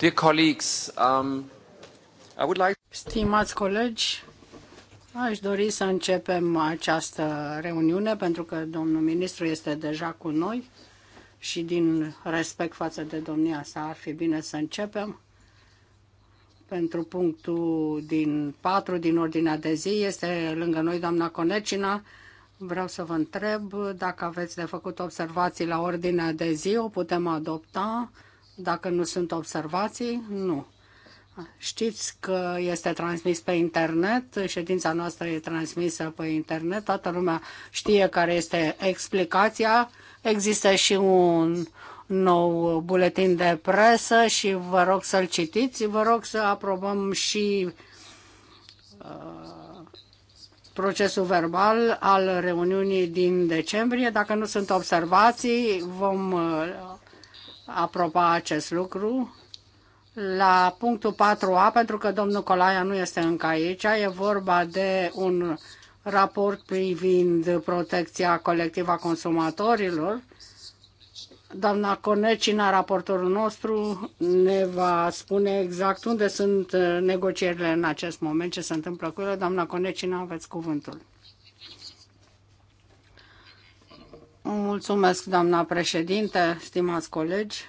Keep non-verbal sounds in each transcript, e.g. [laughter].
Dear colleagues, um, I would like... Stimați colegi, aș dori să începem această reuniune pentru că domnul ministru este deja cu noi și din respect față de domnia sa ar fi bine să începem. Pentru punctul din 4 din ordinea de zi este lângă noi doamna Conecina, Vreau să vă întreb dacă aveți de făcut observații la ordinea de zi, o putem adopta. Dacă nu sunt observații, nu. Știți că este transmis pe internet, ședința noastră e transmisă pe internet, toată lumea știe care este explicația. Există și un nou buletin de presă și vă rog să-l citiți. Vă rog să aprobăm și uh, procesul verbal al reuniunii din decembrie. Dacă nu sunt observații, vom uh, aproba acest lucru. La punctul 4a, pentru că domnul Colaia nu este încă aici, e vorba de un raport privind protecția colectivă a consumatorilor. Doamna Conecina, raportorul nostru, ne va spune exact unde sunt negocierile în acest moment, ce se întâmplă cu ele. Doamna Conecina, aveți cuvântul. Mulțumesc, doamna președinte, stimați colegi.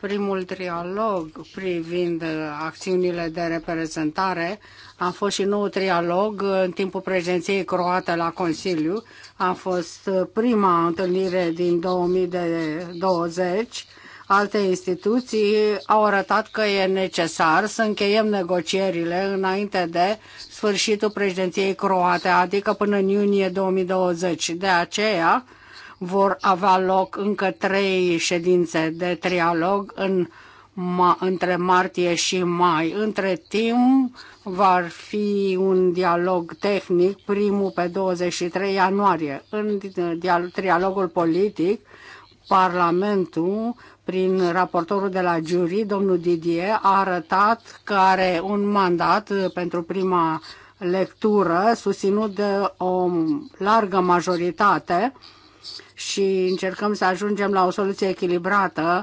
Primul trialog privind acțiunile de reprezentare a fost și nou trialog în timpul prezenției croate la Consiliu. A fost prima întâlnire din 2020 alte instituții au arătat că e necesar să încheiem negocierile înainte de sfârșitul președinției croate, adică până în iunie 2020. De aceea vor avea loc încă trei ședințe de trialog în ma, între martie și mai. Între timp va fi un dialog tehnic, primul pe 23 ianuarie. În dialogul trialogul politic, Parlamentul prin raportorul de la jury, domnul Didier, a arătat că are un mandat uh, pentru prima lectură susținut de o largă majoritate și încercăm să ajungem la o soluție echilibrată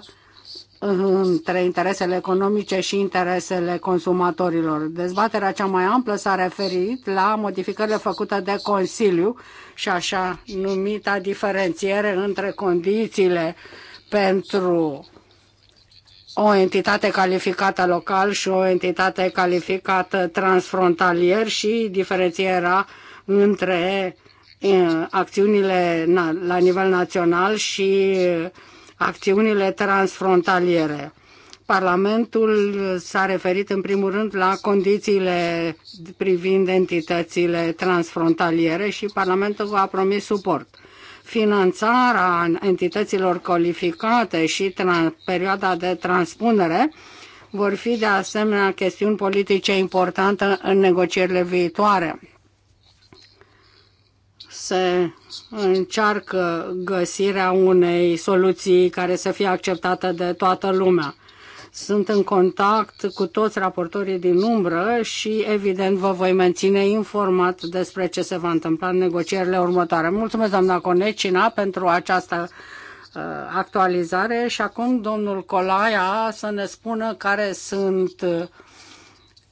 uh, între interesele economice și interesele consumatorilor. Dezbaterea cea mai amplă s-a referit la modificările făcute de Consiliu și așa numita diferențiere între condițiile uh, pentru o entitate calificată local și o entitate calificată transfrontalier și diferențierea între acțiunile la nivel național și acțiunile transfrontaliere. Parlamentul s-a referit în primul rând la condițiile privind entitățile transfrontaliere și Parlamentul a promis suport finanțarea entităților calificate și perioada de transpunere vor fi de asemenea chestiuni politice importante în negocierile viitoare. Se încearcă găsirea unei soluții care să fie acceptată de toată lumea. Sunt în contact cu toți raportorii din umbră și, evident, vă voi menține informat despre ce se va întâmpla în negocierile următoare. Mulțumesc, doamna Conecina, pentru această uh, actualizare și acum domnul Colaia să ne spună care sunt uh,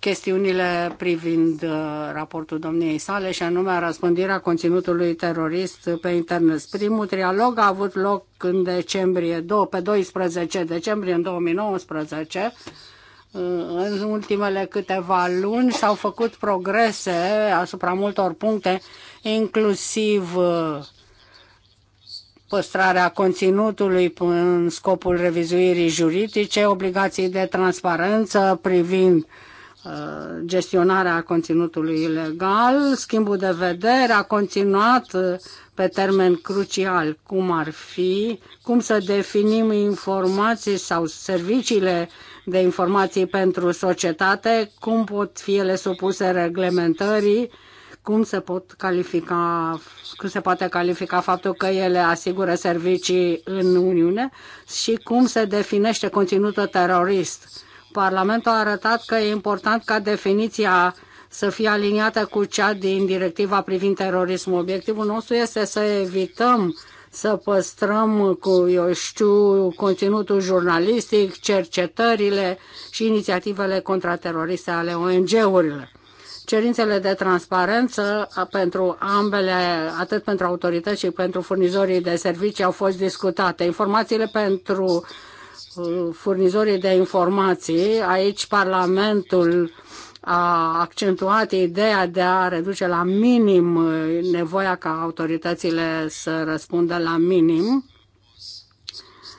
chestiunile privind uh, raportul domniei sale și anume răspândirea conținutului terorist pe internet. Primul trialog a avut loc în decembrie, pe 12 decembrie în 2019. Uh, în ultimele câteva luni s-au făcut progrese asupra multor puncte, inclusiv uh, păstrarea conținutului în scopul revizuirii juridice, obligații de transparență privind uh, Uh, gestionarea conținutului ilegal, schimbul de vedere a continuat uh, pe termen crucial, cum ar fi, cum să definim informații sau serviciile de informații pentru societate, cum pot fi ele supuse reglementării, cum se pot califica, cum se poate califica faptul că ele asigură servicii în Uniune și cum se definește conținutul terorist Parlamentul a arătat că e important ca definiția să fie aliniată cu cea din directiva privind terorismul. Obiectivul nostru este să evităm să păstrăm, cu, eu știu, conținutul jurnalistic, cercetările și inițiativele contrateroriste ale ONG-urilor. Cerințele de transparență pentru ambele, atât pentru autorități și pentru furnizorii de servicii, au fost discutate. Informațiile pentru furnizorii de informații. Aici Parlamentul a accentuat ideea de a reduce la minim nevoia ca autoritățile să răspundă la minim.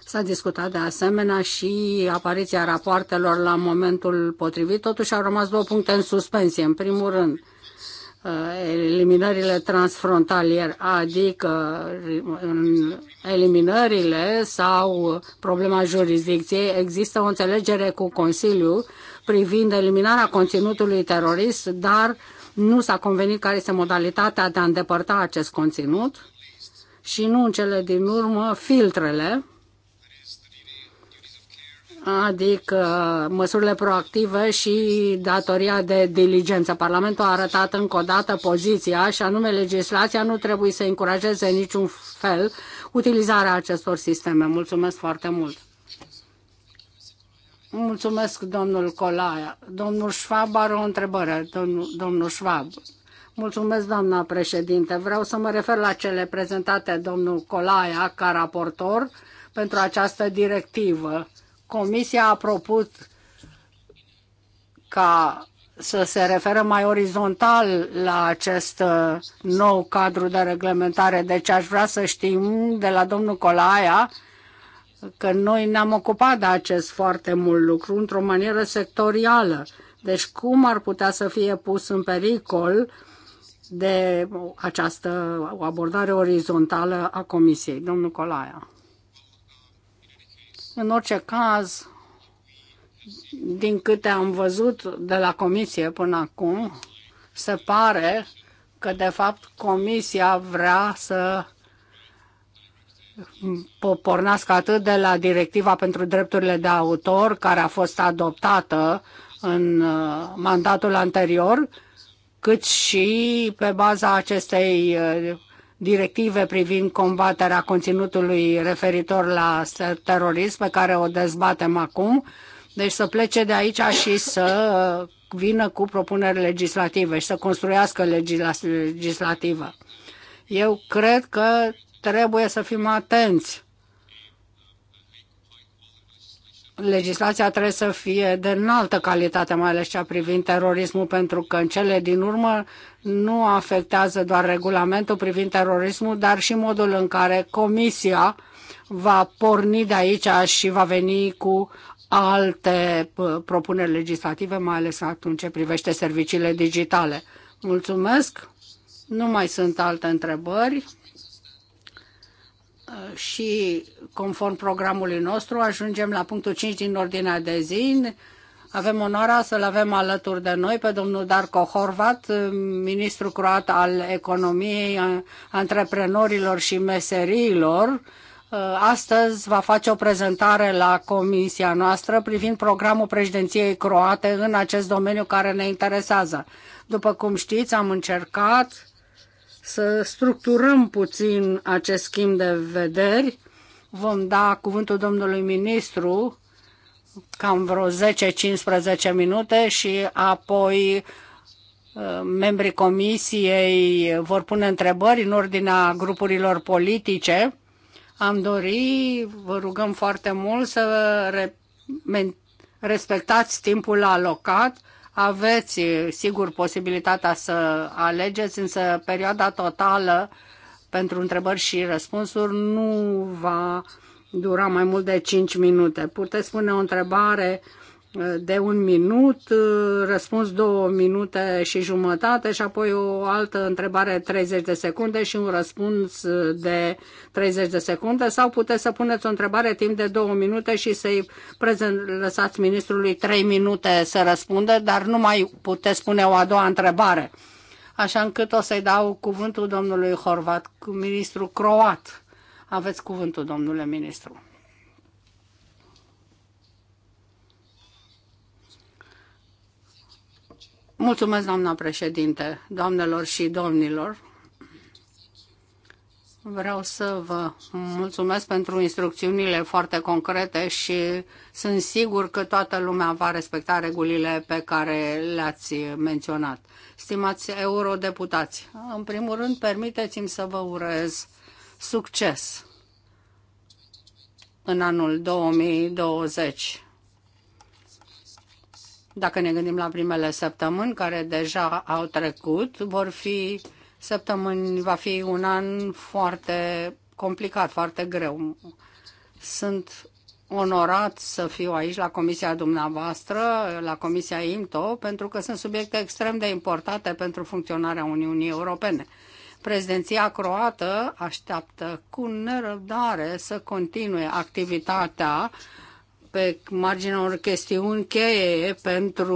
S-a discutat de asemenea și apariția rapoartelor la momentul potrivit. Totuși au rămas două puncte în suspensie. În primul rând, Uh, eliminările transfrontaliere, adică eliminările sau problema jurisdicției, există o înțelegere cu Consiliul privind eliminarea conținutului terorist, dar nu s-a convenit care este modalitatea de a îndepărta acest conținut și nu în cele din urmă filtrele adică măsurile proactive și datoria de diligență. Parlamentul a arătat încă o dată poziția și anume legislația nu trebuie să încurajeze în niciun fel utilizarea acestor sisteme. Mulțumesc foarte mult! Mulțumesc, domnul Colaia. Domnul Schwab are o întrebare, domnul, domnul Schwab. Mulțumesc, doamna președinte. Vreau să mă refer la cele prezentate domnul Colaia ca raportor pentru această directivă Comisia a propus ca să se referă mai orizontal la acest uh, nou cadru de reglementare. Deci aș vrea să știm de la domnul Colaia că noi ne-am ocupat de acest foarte mult lucru într-o manieră sectorială. Deci cum ar putea să fie pus în pericol de această abordare orizontală a Comisiei? Domnul Colaia. În orice caz, din câte am văzut de la comisie până acum, se pare că de fapt comisia vrea să pornească atât de la directiva pentru drepturile de autor care a fost adoptată în uh, mandatul anterior, cât și pe baza acestei uh, directive privind combaterea conținutului referitor la terorism pe care o dezbatem acum. Deci să plece de aici și să vină cu propuneri legislative și să construiască legislativă. Eu cred că trebuie să fim atenți. Legislația trebuie să fie de înaltă calitate, mai ales cea privind terorismul, pentru că în cele din urmă nu afectează doar regulamentul privind terorismul, dar și modul în care Comisia va porni de aici și va veni cu alte uh, propuneri legislative, mai ales atunci ce privește serviciile digitale. Mulțumesc! Nu mai sunt alte întrebări uh, și conform programului nostru ajungem la punctul 5 din ordinea de zi avem onoarea să-l avem alături de noi pe domnul Darko Horvat, ministru croat al economiei, antreprenorilor și meseriilor. Uh, astăzi va face o prezentare la comisia noastră privind programul președinției croate în acest domeniu care ne interesează. După cum știți, am încercat să structurăm puțin acest schimb de vederi. Vom da cuvântul domnului ministru cam vreo 10-15 minute și apoi uh, membrii comisiei vor pune întrebări în ordinea grupurilor politice. Am dori, vă rugăm foarte mult să respectați timpul alocat. Aveți, sigur, posibilitatea să alegeți, însă perioada totală pentru întrebări și răspunsuri nu va dura mai mult de 5 minute. Puteți pune o întrebare eh, de un minut, eh, răspuns două minute și jumătate și apoi o altă întrebare 30 de secunde și un răspuns eh, de 30 de secunde sau puteți să puneți o întrebare timp de două minute și să-i prezent, lăsați ministrului trei minute să răspundă, dar nu mai puteți pune o a doua întrebare. Așa încât o să-i dau cuvântul domnului Horvat, ministru croat. Aveți cuvântul, domnule ministru. Mulțumesc, doamna președinte, doamnelor și domnilor. Vreau să vă mulțumesc pentru instrucțiunile foarte concrete și sunt sigur că toată lumea va respecta regulile pe care le-ați menționat. Stimați eurodeputați, în primul rând, permiteți-mi să vă urez succes în anul 2020. Dacă ne gândim la primele săptămâni care deja au trecut, vor fi săptămâni, va fi un an foarte complicat, foarte greu. Sunt onorat să fiu aici la comisia dumneavoastră, la comisia IMTO, pentru că sunt subiecte extrem de importante pentru funcționarea Uniunii Europene prezidenția croată așteaptă cu nerăbdare să continue activitatea pe marginea unor chestiuni cheie pentru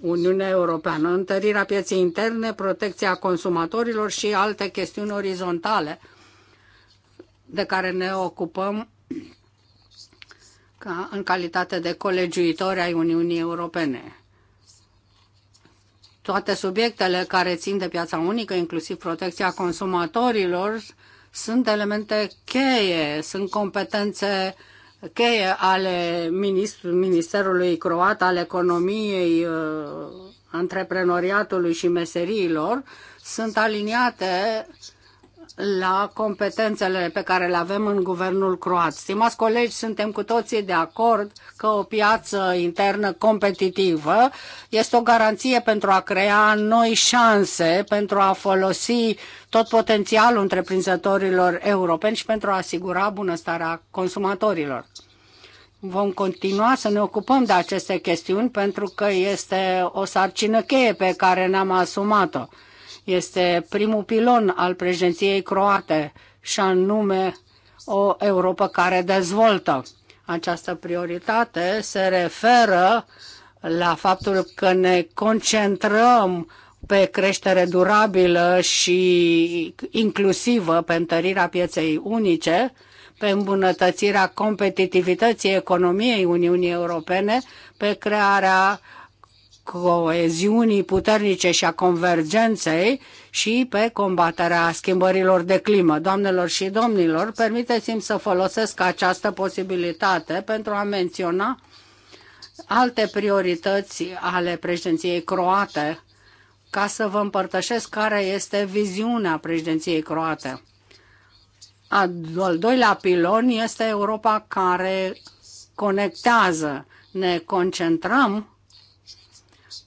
Uniunea Europeană, întărirea pieței interne, protecția consumatorilor și alte chestiuni orizontale de care ne ocupăm ca în calitate de colegiuitori ai Uniunii Europene toate subiectele care țin de piața unică, inclusiv protecția consumatorilor, sunt elemente cheie, sunt competențe cheie ale Ministerului Croat, al economiei, uh, antreprenoriatului și meseriilor, sunt aliniate la competențele pe care le avem în guvernul croat. Stimați colegi, suntem cu toții de acord că o piață internă competitivă este o garanție pentru a crea noi șanse, pentru a folosi tot potențialul întreprinzătorilor europeni și pentru a asigura bunăstarea consumatorilor. Vom continua să ne ocupăm de aceste chestiuni pentru că este o sarcină cheie pe care ne-am asumat-o este primul pilon al președinției croate și anume o Europa care dezvoltă. Această prioritate se referă la faptul că ne concentrăm pe creștere durabilă și inclusivă, pe întărirea pieței unice, pe îmbunătățirea competitivității economiei Uniunii Europene, pe crearea coeziunii puternice și a convergenței și pe combaterea schimbărilor de climă. Doamnelor și domnilor, permiteți-mi să folosesc această posibilitate pentru a menționa alte priorități ale președinției croate ca să vă împărtășesc care este viziunea președinției croate. Al doilea pilon este Europa care conectează. Ne concentrăm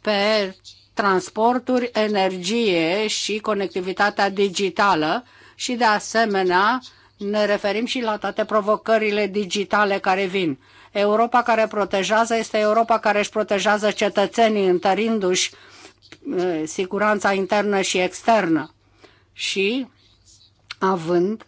pe transporturi, energie și conectivitatea digitală și de asemenea ne referim și la toate provocările digitale care vin. Europa care protejează este Europa care își protejează cetățenii întărindu-și eh, siguranța internă și externă și având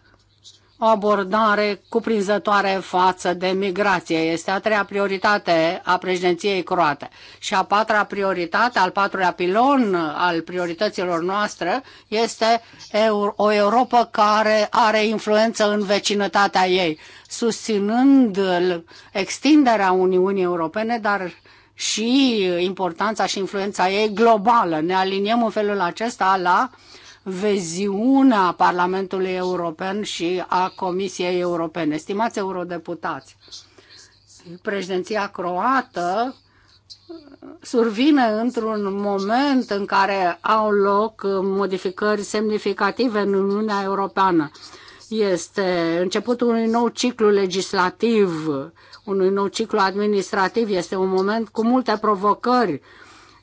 o abordare cuprinzătoare față de migrație. Este a treia prioritate a președinției croate. Și a patra prioritate, al patrulea pilon al priorităților noastre, este o Europa care are influență în vecinătatea ei, susținând extinderea Uniunii Europene, dar și importanța și influența ei globală. Ne aliniem în felul acesta la uh, veziunea Parlamentului European și a Comisiei Europene. Stimați eurodeputați, președinția croată survine într-un moment în care au loc modificări semnificative în Uniunea Europeană. Este începutul unui nou ciclu legislativ, unui nou ciclu administrativ. Este un moment cu multe provocări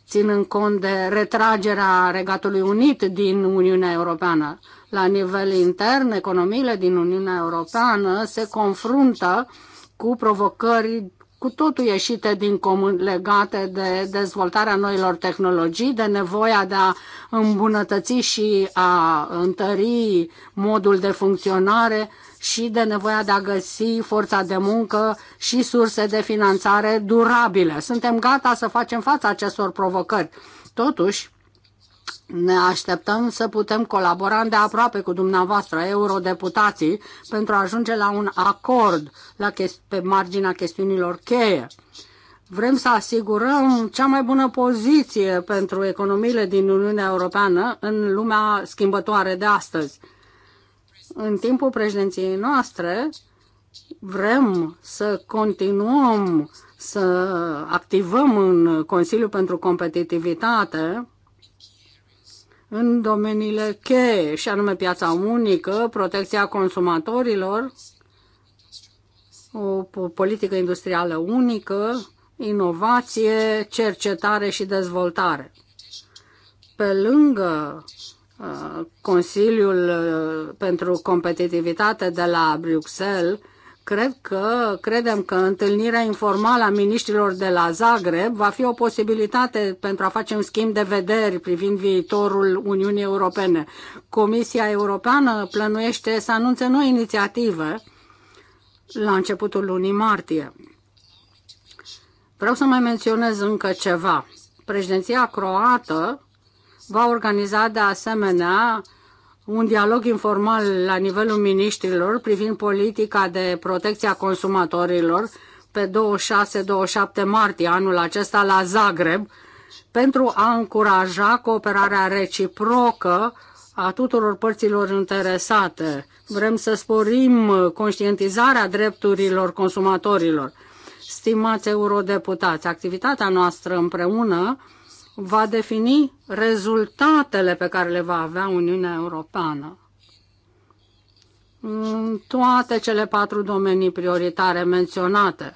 ținând cont de retragerea Regatului Unit din Uniunea Europeană. La nivel intern, economiile din Uniunea Europeană se confruntă cu provocări cu totul ieșite din comun legate de dezvoltarea noilor tehnologii, de nevoia de a îmbunătăți și a întări modul de funcționare și de nevoia de a găsi forța de muncă și surse de finanțare durabile. Suntem gata să facem față acestor provocări. Totuși, ne așteptăm să putem colabora de aproape cu dumneavoastră, eurodeputații, pentru a ajunge la un acord la pe marginea chestiunilor cheie. Vrem să asigurăm cea mai bună poziție pentru economiile din Uniunea Europeană în lumea schimbătoare de astăzi în timpul președinției noastre vrem să continuăm să activăm în Consiliul pentru Competitivitate în domeniile cheie, și anume piața unică, protecția consumatorilor, o politică industrială unică, inovație, cercetare și dezvoltare. Pe lângă Consiliul pentru Competitivitate de la Bruxelles, cred că, credem că întâlnirea informală a miniștrilor de la Zagreb va fi o posibilitate pentru a face un schimb de vederi privind viitorul Uniunii Europene. Comisia Europeană plănuiește să anunțe noi inițiative la începutul lunii martie. Vreau să mai menționez încă ceva. Președinția croată va organiza de asemenea un dialog informal la nivelul miniștrilor privind politica de protecție a consumatorilor pe 26-27 martie anul acesta la Zagreb pentru a încuraja cooperarea reciprocă a tuturor părților interesate. Vrem să sporim conștientizarea drepturilor consumatorilor. Stimați eurodeputați, activitatea noastră împreună va defini rezultatele pe care le va avea Uniunea Europeană. În toate cele patru domenii prioritare menționate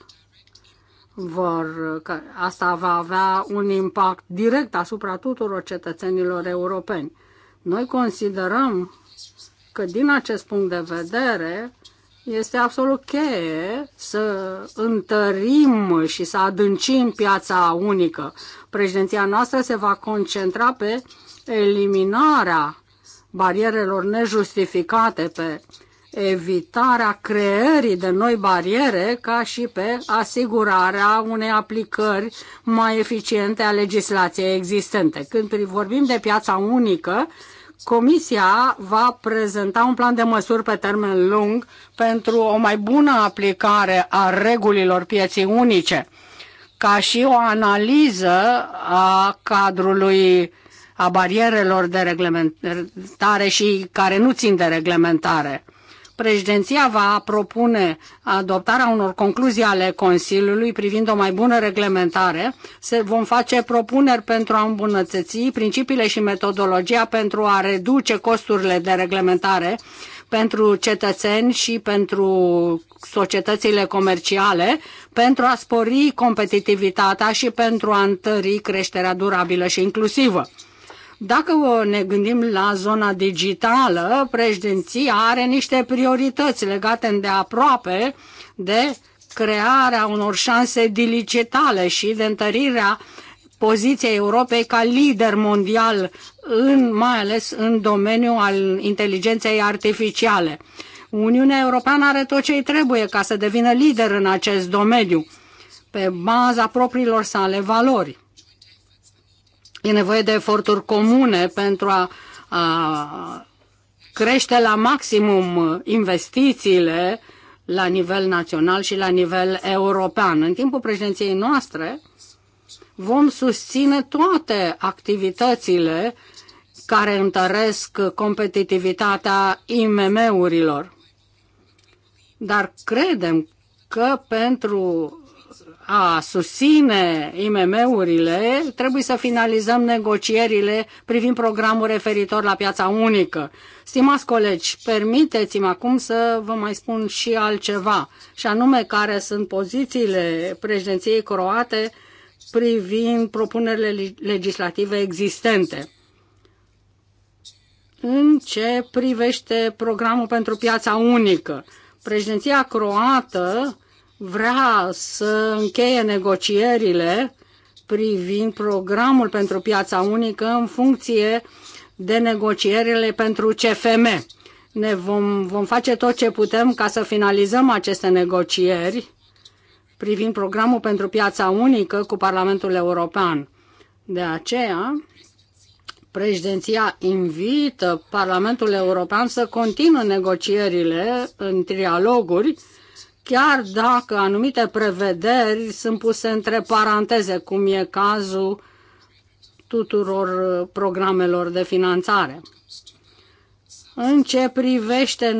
vor, că asta va avea un impact direct asupra tuturor cetățenilor europeni. Noi considerăm că din acest punct de vedere este absolut cheie să întărim și să adâncim piața unică, Președinția noastră se va concentra pe eliminarea barierelor nejustificate, pe evitarea creării de noi bariere, ca și pe asigurarea unei aplicări mai eficiente a legislației existente. Când vorbim de piața unică, Comisia va prezenta un plan de măsuri pe termen lung pentru o mai bună aplicare a regulilor pieții unice ca și o analiză a cadrului a barierelor de reglementare și care nu țin de reglementare. Președinția va propune adoptarea unor concluzii ale Consiliului privind o mai bună reglementare. Se vom face propuneri pentru a îmbunătăți principiile și metodologia pentru a reduce costurile de reglementare pentru cetățeni și pentru societățile comerciale pentru a spori competitivitatea și pentru a întări creșterea durabilă și inclusivă. Dacă ne gândim la zona digitală, președinția are niște priorități legate de aproape de crearea unor șanse digitale și de întărirea poziției Europei ca lider mondial, în, mai ales în domeniul al inteligenței artificiale. Uniunea Europeană are tot ce îi trebuie ca să devină lider în acest domeniu, pe baza propriilor sale valori. E nevoie de eforturi comune pentru a, a crește la maximum investițiile la nivel național și la nivel european. În timpul președinției noastre vom susține toate activitățile care întăresc competitivitatea IMM-urilor dar credem că pentru a susține IMM-urile, trebuie să finalizăm negocierile privind programul referitor la piața unică. Stimați colegi, permiteți-mi acum să vă mai spun și altceva, și anume care sunt pozițiile președinției croate privind propunerile legislative existente. În ce privește programul pentru piața unică, Președinția croată vrea să încheie negocierile privind programul pentru piața unică în funcție de negocierile pentru CFM. Ne vom, vom face tot ce putem ca să finalizăm aceste negocieri privind programul pentru piața unică cu Parlamentul European. De aceea, Președinția invită Parlamentul European să continue negocierile în trialoguri, chiar dacă anumite prevederi sunt puse între paranteze, cum e cazul tuturor programelor de finanțare. În ce privește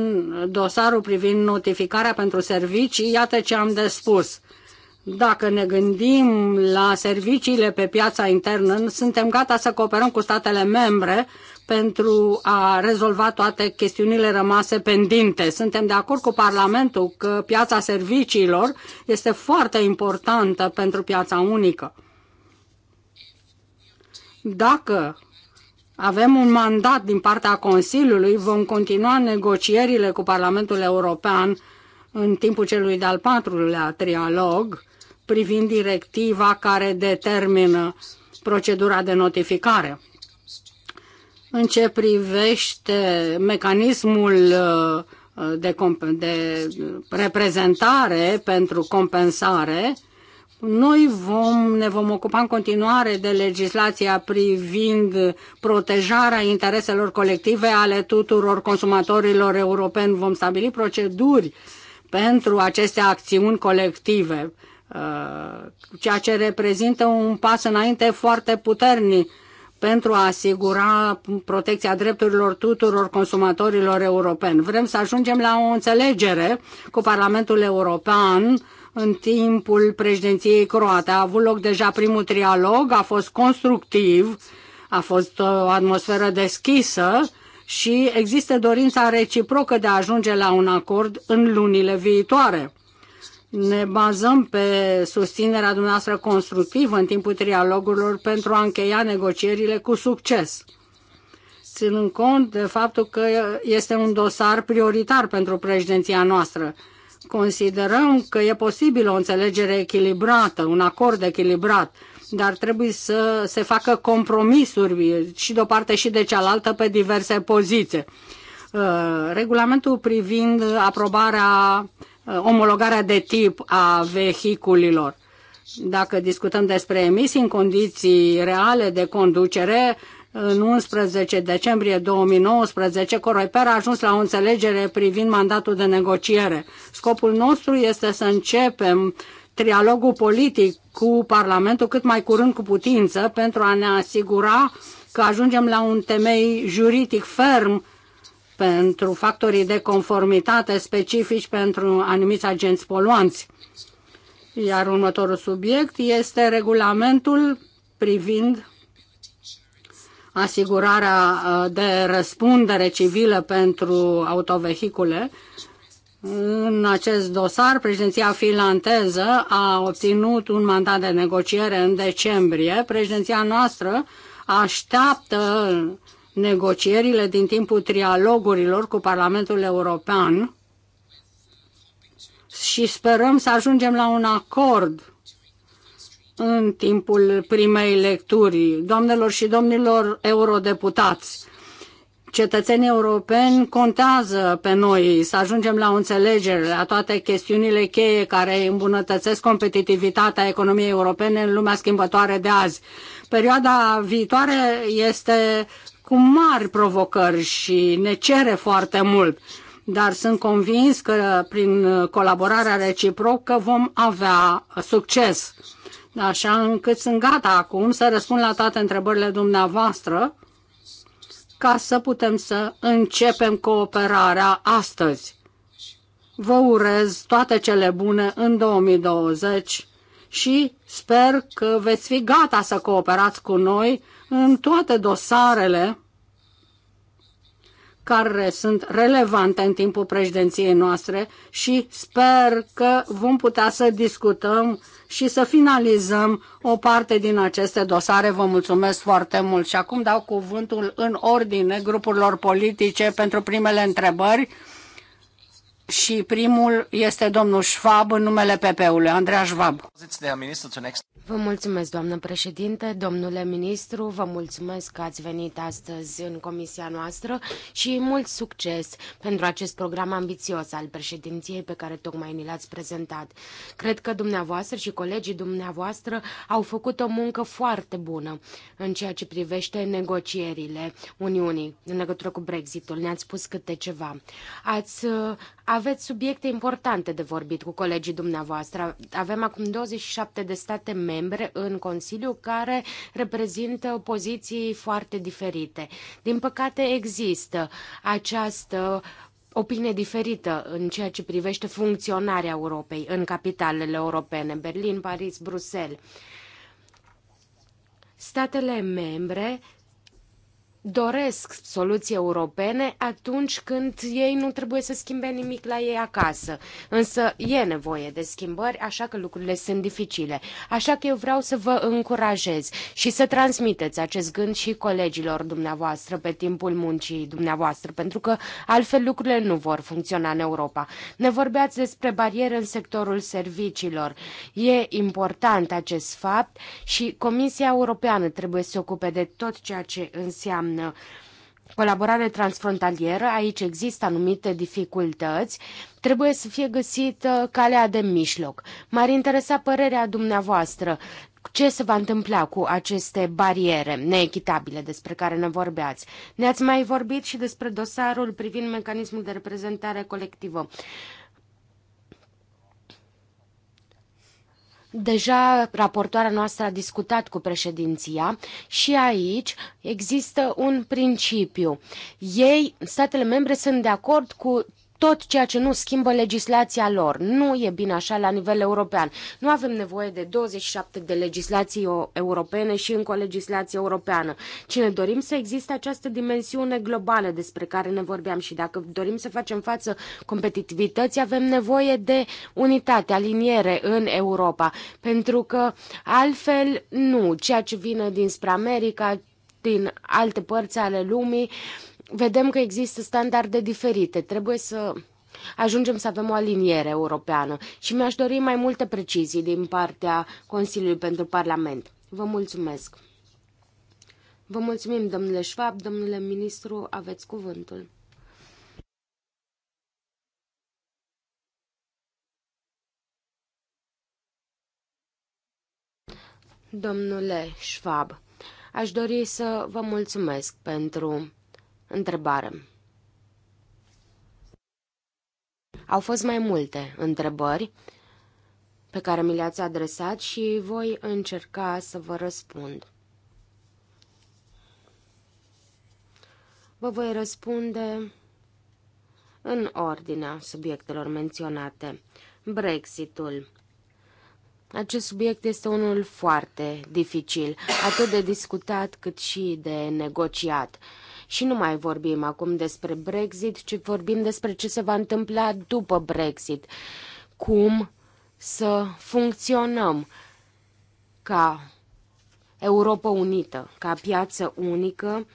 dosarul privind notificarea pentru servicii, iată ce am de spus – dacă ne gândim la serviciile pe piața internă, suntem gata să cooperăm cu statele membre pentru a rezolva toate chestiunile rămase pendinte. Suntem de acord cu Parlamentul că piața serviciilor este foarte importantă pentru piața unică. Dacă avem un mandat din partea Consiliului, vom continua negocierile cu Parlamentul European în timpul celui de-al patrulea trialog privind directiva care determină procedura de notificare. În ce privește mecanismul uh, de, de reprezentare pentru compensare, noi vom, ne vom ocupa în continuare de legislația privind protejarea intereselor colective ale tuturor consumatorilor europeni. Vom stabili proceduri pentru aceste acțiuni colective Uh, ceea ce reprezintă un pas înainte foarte puternic pentru a asigura protecția drepturilor tuturor consumatorilor europeni. Vrem să ajungem la o înțelegere cu Parlamentul European în timpul președinției croate. A avut loc deja primul trialog, a fost constructiv, a fost o atmosferă deschisă și există dorința reciprocă de a ajunge la un acord în lunile viitoare. Ne bazăm pe susținerea dumneavoastră constructivă în timpul trialogurilor pentru a încheia negocierile cu succes ținând cont de faptul că este un dosar prioritar pentru președinția noastră. Considerăm că e posibil o înțelegere echilibrată, un acord echilibrat, dar trebuie să se facă compromisuri și de o parte și de cealaltă pe diverse poziții. Uh, regulamentul privind aprobarea Uh, omologarea de tip a vehiculilor. Dacă discutăm despre emisii în condiții reale de conducere, în 11 decembrie 2019, Coroiper a ajuns la o înțelegere privind mandatul de negociere. Scopul nostru este să începem trialogul politic cu Parlamentul cât mai curând cu putință pentru a ne asigura că ajungem la un temei juridic ferm pentru factorii de conformitate specifici pentru anumiți agenți poluanți. Iar următorul subiect este regulamentul privind asigurarea uh, de răspundere civilă pentru autovehicule. În acest dosar, președinția finlandeză a obținut un mandat de negociere în decembrie. Președinția noastră așteaptă negocierile din timpul trialogurilor cu Parlamentul European și sperăm să ajungem la un acord în timpul primei lecturi. Doamnelor și domnilor eurodeputați, cetățenii europeni contează pe noi să ajungem la o înțelegere la toate chestiunile cheie care îmbunătățesc competitivitatea economiei europene în lumea schimbătoare de azi. Perioada viitoare este cu mari provocări și ne cere foarte mult. Dar sunt convins că prin colaborarea reciprocă vom avea succes. Așa încât sunt gata acum să răspund la toate întrebările dumneavoastră ca să putem să începem cooperarea astăzi. Vă urez toate cele bune în 2020 și sper că veți fi gata să cooperați cu noi în toate dosarele care sunt relevante în timpul președinției noastre și sper că vom putea să discutăm și să finalizăm o parte din aceste dosare. Vă mulțumesc foarte mult și acum dau cuvântul în ordine grupurilor politice pentru primele întrebări și primul este domnul Schwab în numele PP-ului, Andreea Schwab. Vă mulțumesc, doamnă președinte, domnule ministru, vă mulțumesc că ați venit astăzi în comisia noastră și mult succes pentru acest program ambițios al președinției pe care tocmai ni l-ați prezentat. Cred că dumneavoastră și colegii dumneavoastră au făcut o muncă foarte bună în ceea ce privește negocierile Uniunii în legătură cu Brexitul. Ne-ați spus câte ceva. Ați aveți subiecte importante de vorbit cu colegii dumneavoastră. Avem acum 27 de state membre în Consiliu care reprezintă poziții foarte diferite. Din păcate există această opinie diferită în ceea ce privește funcționarea Europei în capitalele europene, Berlin, Paris, Bruxelles. Statele membre doresc soluții europene atunci când ei nu trebuie să schimbe nimic la ei acasă. Însă e nevoie de schimbări, așa că lucrurile sunt dificile. Așa că eu vreau să vă încurajez și să transmiteți acest gând și colegilor dumneavoastră pe timpul muncii dumneavoastră, pentru că altfel lucrurile nu vor funcționa în Europa. Ne vorbeați despre bariere în sectorul serviciilor. E important acest fapt și Comisia Europeană trebuie să se ocupe de tot ceea ce înseamnă înseamnă colaborare transfrontalieră, aici există anumite dificultăți, trebuie să fie găsită uh, calea de mijloc. M-ar interesa părerea dumneavoastră. Ce se va întâmpla cu aceste bariere neechitabile despre care ne vorbeați? Ne-ați mai vorbit și despre dosarul privind mecanismul de reprezentare colectivă. Deja raportoarea noastră a discutat cu președinția și aici există un principiu. Ei, statele membre sunt de acord cu tot ceea ce nu schimbă legislația lor. Nu e bine așa la nivel european. Nu avem nevoie de 27 de legislații europene și încă o legislație europeană, ci ne dorim să existe această dimensiune globală despre care ne vorbeam și dacă dorim să facem față competitivității, avem nevoie de unitate, aliniere în Europa, pentru că altfel nu, ceea ce vine dinspre America, din alte părți ale lumii, uh, vedem că există standarde diferite. Trebuie să ajungem să avem o aliniere europeană și mi-aș dori mai multe precizii din partea Consiliului pentru Parlament. Vă mulțumesc! Vă mulțumim, domnule Schwab, domnule ministru, aveți cuvântul. Domnule Schwab, aș dori să vă mulțumesc pentru Întrebare. Au fost mai multe întrebări pe care mi le-ați adresat și voi încerca să vă răspund. Vă voi răspunde în ordinea subiectelor menționate. Brexitul. Acest subiect este unul foarte dificil, atât de discutat cât și de negociat. Și nu mai vorbim acum despre Brexit, ci vorbim despre ce se va întâmpla după Brexit. Cum să funcționăm ca Europa Unită, ca piață unică,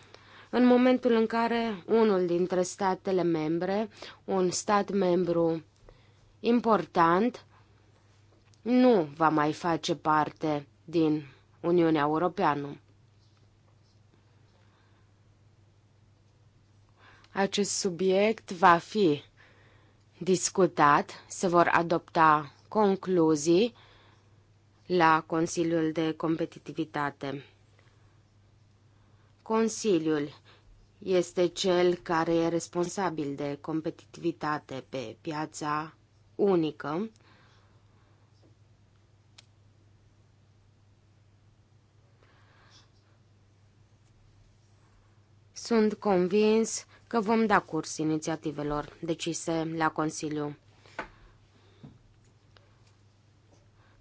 în momentul în care unul dintre statele membre, un stat membru important, nu va mai face parte din Uniunea Europeană. Acest subiect va fi discutat, se vor adopta concluzii la Consiliul de Competitivitate. Consiliul este cel care e responsabil de competitivitate pe piața unică. Sunt convins că vom da curs inițiativelor decise la Consiliu.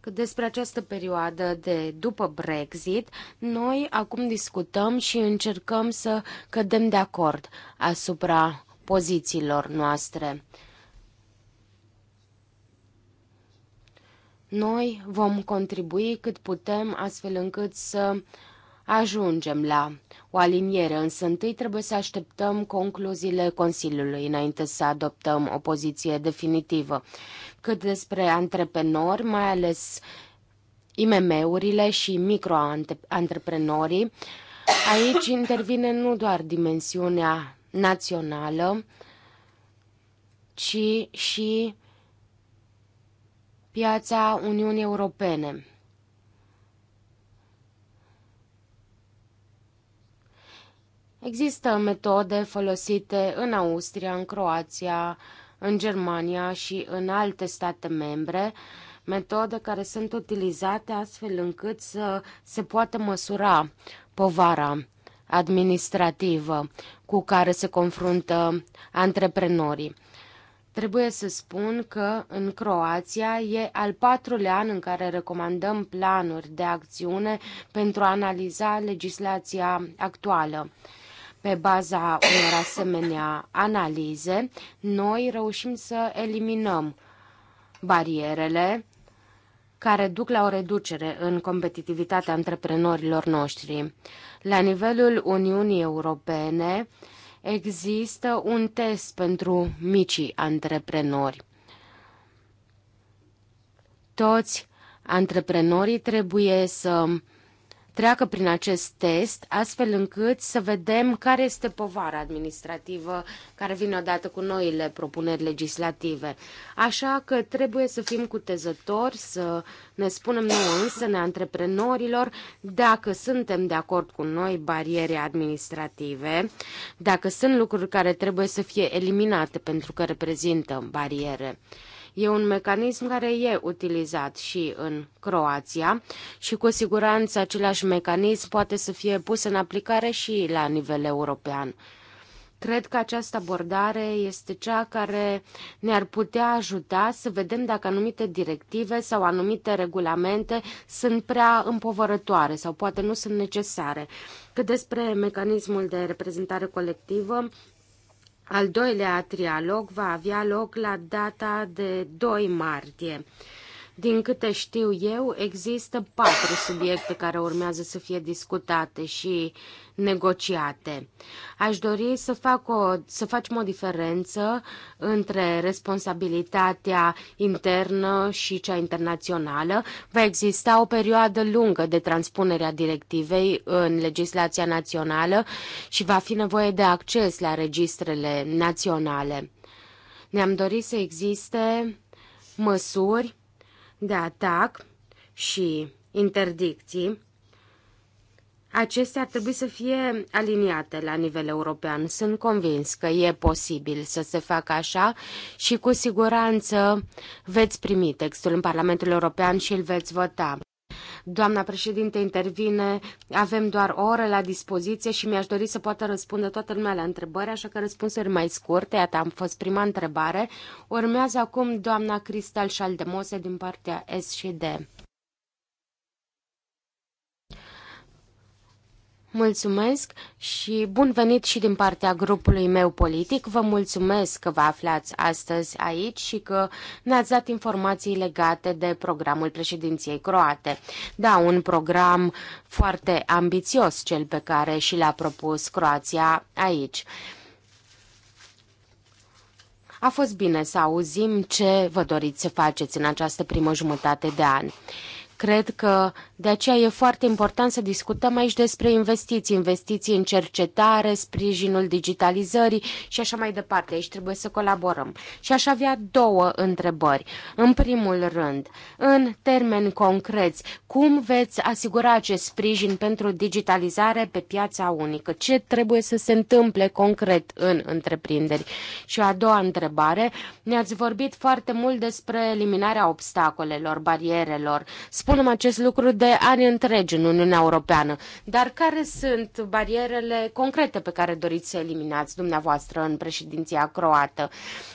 că despre această perioadă de după Brexit, noi acum discutăm și încercăm să cădem de acord asupra pozițiilor noastre. Noi vom contribui cât putem astfel încât să uh, ajungem la o aliniere, însă întâi trebuie să așteptăm concluziile Consiliului înainte să adoptăm o poziție definitivă. Cât despre antreprenori, mai ales IMM-urile și microantreprenorii, aici intervine nu doar dimensiunea națională, ci și piața Uniunii Europene. Există metode folosite în Austria, în Croația, în Germania și în alte state membre, metode care sunt utilizate astfel încât să se poată măsura povara administrativă cu care se confruntă antreprenorii. Trebuie să spun că în Croația e al patrulea an în care recomandăm planuri de acțiune pentru a analiza legislația actuală. Pe baza unor asemenea analize, noi reușim să eliminăm barierele care duc la o reducere în competitivitatea antreprenorilor noștri. La nivelul Uniunii Europene există un test pentru micii antreprenori. Toți antreprenorii trebuie să treacă prin acest test, astfel încât să vedem care este povara administrativă care vine odată cu noile propuneri legislative. Așa că trebuie să fim cutezători, să ne spunem noi, însă, ne antreprenorilor, dacă suntem de acord cu noi bariere administrative, dacă sunt lucruri care trebuie să fie eliminate pentru că reprezintă bariere. E un mecanism care e utilizat și în Croația și cu siguranță același mecanism poate să fie pus în aplicare și la nivel european. Cred că această abordare este cea care ne-ar putea ajuta să vedem dacă anumite directive sau anumite regulamente sunt prea împovărătoare sau poate nu sunt necesare. Cât despre mecanismul de reprezentare colectivă, al doilea trialog va avea loc la data de 2 martie. Din câte știu eu, există patru subiecte care urmează să fie discutate și negociate. Aș dori să, fac o, să facem o diferență între responsabilitatea internă și cea internațională. Va exista o perioadă lungă de transpunere a directivei în legislația națională și va fi nevoie de acces la registrele naționale. Ne-am dorit să existe măsuri de atac și interdicții, Acestea ar trebui să fie aliniate la nivel european. Sunt convins că e posibil să se facă așa și cu siguranță veți primi textul în Parlamentul European și îl veți vota. Doamna președinte intervine, avem doar o oră la dispoziție și mi-aș dori să poată răspunde toată lumea la întrebări, așa că răspunsuri mai scurte, iată am fost prima întrebare. Urmează acum doamna Cristal Șaldemose din partea SD. Mulțumesc și bun venit și din partea grupului meu politic. Vă mulțumesc că vă aflați astăzi aici și că ne-ați dat informații legate de programul președinției croate. Da, un program foarte ambițios cel pe care și l-a propus Croația aici. A fost bine să auzim ce vă doriți să faceți în această primă jumătate de an. Cred că de aceea e foarte important să discutăm aici despre investiții, investiții în cercetare, sprijinul digitalizării și așa mai departe. Aici trebuie să colaborăm. Și aș avea două întrebări. În primul rând, în termeni concreți, cum veți asigura acest sprijin pentru digitalizare pe piața unică? Ce trebuie să se întâmple concret în întreprinderi? Și a doua întrebare, ne-ați vorbit foarte mult despre eliminarea obstacolelor, barierelor. Spune Spunem acest lucru de ani întregi în Uniunea Europeană. Dar care sunt barierele concrete pe care doriți să eliminați dumneavoastră în președinția croată?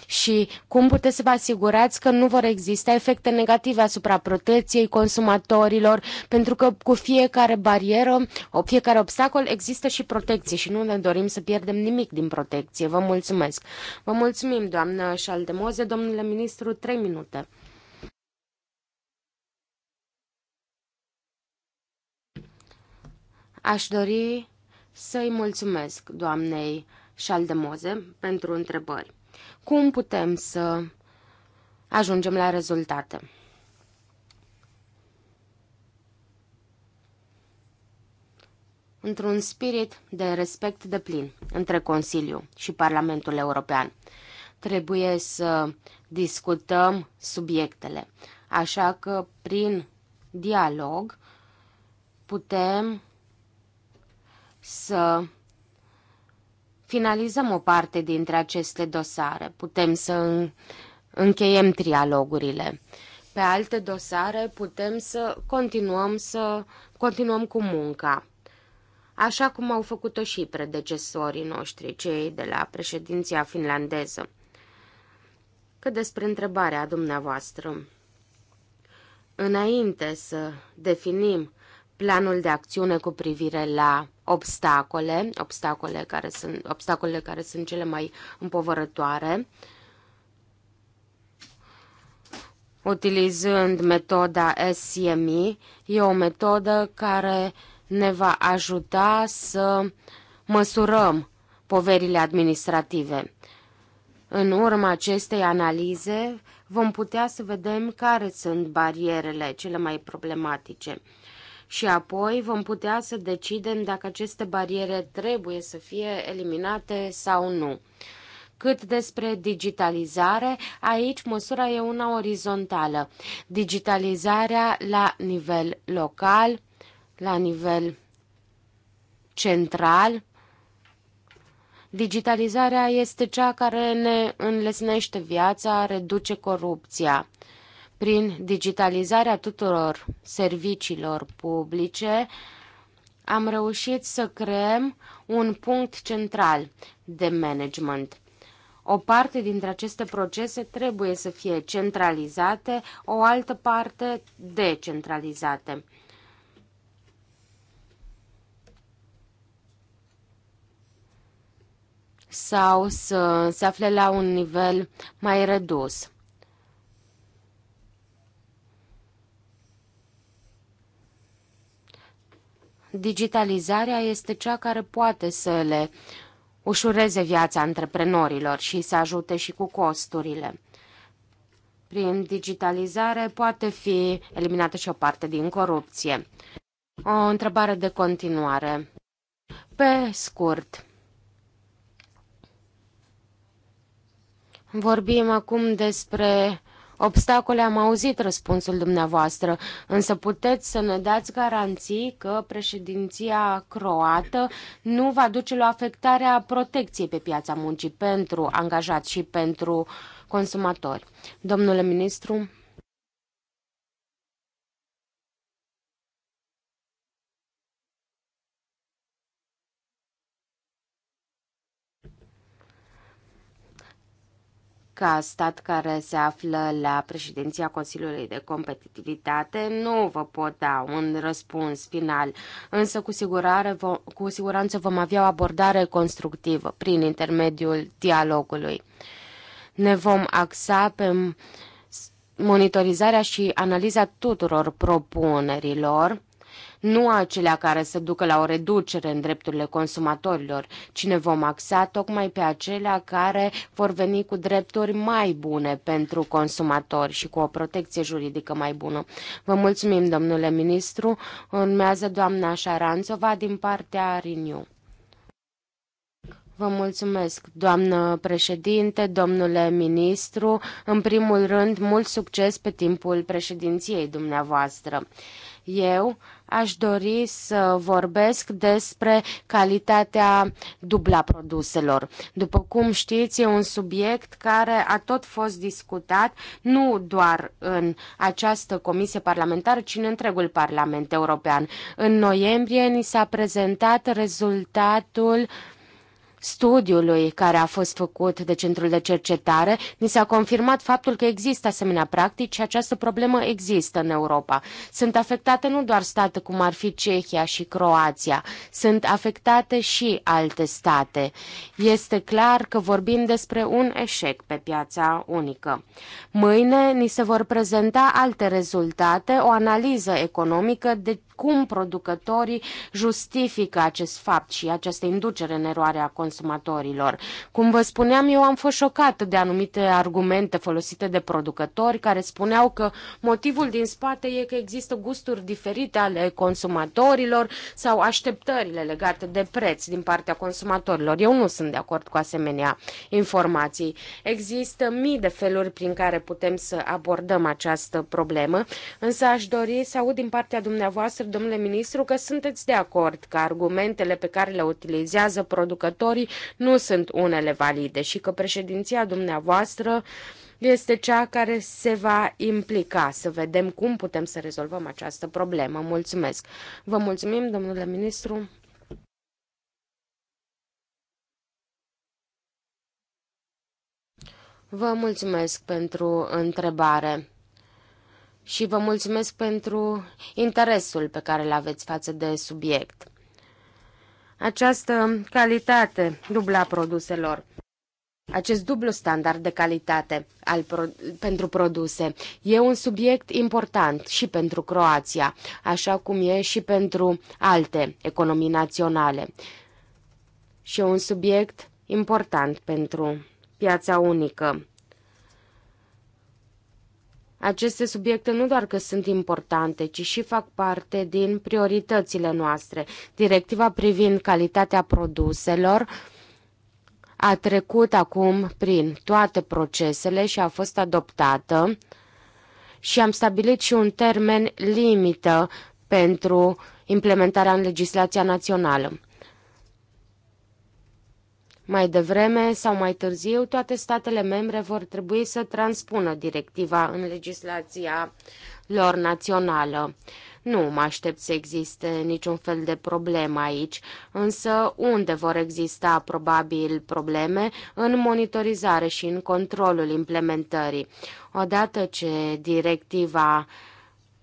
Și cum puteți să vă asigurați că nu vor exista efecte negative asupra protecției consumatorilor? Pentru că cu fiecare barieră, o fiecare obstacol există și protecție și nu ne dorim să pierdem nimic din protecție. Vă mulțumesc! Vă mulțumim, doamnă Șaldemoze, domnule ministru, trei minute. Aș dori să-i mulțumesc doamnei Șaldemoze pentru întrebări. Cum putem să ajungem la rezultate? într-un spirit de respect de plin între Consiliu și Parlamentul European. Trebuie să discutăm subiectele, așa că prin dialog putem să finalizăm o parte dintre aceste dosare. Putem să încheiem trialogurile. Pe alte dosare putem să continuăm să continuăm cu munca. Așa cum au făcut-o și predecesorii noștri, cei de la președinția finlandeză. Cât despre întrebarea dumneavoastră. Înainte să definim planul de acțiune cu privire la obstacole, obstacole care sunt, obstacolele care sunt cele mai împovărătoare, utilizând metoda SCMI, e o metodă care ne va ajuta să măsurăm poverile administrative. În urma acestei analize vom putea să vedem care sunt barierele cele mai problematice și apoi vom putea să decidem dacă aceste bariere trebuie să fie eliminate sau nu. Cât despre digitalizare, aici măsura e una orizontală. Digitalizarea la nivel local, la nivel central, Digitalizarea este cea care ne înlesnește viața, reduce corupția. Prin digitalizarea tuturor serviciilor publice, am reușit să creăm un punct central de management. O parte dintre aceste procese trebuie să fie centralizate, o altă parte decentralizate. sau să se afle la un nivel mai redus. digitalizarea este cea care poate să le ușureze viața antreprenorilor și să ajute și cu costurile. Prin digitalizare poate fi eliminată și o parte din corupție. O întrebare de continuare. Pe scurt, vorbim acum despre Obstacole am auzit răspunsul dumneavoastră, însă puteți să ne dați garanții că președinția croată nu va duce la afectarea protecției pe piața muncii pentru angajați și pentru consumatori. Domnule ministru, ca stat care se află la președinția Consiliului de Competitivitate, nu vă pot da un răspuns final, însă cu, sigurare cu siguranță vom avea o abordare constructivă prin intermediul dialogului. Ne vom axa pe monitorizarea și analiza tuturor propunerilor nu acelea care să ducă la o reducere în drepturile consumatorilor, ci ne vom axa tocmai pe acelea care vor veni cu drepturi mai bune pentru consumatori și cu o protecție juridică mai bună. Vă mulțumim, domnule ministru. Urmează doamna Șaranțova din partea Riniu. Vă mulțumesc, doamnă președinte, domnule ministru. În primul rând, mult succes pe timpul președinției dumneavoastră. Eu aș dori să vorbesc despre calitatea dubla produselor. După cum știți, e un subiect care a tot fost discutat nu doar în această comisie parlamentară, ci în întregul Parlament European. În noiembrie ni s-a prezentat rezultatul uh, studiului care a fost făcut de Centrul de Cercetare, ni s-a confirmat faptul că există asemenea practici și această problemă există în Europa. Sunt afectate nu doar state cum ar fi Cehia și Croația, sunt afectate și alte state. Este clar că vorbim despre un eșec pe piața unică. Mâine ni se vor prezenta alte rezultate, o analiză economică de cum producătorii justifică acest fapt și această inducere în eroare a consumului consumatorilor. Cum vă spuneam, eu am fost șocată de anumite argumente folosite de producători care spuneau că motivul din spate e că există gusturi diferite ale consumatorilor sau așteptările legate de preț din partea consumatorilor. Eu nu sunt de acord cu asemenea informații. Există mii de feluri prin care putem să abordăm această problemă, însă aș dori să aud din partea dumneavoastră, domnule ministru, că sunteți de acord că argumentele pe care le utilizează producătorii indicatorii nu sunt unele valide și că președinția dumneavoastră este cea care se va implica să vedem cum putem să rezolvăm această problemă. Mulțumesc! Vă mulțumim, domnule ministru! Vă mulțumesc pentru întrebare și vă mulțumesc pentru interesul pe care îl aveți față de subiect această calitate dublă a produselor acest dublu standard de calitate al pro- pentru produse e un subiect important și pentru Croația, așa cum e și pentru alte economii naționale. Și e un subiect important pentru piața unică. Aceste subiecte nu doar că sunt importante, ci și fac parte din prioritățile noastre. Directiva privind calitatea produselor a trecut acum prin toate procesele și a fost adoptată și am stabilit și un termen limită pentru implementarea în legislația națională. Mai devreme sau mai târziu, toate statele membre vor trebui să transpună directiva în legislația lor națională. Nu mă aștept să existe niciun fel de problemă aici, însă unde vor exista probabil probleme în monitorizare și în controlul implementării. Odată ce directiva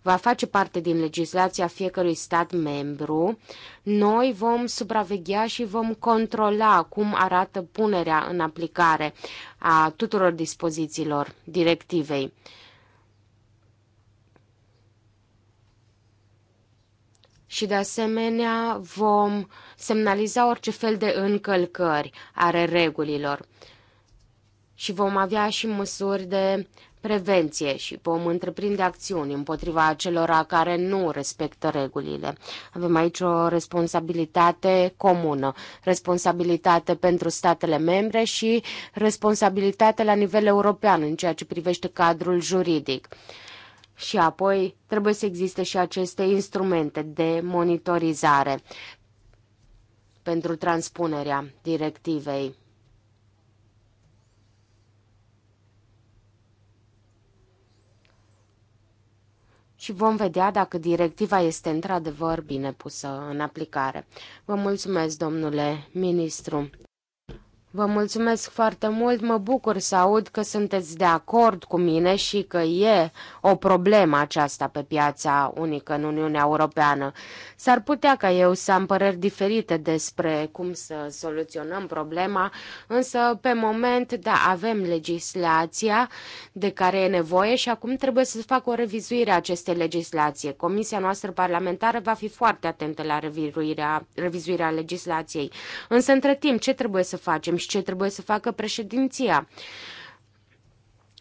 va face parte din legislația fiecărui stat membru, noi vom supraveghea și vom controla cum arată punerea în aplicare a tuturor dispozițiilor directivei. și de asemenea vom semnaliza orice fel de încălcări ale regulilor și vom avea și măsuri de prevenție și vom întreprinde acțiuni împotriva acelora care nu respectă regulile. Avem aici o responsabilitate comună, responsabilitate pentru statele membre și responsabilitate la nivel european în ceea ce privește cadrul juridic. Și apoi trebuie să existe și aceste instrumente de monitorizare pentru transpunerea directivei. și vom vedea dacă directiva este într-adevăr bine pusă în aplicare. Vă mulțumesc, domnule ministru. Vă mulțumesc foarte mult, mă bucur să aud că sunteți de acord cu mine și că e o problemă aceasta pe piața unică în Uniunea Europeană. S-ar putea ca eu să am păreri diferite despre cum să soluționăm problema, însă pe moment, da, avem legislația de care e nevoie și acum trebuie să fac o revizuire a acestei legislații. Comisia noastră parlamentară va fi foarte atentă la revizuirea, revizuirea legislației. Însă, între timp, ce trebuie să facem? și ce trebuie să facă președinția.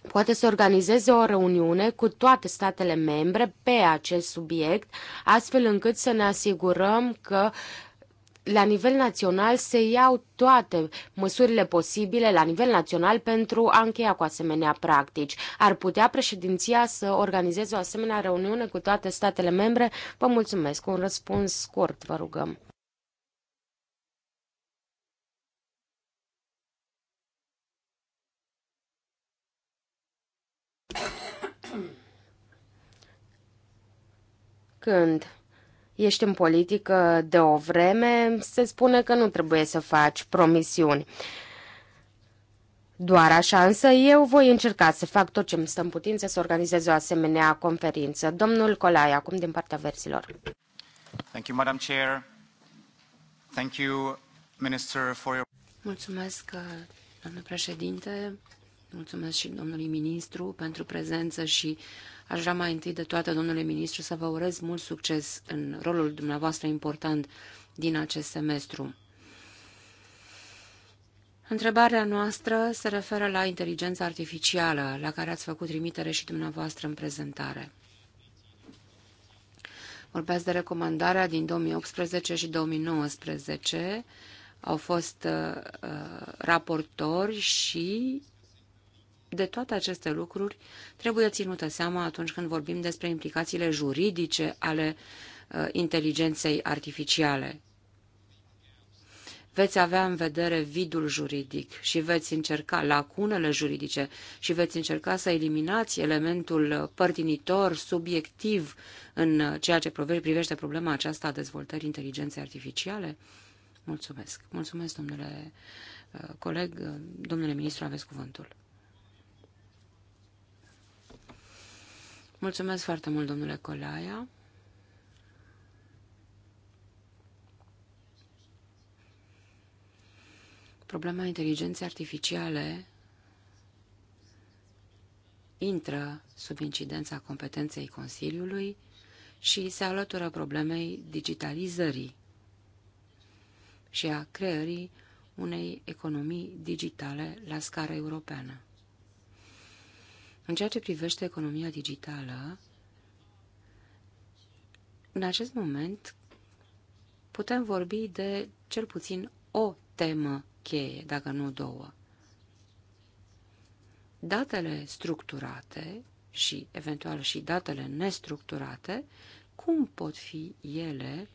Poate să organizeze o reuniune cu toate statele membre pe acest subiect, astfel încât să ne asigurăm că la nivel național se iau toate măsurile posibile la nivel național pentru a încheia cu asemenea practici. Ar putea președinția să organizeze o asemenea reuniune cu toate statele membre? Vă mulțumesc. Un răspuns scurt, vă rugăm. Când ești în politică de o vreme, se spune că nu trebuie să faci promisiuni. Doar așa, însă eu voi încerca să fac tot ce îmi stă în putință să organizez o asemenea conferință. Domnul Colai, acum din partea versilor. Thank you, Madam Chair. Thank you, Minister, for your... Mulțumesc, uh, domnule președinte. Mulțumesc și domnului ministru pentru prezență și uh, Aș vrea mai întâi de toate, domnule ministru, să vă urez mult succes în rolul dumneavoastră important din acest semestru. Întrebarea noastră se referă la inteligența artificială, la care ați făcut trimitere și dumneavoastră în prezentare. Vorbeați de recomandarea din 2018 și 2019. Au fost uh, uh raportori și de toate aceste lucruri trebuie ținută seama atunci când vorbim despre implicațiile juridice ale uh, inteligenței artificiale. Veți avea în vedere vidul juridic și veți încerca lacunele juridice și veți încerca să eliminați elementul părtinitor, subiectiv în ceea ce privește problema aceasta a dezvoltării inteligenței artificiale? Mulțumesc. Mulțumesc, domnule uh, coleg. Domnule ministru, aveți cuvântul. Mulțumesc foarte mult, domnule Colaia. Problema inteligenței artificiale intră sub incidența competenței Consiliului și se alătură problemei digitalizării și a creării unei economii digitale la scară europeană. În ceea ce privește economia digitală, în acest moment putem vorbi de cel puțin o temă cheie, dacă nu două. Datele structurate și eventual și datele nestructurate, cum pot fi ele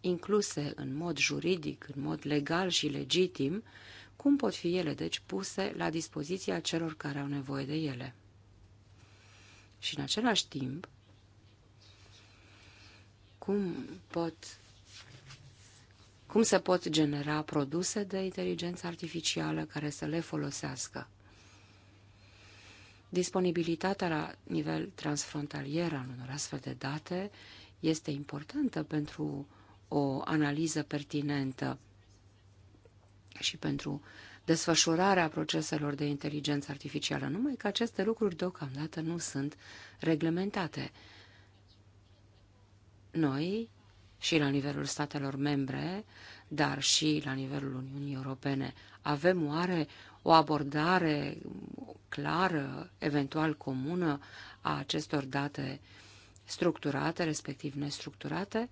incluse în mod juridic, în mod legal și legitim, cum pot fi ele, deci, puse la dispoziția celor care au nevoie de ele. Și în același timp, cum pot cum se pot genera produse de inteligență artificială care să le folosească. Disponibilitatea la nivel transfrontalier al unor astfel de date este importantă pentru o analiză pertinentă și pentru desfășurarea proceselor de inteligență artificială, numai că aceste lucruri deocamdată nu sunt reglementate. Noi, și la nivelul statelor membre, dar și la nivelul Uniunii Europene, avem oare o abordare clară, eventual comună, a acestor date structurate, respectiv nestructurate?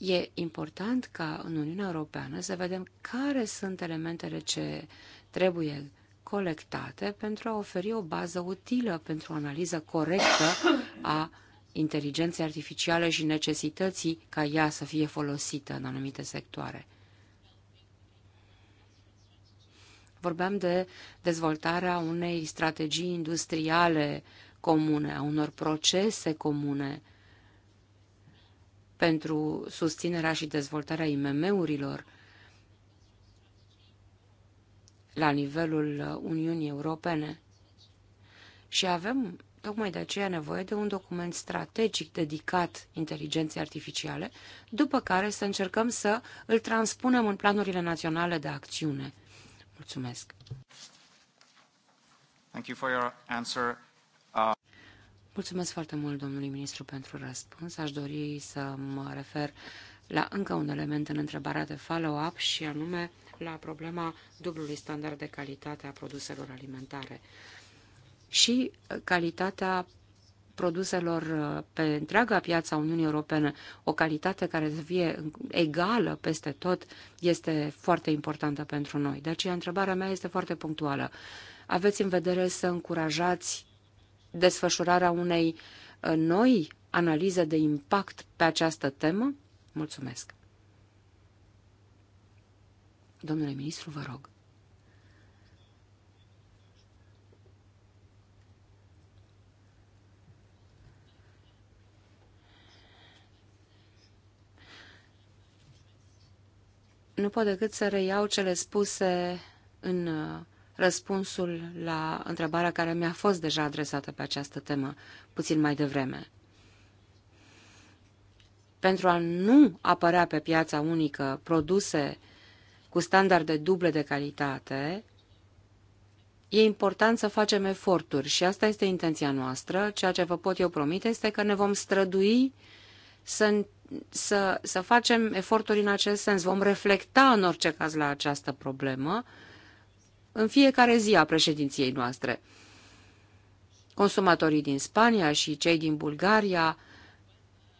E important ca în Uniunea Europeană să vedem care sunt elementele ce trebuie colectate pentru a oferi o bază utilă pentru o analiză corectă a inteligenței artificiale și necesității ca ea să fie folosită în anumite sectoare. Vorbeam de dezvoltarea unei strategii industriale comune, a unor procese comune, pentru susținerea și dezvoltarea IMM-urilor la nivelul Uniunii Europene. Și avem tocmai de aceea nevoie de un document strategic dedicat inteligenței artificiale, după care să încercăm să îl transpunem în planurile naționale de acțiune. Mulțumesc! Thank you for your answer. Mulțumesc foarte mult, domnului ministru, pentru răspuns. Aș dori să mă refer la încă un element în întrebarea de follow-up și anume la problema dublului standard de calitate a produselor alimentare și calitatea produselor uh, pe întreaga piață a Uniunii Europene, o calitate care să fie egală peste tot, este foarte importantă pentru noi. De aceea, întrebarea mea este foarte punctuală. Aveți în vedere să încurajați desfășurarea unei uh, noi analize de impact pe această temă? Mulțumesc. Domnule ministru, vă rog. Nu pot decât să reiau cele spuse în uh, răspunsul la întrebarea care mi-a fost deja adresată pe această temă puțin mai devreme. Pentru a nu apărea pe piața unică produse cu standarde duble de calitate, E important să facem eforturi și asta este intenția noastră. Ceea ce vă pot eu promite este că ne vom strădui să, să, să facem eforturi în acest sens. Vom reflecta în orice caz la această problemă în fiecare zi a președinției noastre. Consumatorii din Spania și cei din Bulgaria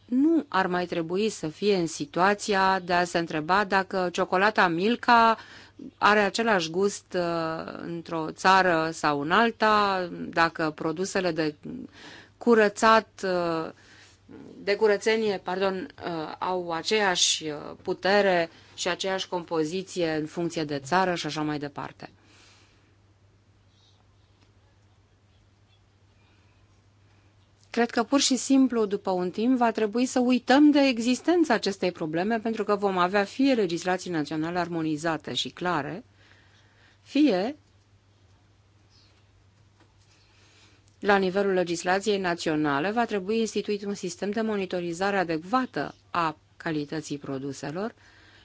nu ar mai trebui să fie în situația de a se întreba dacă ciocolata Milka are același gust uh, într-o țară sau în alta, dacă produsele de curățat, uh, de curățenie, pardon, uh, au aceeași putere și aceeași compoziție în funcție de țară și așa mai departe. Cred că pur și simplu, după un timp, va trebui să uităm de existența acestei probleme, pentru că vom avea fie legislații naționale armonizate și clare, fie La nivelul legislației naționale va trebui instituit un sistem de monitorizare adecvată a calității produselor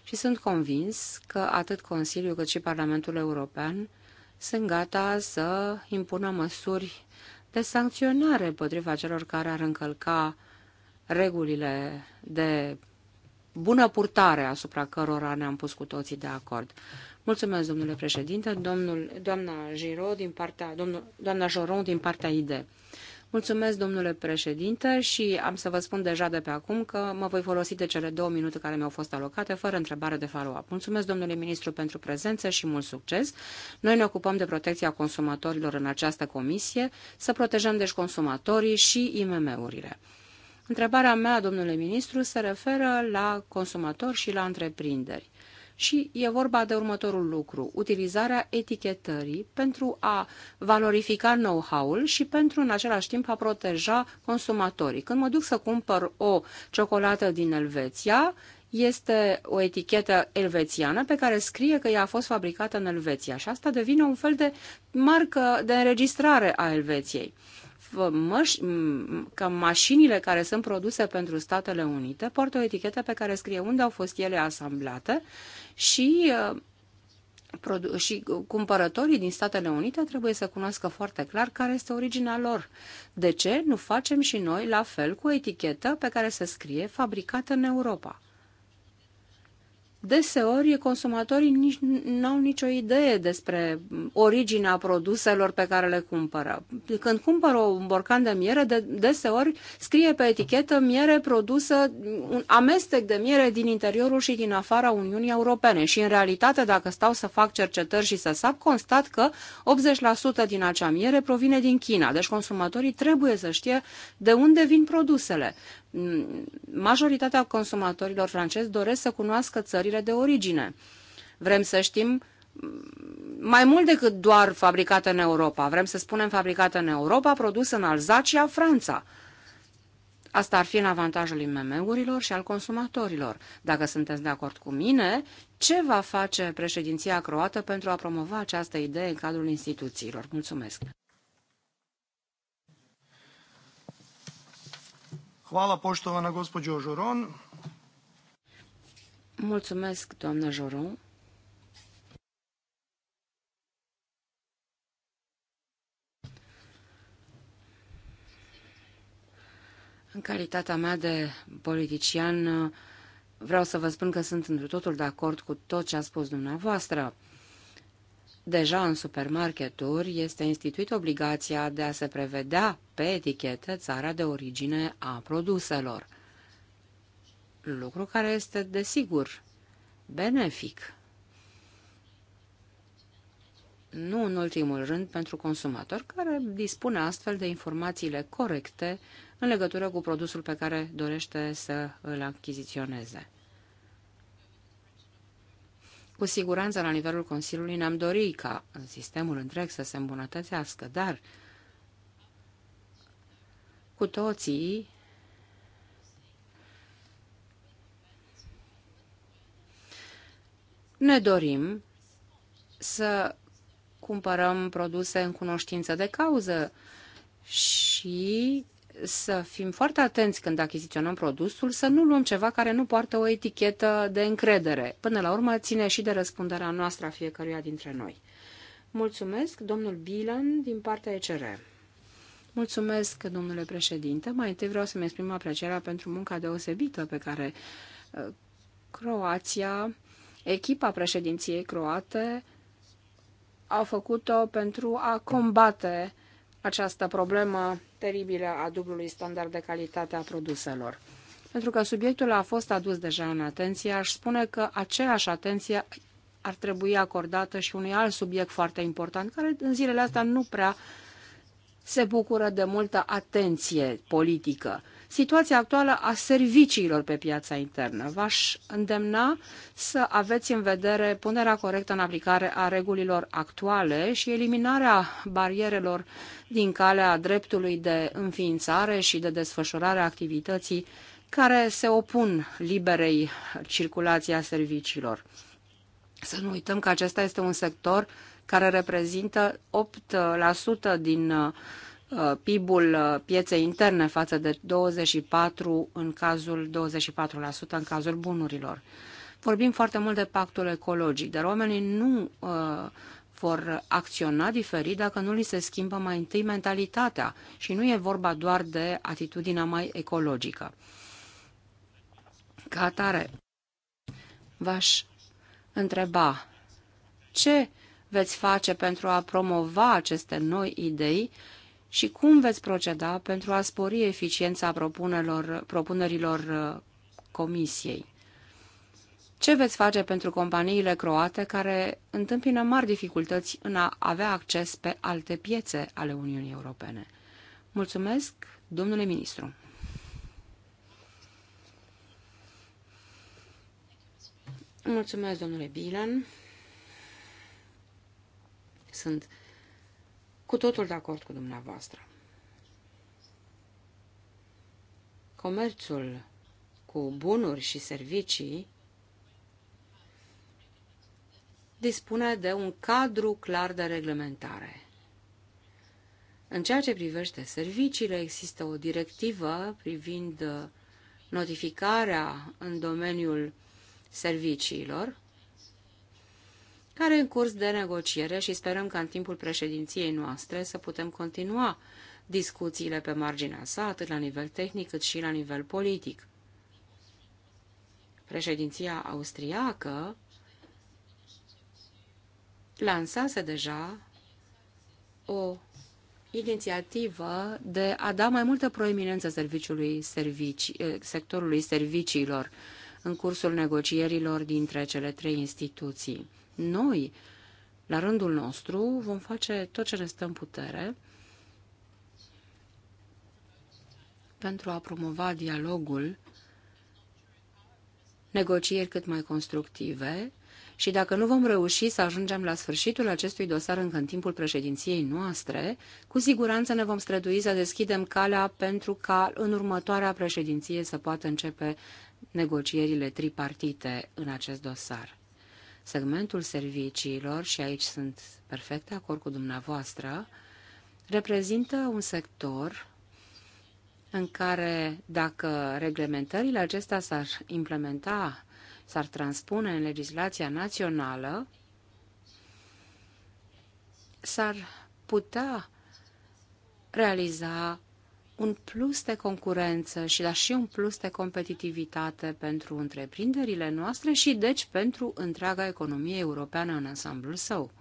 și sunt convins că atât Consiliul cât și Parlamentul European sunt gata să impună măsuri de sancționare împotriva celor care ar încălca regulile de bună purtare asupra cărora ne-am pus cu toții de acord. Mulțumesc, domnule președinte, domnul, doamna Giro din partea, domnul, doamna Joron din partea IDE. Mulțumesc, domnule președinte, și am să vă spun deja de pe acum că mă voi folosi de cele două minute care mi-au fost alocate, fără întrebare de follow-up. Mulțumesc, domnule ministru, pentru prezență și mult succes. Noi ne ocupăm de protecția consumatorilor în această comisie, să protejăm deci consumatorii și IMM-urile. Întrebarea mea, domnule ministru, se referă la consumatori și la întreprinderi și e vorba de următorul lucru, utilizarea etichetării pentru a valorifica know-how-ul și pentru în același timp a proteja consumatorii. Când mă duc să cumpăr o ciocolată din Elveția, este o etichetă elvețiană pe care scrie că ea a fost fabricată în Elveția și asta devine un fel de marcă de înregistrare a Elveției măș- că mașinile care sunt produse pentru Statele Unite poartă o etichetă pe care scrie unde au fost ele asamblate și uh, și cumpărătorii din Statele Unite trebuie să cunoască foarte clar care este originea lor. De ce nu facem și noi la fel cu o etichetă pe care să scrie fabricată în Europa? deseori consumatorii nici, n-au nicio idee despre originea produselor pe care le cumpără. Când cumpără un borcan de miere, de, deseori scrie pe etichetă miere produsă, un amestec de miere din interiorul și din afara Uniunii Europene. Și în realitate, dacă stau să fac cercetări și să sap, constat că 80% din acea miere provine din China. Deci consumatorii trebuie să știe de unde vin produsele majoritatea consumatorilor francezi doresc să cunoască țările de origine. Vrem să știm mai mult decât doar fabricată în Europa. Vrem să spunem fabricată în Europa, produsă în Alzacia, Franța. Asta ar fi în avantajul IMM-urilor și al consumatorilor. Dacă sunteți de acord cu mine, ce va face președinția croată pentru a promova această idee în cadrul instituțiilor? Mulțumesc! Hvala poštovana gospođo Joron. Mulțumesc, doamna Joron. În calitatea mea de politician, vreau să vă spun că sunt într totul de acord cu tot ce a spus dumneavoastră. Deja în supermarketuri este instituit obligația de a se prevedea pe etichetă țara de origine a produselor, lucru care este, desigur, benefic. Nu în ultimul rând pentru consumator, care dispune astfel de informațiile corecte în legătură cu produsul pe care dorește să îl achiziționeze. Cu siguranță, la nivelul Consiliului, ne-am dorit ca sistemul întreg să se îmbunătățească, dar cu toții ne dorim să cumpărăm produse în cunoștință de cauză și să fim foarte atenți când achiziționăm produsul, să nu luăm ceva care nu poartă o etichetă de încredere. Până la urmă, ține și de răspunderea noastră a fiecăruia dintre noi. Mulțumesc, domnul Bilan, din partea ECR. Mulțumesc, domnule președinte. Mai întâi vreau să-mi exprim aprecierea pentru munca deosebită pe care uh, Croația, echipa președinției croate, au făcut-o pentru a combate această problemă teribilă a dublului standard de calitate a produselor. Pentru că subiectul a fost adus deja în atenție, aș spune că aceeași atenție ar trebui acordată și unui alt subiect foarte important, care în zilele astea nu prea se bucură de multă atenție politică situația actuală a serviciilor pe piața internă. V-aș îndemna să aveți în vedere punerea corectă în aplicare a regulilor actuale și eliminarea barierelor din calea dreptului de înființare și de desfășurare a activității care se opun liberei circulații a serviciilor. Să nu uităm că acesta este un sector care reprezintă 8% din uh, Uh, PIB-ul uh, pieței interne față de 24 în cazul 24% în cazul bunurilor. Vorbim foarte mult de pactul ecologic, dar oamenii nu uh, vor acționa diferit dacă nu li se schimbă mai întâi mentalitatea și nu e vorba doar de atitudinea mai ecologică. Ca atare, v-aș întreba ce veți face pentru a promova aceste noi idei și cum veți proceda pentru a spori eficiența propunerilor, propunerilor uh, comisiei? Ce veți face pentru companiile croate care întâmpină mari dificultăți în a avea acces pe alte piețe ale Uniunii Europene? Mulțumesc, domnule ministru. Mulțumesc, domnule Bilan. Sunt cu totul de acord cu dumneavoastră. Comerțul cu bunuri și servicii dispune de un cadru clar de reglementare. În ceea ce privește serviciile, există o directivă privind notificarea în domeniul serviciilor, care în curs de negociere și sperăm ca în timpul președinției noastre să putem continua discuțiile pe marginea sa, atât la nivel tehnic cât și la nivel politic. Președinția austriacă lansase deja o inițiativă de a da mai multă proeminență serviciului servici, eh, sectorului serviciilor în cursul negocierilor dintre cele trei instituții noi, la rândul nostru, vom face tot ce ne stă în putere pentru a promova dialogul, negocieri cât mai constructive și dacă nu vom reuși să ajungem la sfârșitul acestui dosar încă în timpul președinției noastre, cu siguranță ne vom strădui să deschidem calea pentru ca în următoarea președinție să poată începe negocierile tripartite în acest dosar segmentul serviciilor, și aici sunt perfect de acord cu dumneavoastră, reprezintă un sector în care, dacă reglementările acestea s-ar implementa, s-ar transpune în legislația națională, s-ar putea realiza un plus de concurență și dar și un plus de competitivitate pentru întreprinderile noastre și deci pentru întreaga economie europeană în ansamblul său.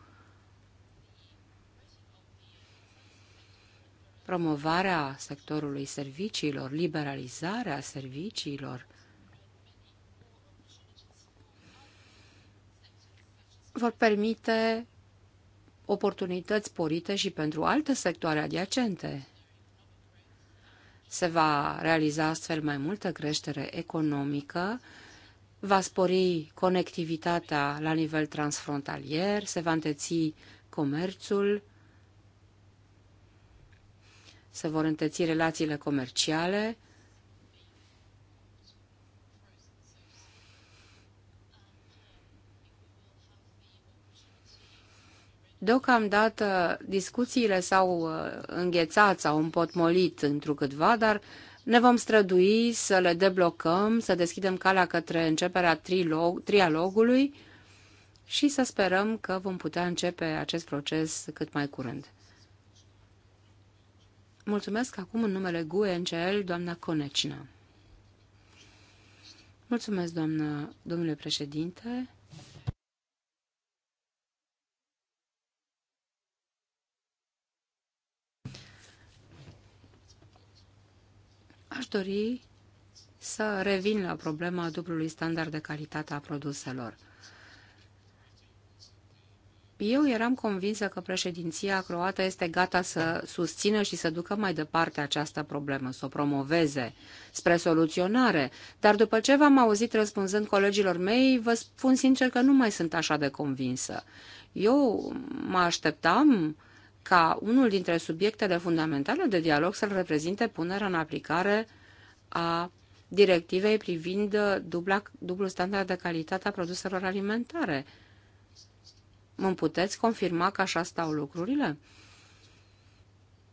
Promovarea sectorului serviciilor, liberalizarea serviciilor, vor permite oportunități sporite și pentru alte sectoare adiacente, se va realiza astfel mai multă creștere economică, va spori conectivitatea la nivel transfrontalier, se va înteți comerțul, se vor înteți relațiile comerciale, Deocamdată discuțiile s-au uh, înghețat, s-au împotmolit câtva, dar ne vom strădui să le deblocăm, să deschidem calea către începerea trilog, trialogului și să sperăm că vom putea începe acest proces cât mai curând. Mulțumesc acum în numele GUE-NCL, doamna Conecina. Mulțumesc, doamnă, domnule președinte. Aș dori să revin la problema dublului standard de calitate a produselor. Eu eram convinsă că președinția croată este gata să susțină și să ducă mai departe această problemă, să o promoveze spre soluționare, dar după ce v-am auzit răspunzând colegilor mei, vă spun sincer că nu mai sunt așa de convinsă. Eu mă așteptam uh, ca unul dintre subiectele fundamentale de dialog să-l reprezinte punerea în aplicare a directivei privind dubla, dublu standard de calitate a produselor alimentare. Mă puteți confirma că așa stau lucrurile?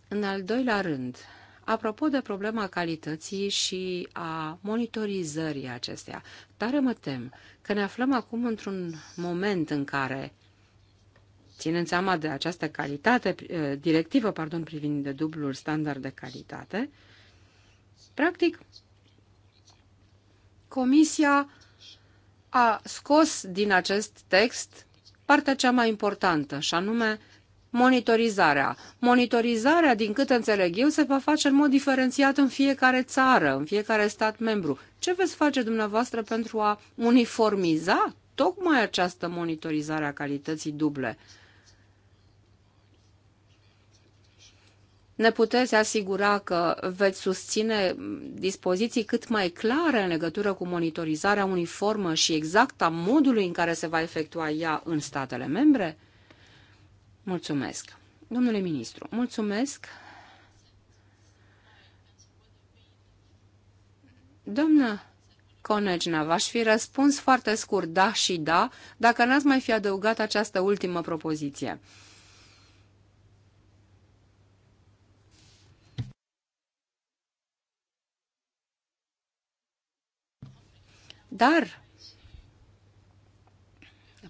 În al doilea rând, apropo de problema calității și a monitorizării acesteia, tare mă tem că ne aflăm acum într-un moment în care Ținând seama de această calitate, eh, directivă pardon, privind de dublul standard de calitate, practic, Comisia a scos din acest text partea cea mai importantă, și anume monitorizarea. Monitorizarea, din cât înțeleg eu, se va face în mod diferențiat în fiecare țară, în fiecare stat membru. Ce veți face dumneavoastră pentru a uniformiza tocmai această monitorizare a calității duble? ne puteți asigura că veți susține dispoziții cât mai clare în legătură cu monitorizarea uniformă și exacta modului în care se va efectua ea în statele membre? Mulțumesc. Domnule ministru, mulțumesc. Doamnă Conegna, v-aș fi răspuns foarte scurt da și da, dacă n-ați mai fi adăugat această ultimă propoziție. Dar,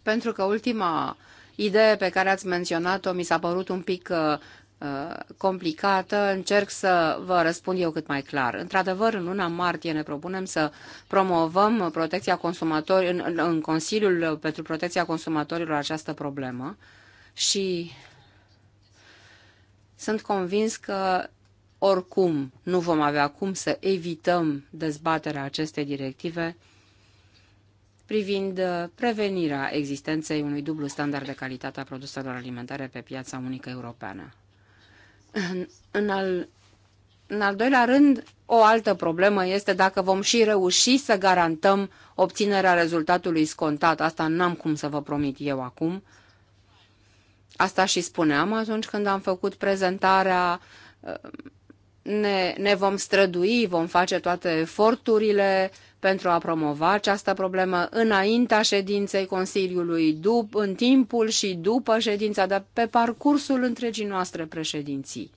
pentru că ultima idee pe care ați menționat-o mi s-a părut un pic uh, uh, complicată, încerc să vă răspund eu cât mai clar. Într-adevăr, în luna martie ne propunem să promovăm protecția consumatorilor, în, în Consiliul pentru Protecția Consumatorilor această problemă și sunt convins că oricum nu vom avea cum să evităm dezbaterea acestei directive privind uh, prevenirea existenței unui dublu standard de calitate a produselor alimentare pe piața unică europeană. În, al, în al doilea rând, o altă problemă este dacă vom și reuși să garantăm obținerea rezultatului scontat. Asta n-am cum să vă promit eu acum. Asta și spuneam atunci când am făcut prezentarea uh, ne, ne vom strădui, vom face toate eforturile pentru a promova această problemă înaintea ședinței Consiliului, dup, în timpul și după ședința, dar pe parcursul întregii noastre președinții.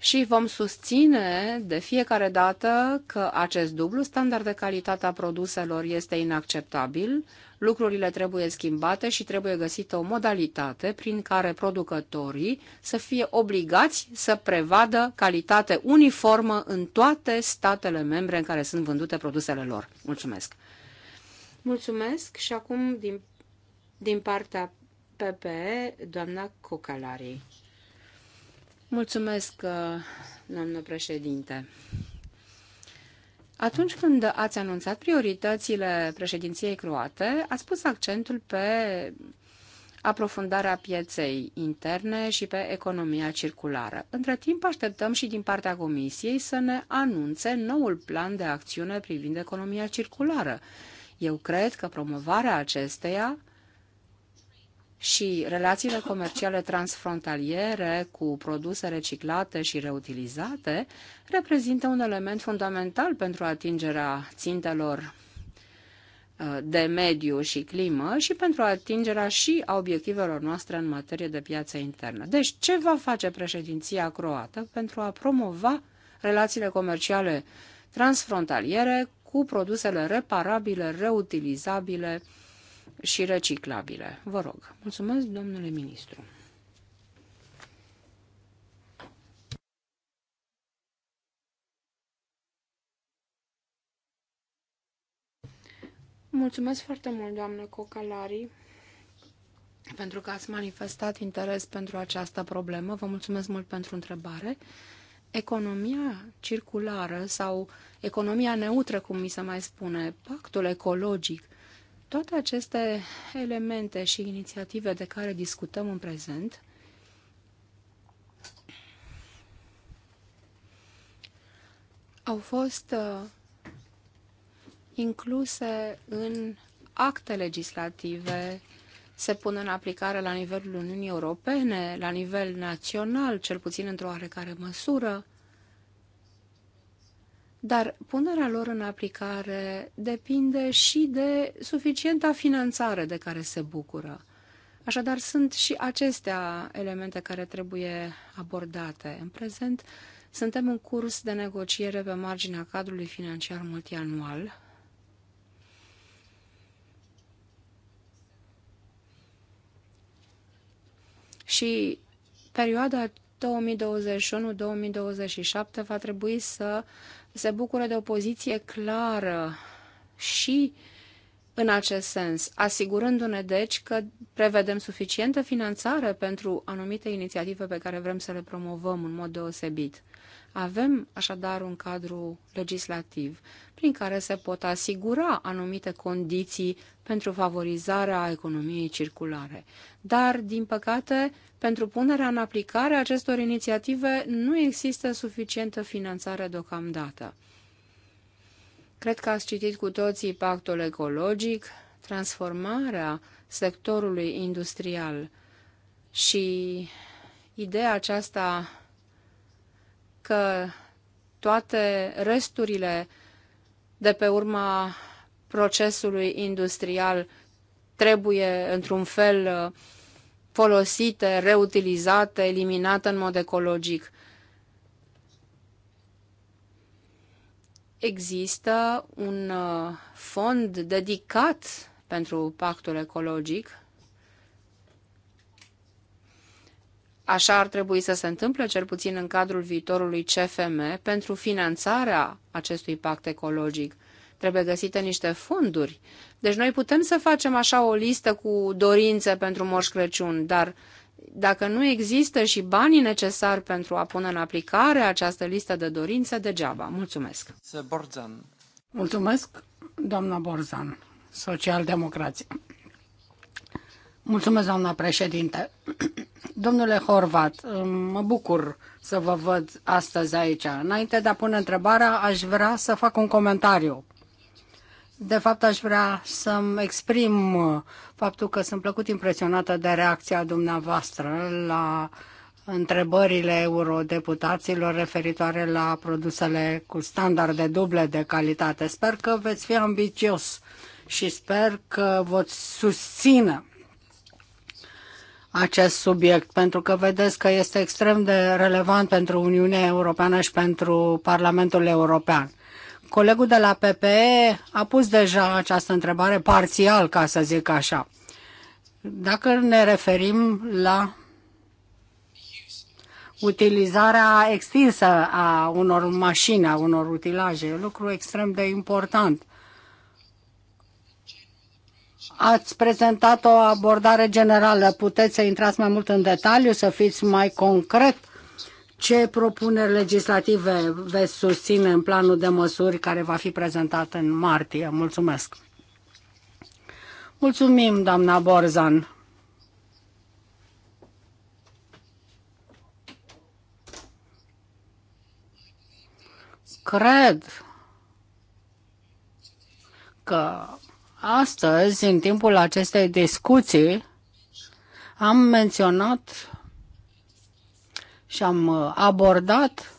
Și vom susține de fiecare dată că acest dublu standard de calitate a produselor este inacceptabil, lucrurile trebuie schimbate și trebuie găsită o modalitate prin care producătorii să fie obligați să prevadă calitate uniformă în toate statele membre în care sunt vândute produsele lor. Mulțumesc! Mulțumesc și acum din, din partea PPE, doamna Cocalari. Mulțumesc, uh, doamnă președinte. Atunci când ați anunțat prioritățile președinției croate, ați pus accentul pe aprofundarea pieței interne și pe economia circulară. Între timp, așteptăm și din partea Comisiei să ne anunțe noul plan de acțiune privind economia circulară. Eu cred că promovarea acesteia și relațiile comerciale transfrontaliere cu produse reciclate și reutilizate reprezintă un element fundamental pentru atingerea țintelor uh, de mediu și climă și pentru atingerea și a obiectivelor noastre în materie de piață internă. Deci, ce va face președinția croată pentru a promova relațiile comerciale transfrontaliere cu produsele reparabile, reutilizabile, și reciclabile. Vă rog. Mulțumesc, domnule ministru. Mulțumesc foarte mult, doamnă Cocalari, pentru că ați manifestat interes pentru această problemă. Vă mulțumesc mult pentru întrebare. Economia circulară sau economia neutră, cum mi se mai spune, pactul ecologic – toate aceste elemente și inițiative de care discutăm în prezent au fost uh, incluse în acte legislative se pun în aplicare la nivelul Uniunii Europene, la nivel național, cel puțin într-o oarecare măsură, dar punerea lor în aplicare depinde și de suficienta finanțare de care se bucură. Așadar, sunt și acestea elemente care trebuie abordate. În prezent, suntem în curs de negociere pe marginea cadrului financiar multianual. Și perioada 2021-2027 va trebui să uh, se bucură de o poziție clară și în acest sens, asigurându-ne deci că prevedem suficientă finanțare pentru anumite inițiative pe care vrem să le promovăm în mod deosebit. Avem așadar un cadru legislativ prin care se pot asigura anumite condiții pentru favorizarea economiei circulare. Dar, din păcate, pentru punerea în aplicare a acestor inițiative nu există suficientă finanțare deocamdată. Cred că ați citit cu toții pactul ecologic, transformarea sectorului industrial și ideea aceasta că toate resturile de pe urma procesului industrial trebuie, într-un fel, folosite, reutilizate, eliminate în mod ecologic. Există un uh, fond dedicat pentru pactul ecologic Așa ar trebui să se întâmple, cel puțin în cadrul viitorului CFM, pentru finanțarea acestui pact ecologic. Trebuie găsite niște fonduri. Deci noi putem să facem așa o listă cu dorințe pentru Moș Crăciun, dar dacă nu există și banii necesari pentru a pune în aplicare această listă de dorințe, degeaba. Mulțumesc! Borzan. Mulțumesc, doamna Borzan, socialdemocrație. Mulțumesc, doamna președinte. Domnule Horvat, mă bucur să vă văd astăzi aici. Înainte de a pune întrebarea, aș vrea să fac un comentariu. De fapt, aș vrea să-mi exprim faptul că sunt plăcut impresionată de reacția dumneavoastră la întrebările eurodeputaților referitoare la produsele cu standarde duble de calitate. Sper că veți fi ambițios și sper că vă susține acest subiect, pentru că vedeți că este extrem de relevant pentru Uniunea Europeană și pentru Parlamentul European. Colegul de la PPE a pus deja această întrebare parțial, ca să zic așa. Dacă ne referim la utilizarea extinsă a unor mașini, a unor utilaje, e lucru extrem de important Ați prezentat o abordare generală. Puteți să intrați mai mult în detaliu, să fiți mai concret ce propuneri legislative veți susține în planul de măsuri care va fi prezentat în martie. Mulțumesc. Mulțumim, doamna Borzan. Cred că Astăzi, în timpul acestei discuții, am menționat și am uh, abordat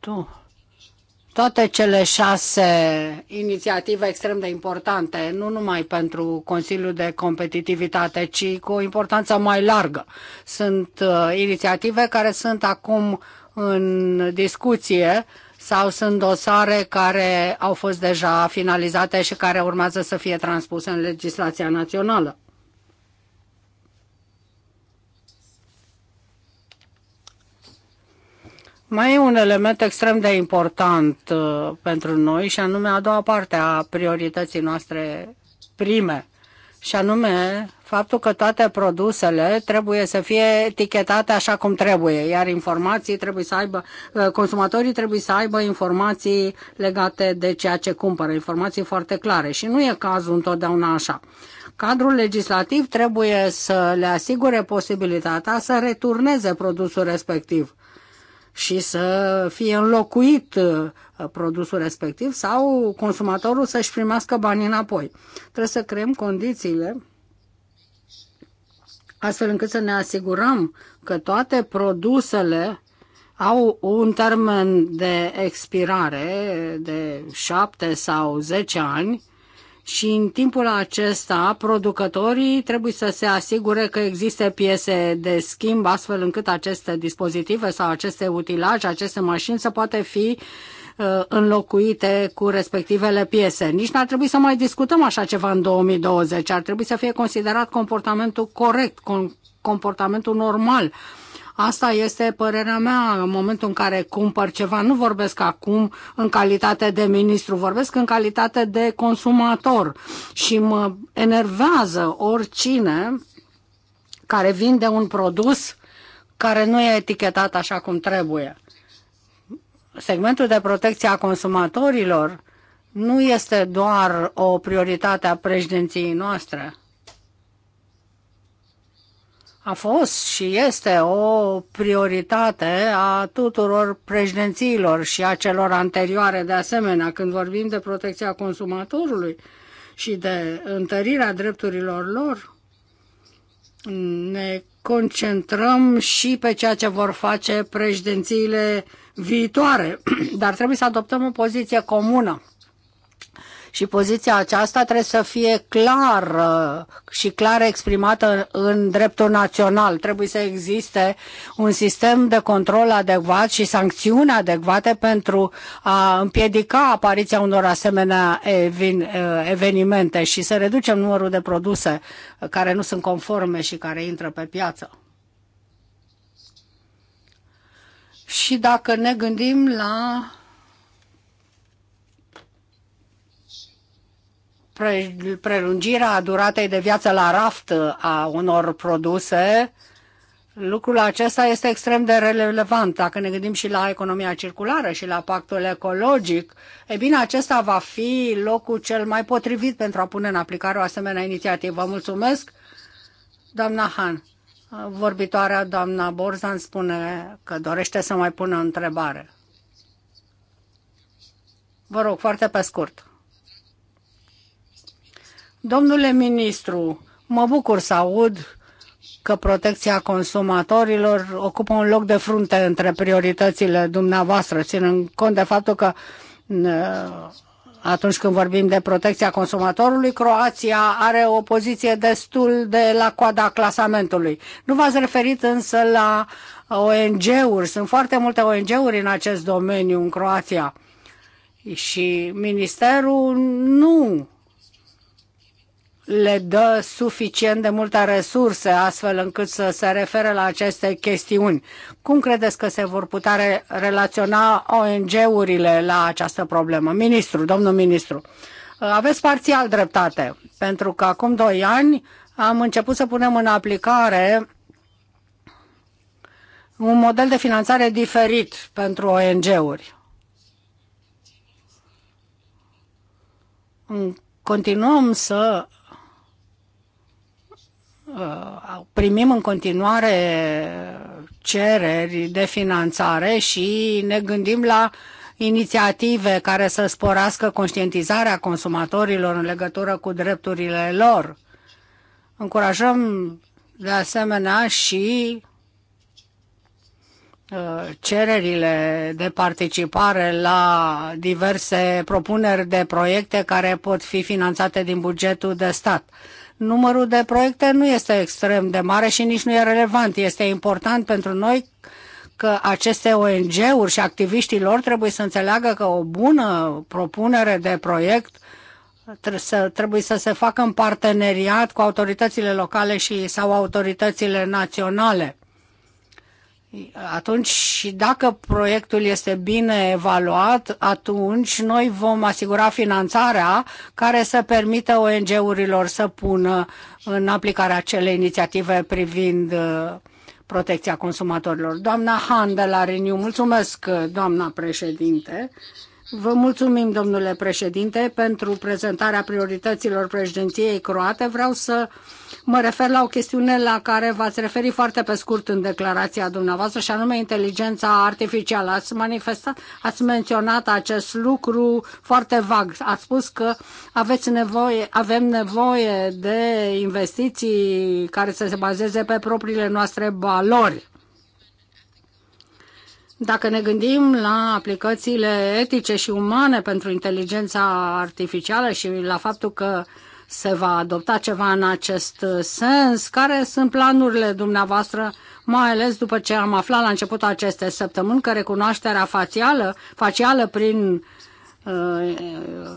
tu, toate cele șase inițiative extrem de importante, nu numai pentru Consiliul de Competitivitate, ci cu o importanță mai largă. Sunt uh, inițiative care sunt acum în discuție sau sunt dosare care au fost deja finalizate și care urmează să fie transpuse în legislația națională. Mai e un element extrem de important uh, pentru noi și anume a doua parte a priorității noastre prime și anume faptul că toate produsele trebuie să fie etichetate așa cum trebuie, iar informații trebuie să aibă, uh, consumatorii trebuie să aibă informații legate de ceea ce cumpără, informații foarte clare și nu e cazul întotdeauna așa. Cadrul legislativ trebuie să le asigure posibilitatea să returneze produsul respectiv și să fie înlocuit uh, produsul respectiv sau consumatorul să-și primească banii înapoi. Trebuie să creăm condițiile astfel încât să ne asigurăm că toate produsele au un termen de expirare de 7 sau 10 ani și în timpul acesta producătorii trebuie să se asigure că există piese de schimb astfel încât aceste dispozitive sau aceste utilaje, aceste mașini să poate fi uh, înlocuite cu respectivele piese. Nici n-ar trebui să mai discutăm așa ceva în 2020. Ar trebui să fie considerat comportamentul corect, comportamentul normal Asta este părerea mea în momentul în care cumpăr ceva. Nu vorbesc acum în calitate de ministru, vorbesc în calitate de consumator și mă enervează oricine care vinde un produs care nu e etichetat așa cum trebuie. Segmentul de protecție a consumatorilor nu este doar o prioritate a președinției noastre a fost și este o prioritate a tuturor președințiilor și a celor anterioare de asemenea când vorbim de protecția consumatorului și de întărirea drepturilor lor. Ne concentrăm și pe ceea ce vor face președințiile viitoare, [clears throat] dar trebuie să adoptăm o poziție comună și poziția aceasta trebuie să fie clară uh, și clar exprimată în dreptul național. Trebuie să existe un sistem de control adecvat și sancțiuni adecvate pentru a împiedica apariția unor asemenea uh, evenimente și să reducem numărul de produse care nu sunt conforme și care intră pe piață. Și dacă ne gândim la prelungirea duratei de viață la raft a unor produse, lucrul acesta este extrem de relevant. Dacă ne gândim și la economia circulară și la pactul ecologic, e bine, acesta va fi locul cel mai potrivit pentru a pune în aplicare o asemenea inițiativă. Mulțumesc, doamna Han. Vorbitoarea doamna Borzan spune că dorește să mai pună întrebare. Vă rog, foarte pe scurt. Domnule ministru, mă bucur să aud că protecția consumatorilor ocupă un loc de frunte între prioritățile dumneavoastră, ținând cont de faptul că atunci când vorbim de protecția consumatorului, Croația are o poziție destul de la coada clasamentului. Nu v-ați referit însă la ONG-uri. Sunt foarte multe ONG-uri în acest domeniu în Croația. Și ministerul nu le dă suficient de multă resurse astfel încât să se refere la aceste chestiuni. Cum credeți că se vor putea re- relaționa ONG-urile la această problemă? Ministru, domnul ministru, aveți parțial dreptate, pentru că acum doi ani am început să punem în aplicare un model de finanțare diferit pentru ONG-uri. Continuăm să Uh, primim în continuare cereri de finanțare și ne gândim la inițiative care să sporească conștientizarea consumatorilor în legătură cu drepturile lor. Încurajăm de asemenea și uh, cererile de participare la diverse propuneri de proiecte care pot fi finanțate din bugetul de stat numărul de proiecte nu este extrem de mare și nici nu e relevant. Este important pentru noi că aceste ONG-uri și activiștii lor trebuie să înțeleagă că o bună propunere de proiect trebuie să se facă în parteneriat cu autoritățile locale și sau autoritățile naționale atunci și dacă proiectul este bine evaluat, atunci noi vom asigura finanțarea care să permită ONG-urilor să pună în aplicare acele inițiative privind uh, protecția consumatorilor. Doamna Han de la Reniu, mulțumesc, uh, doamna președinte. Vă mulțumim, domnule președinte, pentru prezentarea priorităților președinției croate. Vreau să uh, Mă refer la o chestiune la care v-ați referit foarte pe scurt în declarația dumneavoastră și anume inteligența artificială. Ați manifestat, ați menționat acest lucru foarte vag. Ați spus că aveți nevoie, avem nevoie de investiții care să se bazeze pe propriile noastre valori. Dacă ne gândim la aplicațiile etice și umane pentru inteligența artificială și la faptul că uh, se va adopta ceva în acest sens? Care sunt planurile dumneavoastră, mai ales după ce am aflat la începutul acestei săptămâni că recunoașterea facială, facială prin Uh,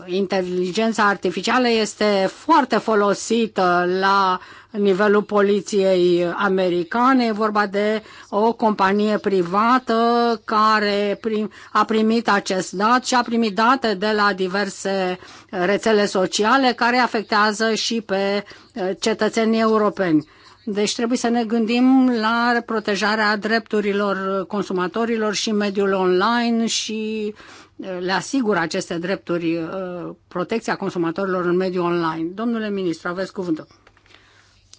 inteligența artificială este foarte folosită la nivelul poliției americane. E vorba de o companie privată care a primit acest dat și a primit date de la diverse rețele sociale care afectează și pe uh, cetățenii europeni. Deci trebuie să ne gândim la protejarea drepturilor consumatorilor și mediul online și le asigură aceste drepturi uh, protecția consumatorilor în mediul online. Domnule ministru, aveți cuvântul.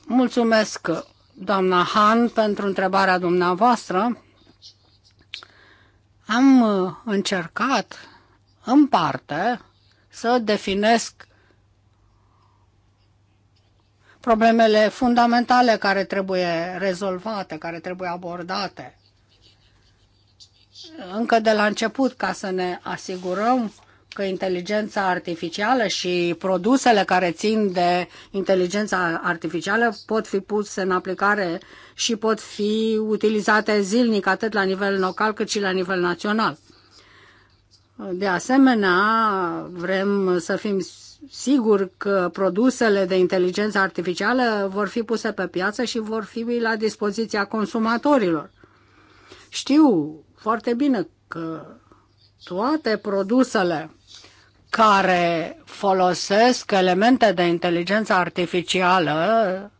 Mulțumesc, doamna Han, pentru întrebarea dumneavoastră. Am uh, încercat, în parte, să definesc problemele fundamentale care trebuie rezolvate, care trebuie abordate încă de la început ca să ne asigurăm că inteligența artificială și produsele care țin de inteligența artificială pot fi puse în aplicare și pot fi utilizate zilnic atât la nivel local cât și la nivel național. De asemenea, vrem să fim siguri că produsele de inteligență artificială vor fi puse pe piață și vor fi la dispoziția consumatorilor. Știu foarte bine că toate produsele care folosesc elemente de inteligență artificială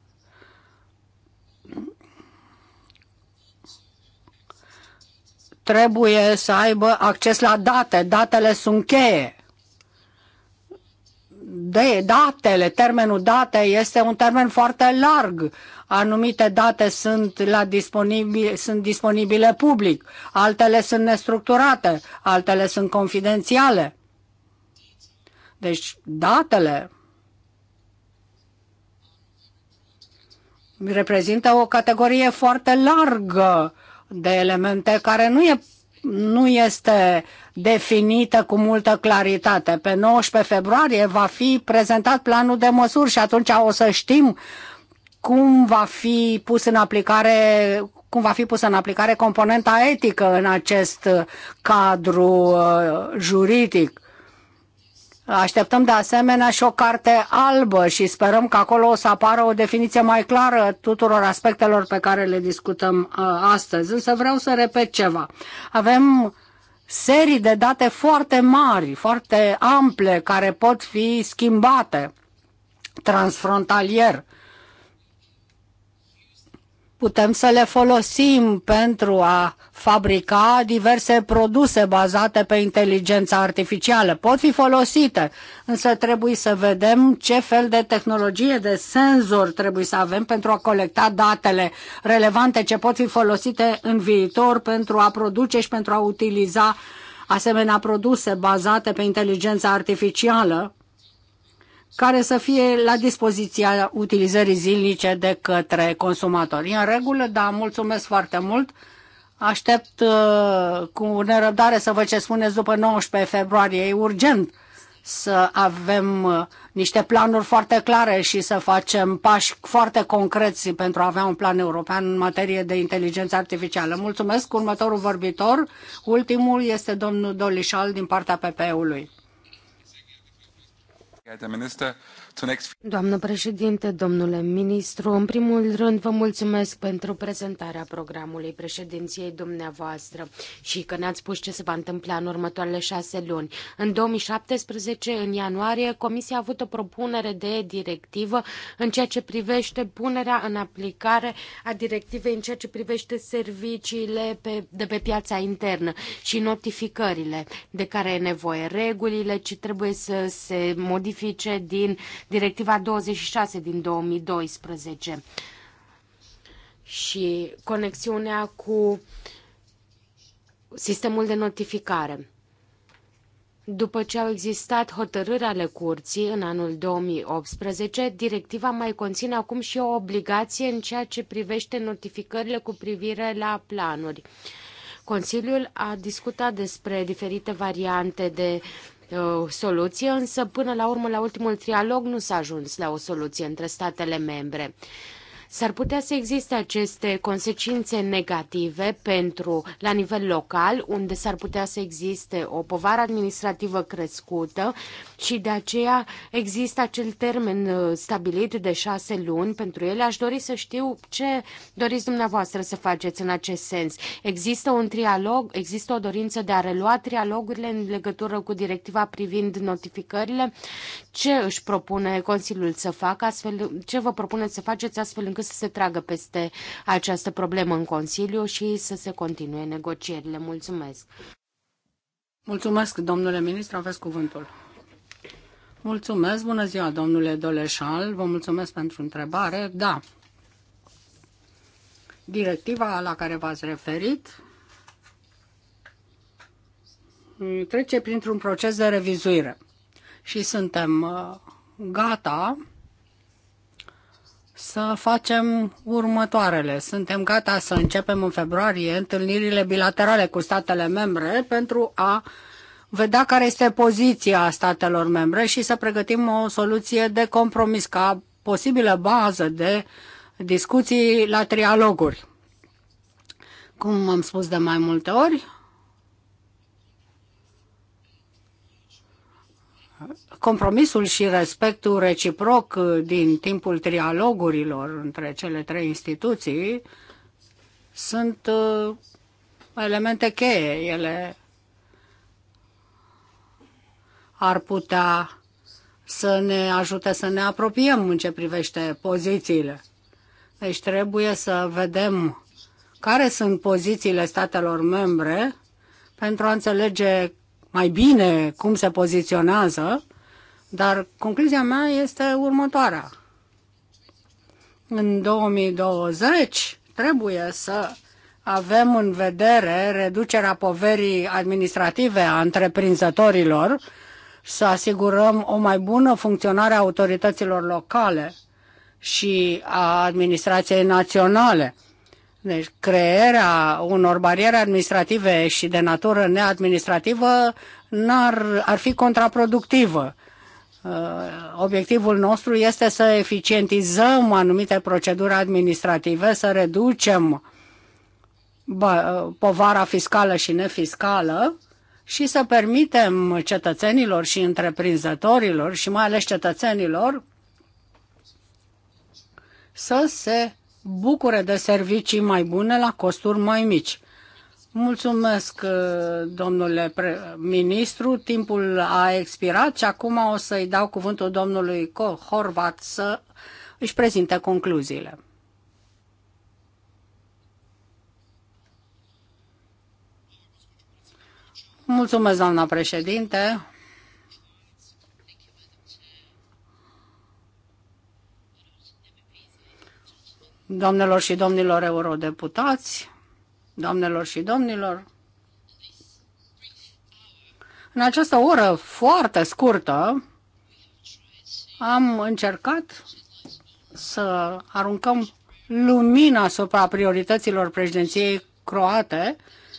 trebuie să aibă acces la date. Datele sunt cheie de datele, termenul date este un termen foarte larg. Anumite date sunt, la disponibil, sunt disponibile public, altele sunt nestructurate, altele sunt confidențiale. Deci datele reprezintă o categorie foarte largă de elemente care nu e nu este definită cu multă claritate. Pe 19 februarie va fi prezentat planul de măsuri și atunci o să știm cum va fi pus în aplicare cum va fi pusă în aplicare componenta etică în acest cadru uh, juridic Așteptăm de asemenea și o carte albă și sperăm că acolo o să apară o definiție mai clară tuturor aspectelor pe care le discutăm uh, astăzi. Însă vreau să repet ceva. Avem serii de date foarte mari, foarte ample, care pot fi schimbate transfrontalier putem să le folosim pentru a fabrica diverse produse bazate pe inteligența artificială. Pot fi folosite, însă trebuie să vedem ce fel de tehnologie de senzor trebuie să avem pentru a colecta datele relevante ce pot fi folosite în viitor pentru a produce și pentru a utiliza asemenea produse bazate pe inteligența artificială care să fie la dispoziția utilizării zilnice de către consumatori. în regulă, da, mulțumesc foarte mult. Aștept uh, cu nerăbdare să vă ce spuneți după 19 februarie. E urgent să avem uh, niște planuri foarte clare și să facem pași foarte concreți pentru a avea un plan european în materie de inteligență artificială. Mulțumesc. Următorul vorbitor, ultimul, este domnul Dolișal din partea PP-ului. Herr Minister, Doamnă președinte, domnule ministru, în primul rând vă mulțumesc pentru prezentarea programului președinției dumneavoastră și că ne-ați spus ce se va întâmpla în următoarele șase luni. În 2017, în ianuarie, Comisia a avut o propunere de directivă în ceea ce privește punerea în aplicare a directivei în ceea ce privește serviciile pe, de pe piața internă și notificările de care e nevoie, regulile ce trebuie să se modifice din Directiva 26 din 2012 și conexiunea cu sistemul de notificare. După ce au existat hotărâri ale curții în anul 2018, directiva mai conține acum și o obligație în ceea ce privește notificările cu privire la planuri. Consiliul a discutat despre diferite variante de soluție, însă până la urmă, la ultimul trialog, nu s-a ajuns la o soluție între statele membre. S-ar putea să existe aceste consecințe negative pentru la nivel local, unde s-ar putea să existe o povară administrativă crescută și de aceea există acel termen uh, stabilit de șase luni pentru ele. Aș dori să știu ce doriți dumneavoastră să faceți în acest sens. Există un trialog, există o dorință de a relua trialogurile în legătură cu directiva privind notificările. Ce își propune Consiliul să facă astfel, ce vă propuneți să faceți astfel încât încât să se tragă peste această problemă în Consiliu și să se continue negocierile. Mulțumesc! Mulțumesc, domnule ministru, aveți cuvântul. Mulțumesc, bună ziua, domnule Doleșal, vă mulțumesc pentru întrebare. Da, directiva la care v-ați referit trece printr-un proces de revizuire și suntem uh, gata să facem următoarele. Suntem gata să începem în februarie întâlnirile bilaterale cu statele membre pentru a vedea care este poziția statelor membre și să pregătim o soluție de compromis ca posibilă bază de discuții la trialoguri. Cum am spus de mai multe ori, compromisul și respectul reciproc uh, din timpul trialogurilor între cele trei instituții sunt uh, elemente cheie. Ele ar putea să ne ajute să ne apropiem în ce privește pozițiile. Deci trebuie să vedem care sunt pozițiile statelor membre pentru a înțelege mai bine cum se poziționează dar concluzia mea este următoarea. În 2020 trebuie să avem în vedere reducerea poverii administrative a întreprinzătorilor, să asigurăm o mai bună funcționare a autorităților locale și a administrației naționale. Deci crearea unor bariere administrative și de natură neadministrativă n-ar, ar fi contraproductivă. Uh, obiectivul nostru este să eficientizăm anumite proceduri administrative, să reducem uh, povara fiscală și nefiscală și să permitem cetățenilor și întreprinzătorilor și mai ales cetățenilor să se bucure de servicii mai bune la costuri mai mici. Mulțumesc, uh, domnule ministru. Timpul a expirat și acum o să-i dau cuvântul domnului Horvat să își prezinte concluziile. Mulțumesc, doamna președinte. Doamnelor și domnilor eurodeputați, doamnelor și domnilor. În această oră foarte scurtă am încercat să aruncăm lumina asupra priorităților președinției croate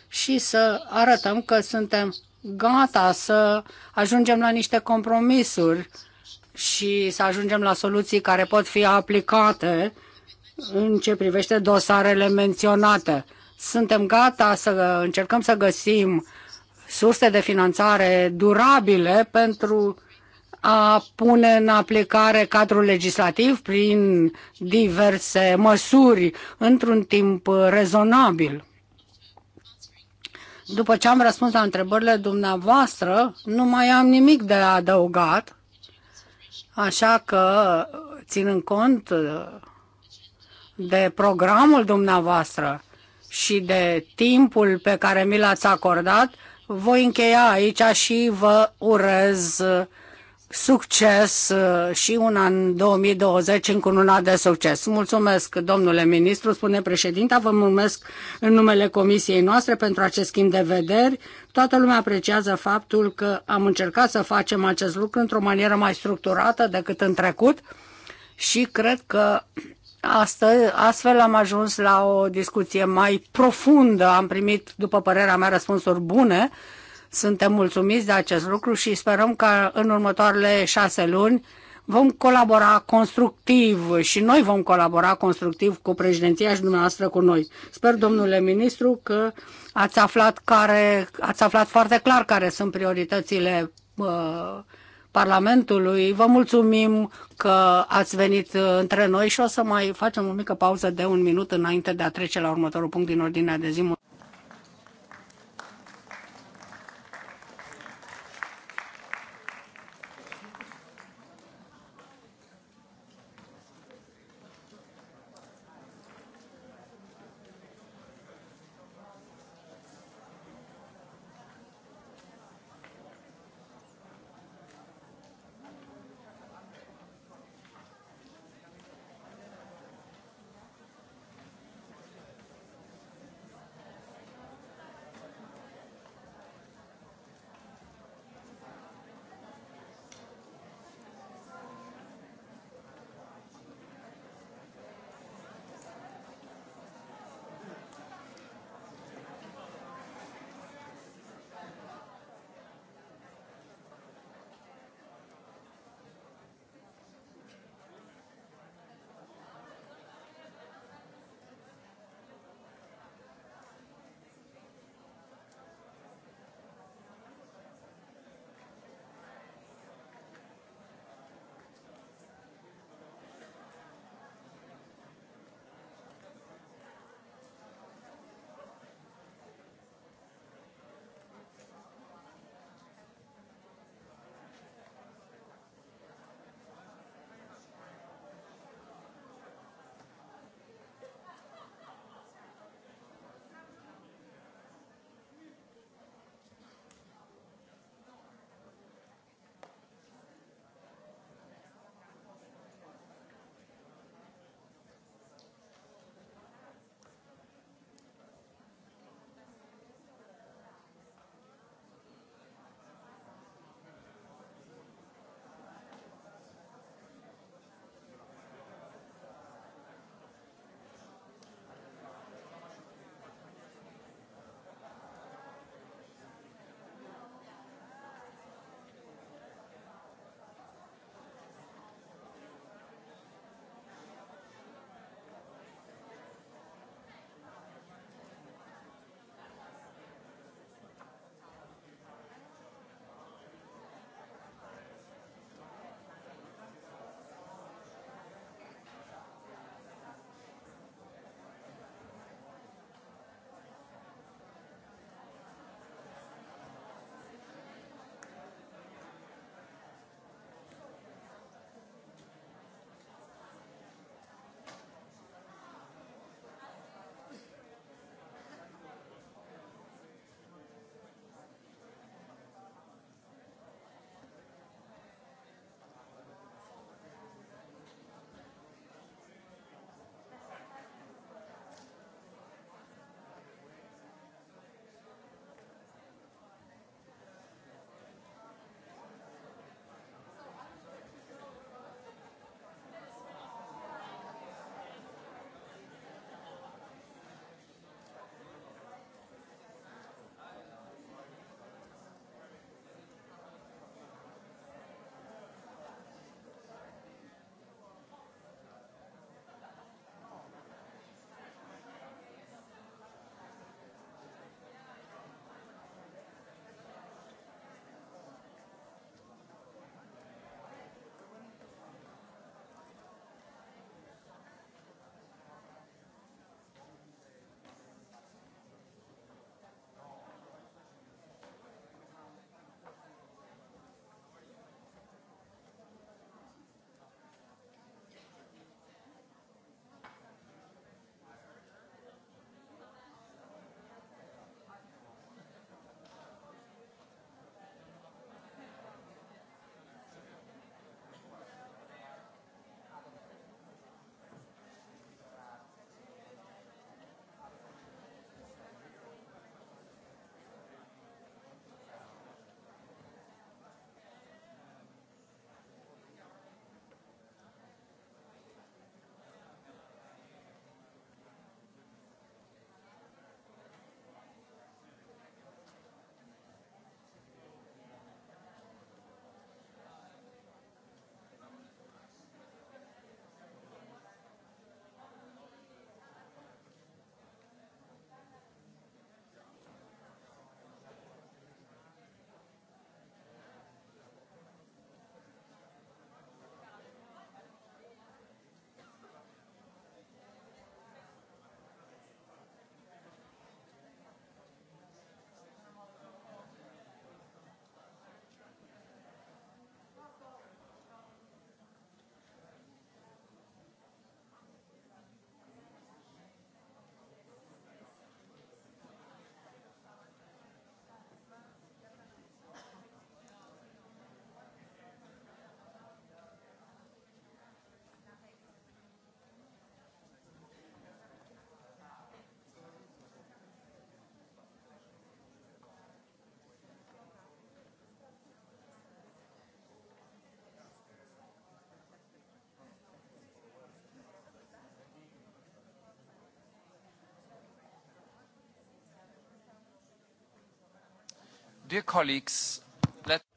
și să arătăm că suntem gata să ajungem la niște compromisuri și să ajungem la soluții care pot fi aplicate în ce privește dosarele menționate. Suntem gata să încercăm să găsim surse de finanțare durabile pentru a pune în aplicare cadrul legislativ prin diverse măsuri într-un timp rezonabil. După ce am răspuns la întrebările dumneavoastră, nu mai am nimic de adăugat, așa că ținând cont de programul dumneavoastră și de timpul pe care mi l-ați acordat. Voi încheia aici și vă urez succes uh, și un an 2020 cununa de succes. Mulțumesc, domnule ministru, spune președinta, vă mulțumesc în numele comisiei noastre pentru acest schimb de vederi. Toată lumea apreciază faptul că am încercat să facem acest lucru într-o manieră mai structurată decât în trecut și cred că Astăzi, astfel am ajuns la o discuție mai profundă, am primit, după părerea mea, răspunsuri bune, suntem mulțumiți de acest lucru și sperăm că în următoarele șase luni vom colabora constructiv și noi vom colabora constructiv cu președinția și dumneavoastră cu noi. Sper, domnule ministru, că ați aflat, care, ați aflat foarte clar care sunt prioritățile uh, Parlamentului. Vă mulțumim că ați venit uh, între noi și o să mai facem o mică pauză de un minut înainte de a trece la următorul punct din ordinea de zi.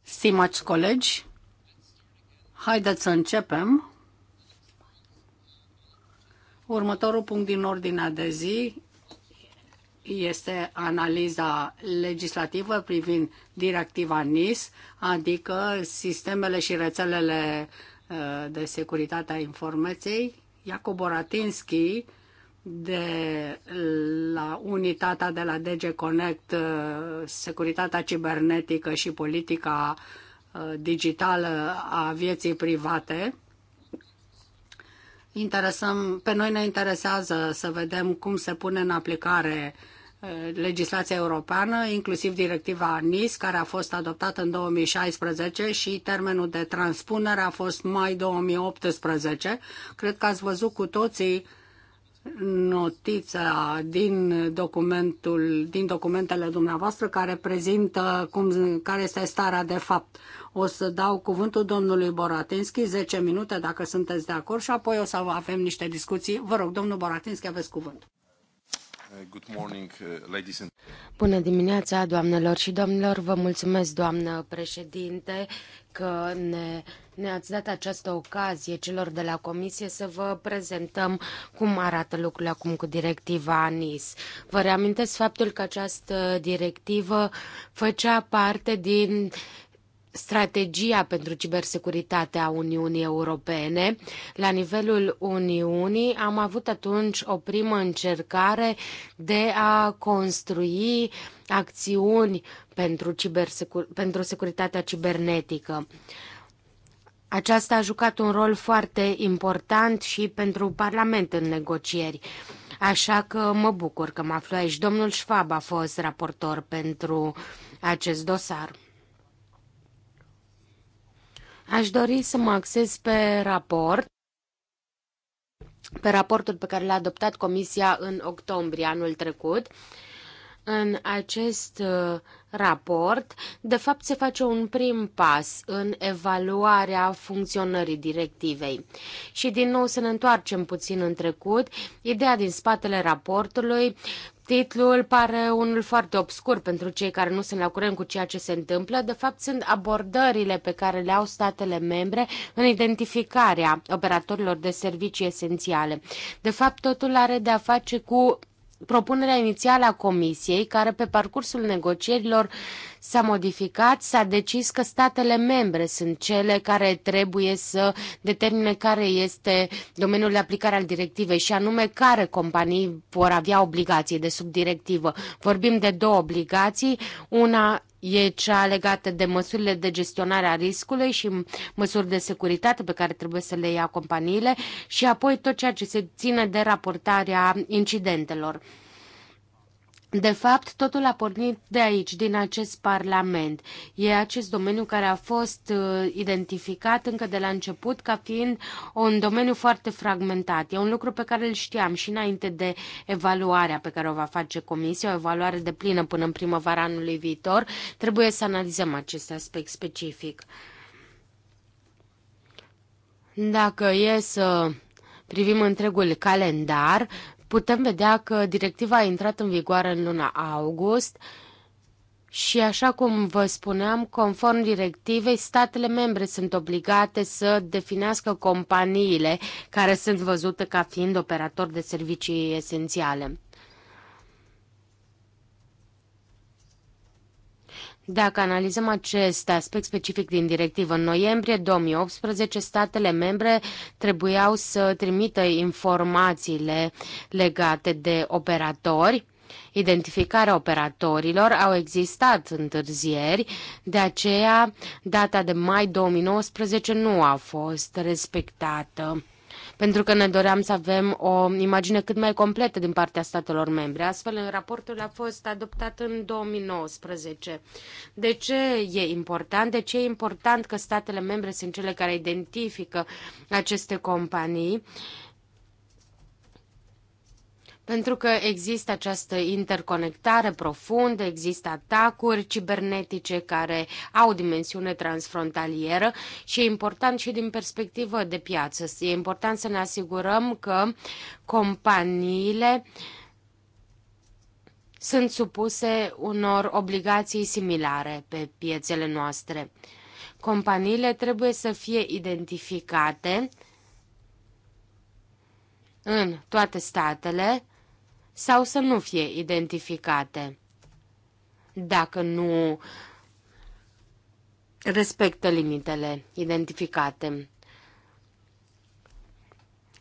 Stimați colegi, haideți să începem. Următorul punct din ordinea de zi este analiza legislativă privind directiva NIS, adică sistemele și rețelele uh, de securitate a informației. Iacob Boratinski, de la unitatea de la DG Connect, uh, securitatea cibernetică și politica uh, digitală a vieții private. Interesăm, pe noi ne interesează să vedem cum se pune în aplicare uh, legislația europeană, inclusiv directiva NIS, care a fost adoptată în 2016 și termenul de transpunere a fost mai 2018. Cred că ați văzut cu toții notița din documentul, din documentele dumneavoastră care prezintă cum, care este starea de fapt. O să dau cuvântul domnului Boratinski, 10 minute dacă sunteți de acord și apoi o să avem niște discuții. Vă rog, domnul Boratinski, aveți cuvânt. Good morning, uh, ladies and... Bună dimineața, doamnelor și domnilor. Vă mulțumesc, doamnă președinte, că ne ne-ați dat această ocazie celor de la Comisie să vă prezentăm cum arată lucrurile acum cu directiva ANIS. Vă reamintesc faptul că această directivă făcea parte din strategia pentru cibersecuritate a Uniunii Europene. La nivelul Uniunii am avut atunci o primă încercare de a construi acțiuni pentru, cibersecur- pentru securitatea cibernetică. Uh, aceasta a jucat un rol foarte important și pentru Parlament în negocieri. Așa că mă bucur că mă aflu aici. Domnul Schwab a fost raportor pentru acest dosar. Aș dori să mă axez pe raport, pe raportul pe care l-a adoptat Comisia în octombrie anul trecut. În acest uh, raport, de fapt se face un prim pas în evaluarea funcționării directivei. Și din nou să ne întoarcem puțin în trecut, ideea din spatele raportului Titlul pare unul foarte obscur pentru cei care nu sunt la curent cu ceea ce se întâmplă. De fapt, sunt abordările pe care le au statele membre în identificarea operatorilor de servicii esențiale. De fapt, totul are de a face cu propunerea inițială a Comisiei, care pe parcursul negocierilor s-a modificat, s-a decis că statele membre sunt cele care trebuie să determine care este domeniul de aplicare al directivei și anume care companii vor avea obligații de sub directivă. Vorbim de două obligații, una e cea legată de măsurile de gestionare a riscului și măsuri de securitate pe care trebuie să le ia companiile și apoi tot ceea ce se ține de raportarea incidentelor. De fapt, totul a pornit de aici, din acest Parlament. E acest domeniu care a fost uh, identificat încă de la început ca fiind un domeniu foarte fragmentat. E un lucru pe care îl știam și înainte de evaluarea pe care o va face Comisia, o evaluare de plină până în primăvara anului viitor. Trebuie să analizăm acest aspect specific. Dacă e să privim întregul calendar, putem vedea că directiva a intrat în vigoare în luna august și așa cum vă spuneam, conform directivei, statele membre sunt obligate să definească companiile care sunt văzute ca fiind operatori de servicii esențiale. Dacă analizăm acest aspect specific din directivă, în noiembrie 2018 statele membre trebuiau să trimită informațiile legate de operatori identificarea operatorilor, au existat întârzieri, de aceea data de mai 2019 nu a fost respectată pentru că ne doream să avem o imagine cât mai completă din partea statelor membre. Astfel, raportul a fost adoptat în 2019. De ce e important? De ce e important că statele membre sunt cele care identifică aceste companii? pentru că există această interconectare profundă, există atacuri cibernetice care au dimensiune transfrontalieră și e important și din perspectivă de piață. E important să ne asigurăm că companiile sunt supuse unor obligații similare pe piețele noastre. Companiile trebuie să fie identificate în toate statele sau să nu fie identificate. Dacă nu respectă limitele identificate.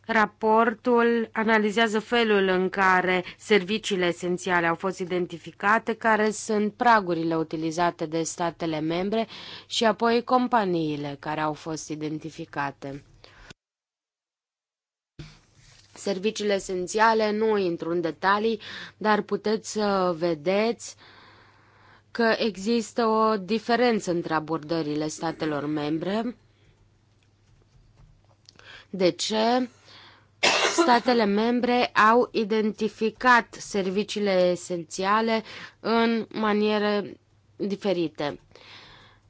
Raportul analizează felul în care serviciile esențiale au fost identificate, care sunt pragurile utilizate de statele membre și apoi companiile care au fost identificate serviciile esențiale, nu intru în detalii, dar puteți să vedeți că există o diferență între abordările statelor membre. De ce? Statele membre au identificat serviciile esențiale în maniere diferite.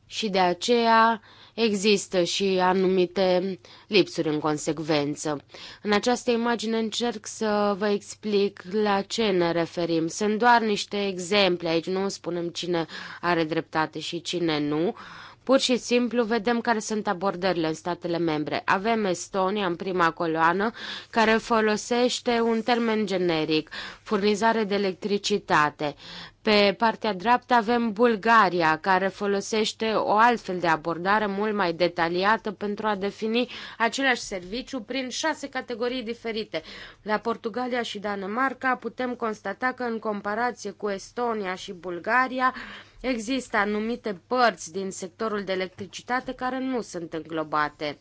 Și de aceea, uh, Există și anumite lipsuri în consecvență. În această imagine încerc să vă explic la ce ne referim. Sunt doar niște exemple aici, nu spunem cine are dreptate și cine nu. Pur și simplu vedem care sunt abordările în statele membre. Avem Estonia în prima coloană care folosește un termen generic, furnizare de electricitate. Pe partea dreaptă avem Bulgaria, care folosește o altfel de abordare mult mai detaliată pentru a defini același serviciu prin șase categorii diferite. La Portugalia și Danemarca putem constata că în comparație cu Estonia și Bulgaria există anumite părți din sectorul de electricitate care nu sunt înglobate.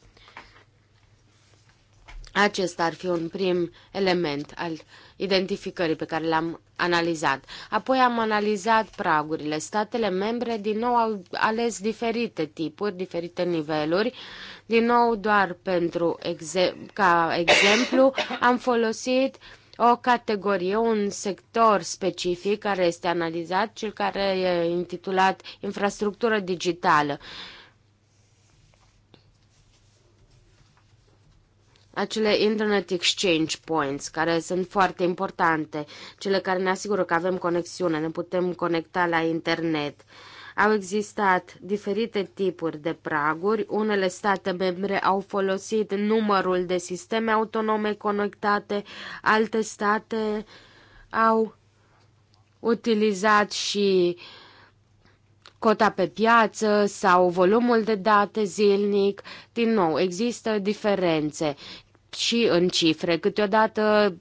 Acesta ar fi un prim element al identificării pe care l-am analizat. Apoi am analizat pragurile. Statele membre din nou au ales diferite tipuri, diferite niveluri. Din nou, doar pentru exem- ca exemplu, am folosit o categorie, un sector specific care este analizat, cel care e intitulat infrastructură digitală. Uh, acele Internet Exchange Points, care sunt foarte importante, cele care ne asigură că avem conexiune, ne putem conecta la internet. Au existat diferite tipuri de praguri, unele state membre au folosit numărul de sisteme autonome conectate, alte state au utilizat și cota pe piață sau volumul de date zilnic. Din nou, există diferențe și în cifre. Câteodată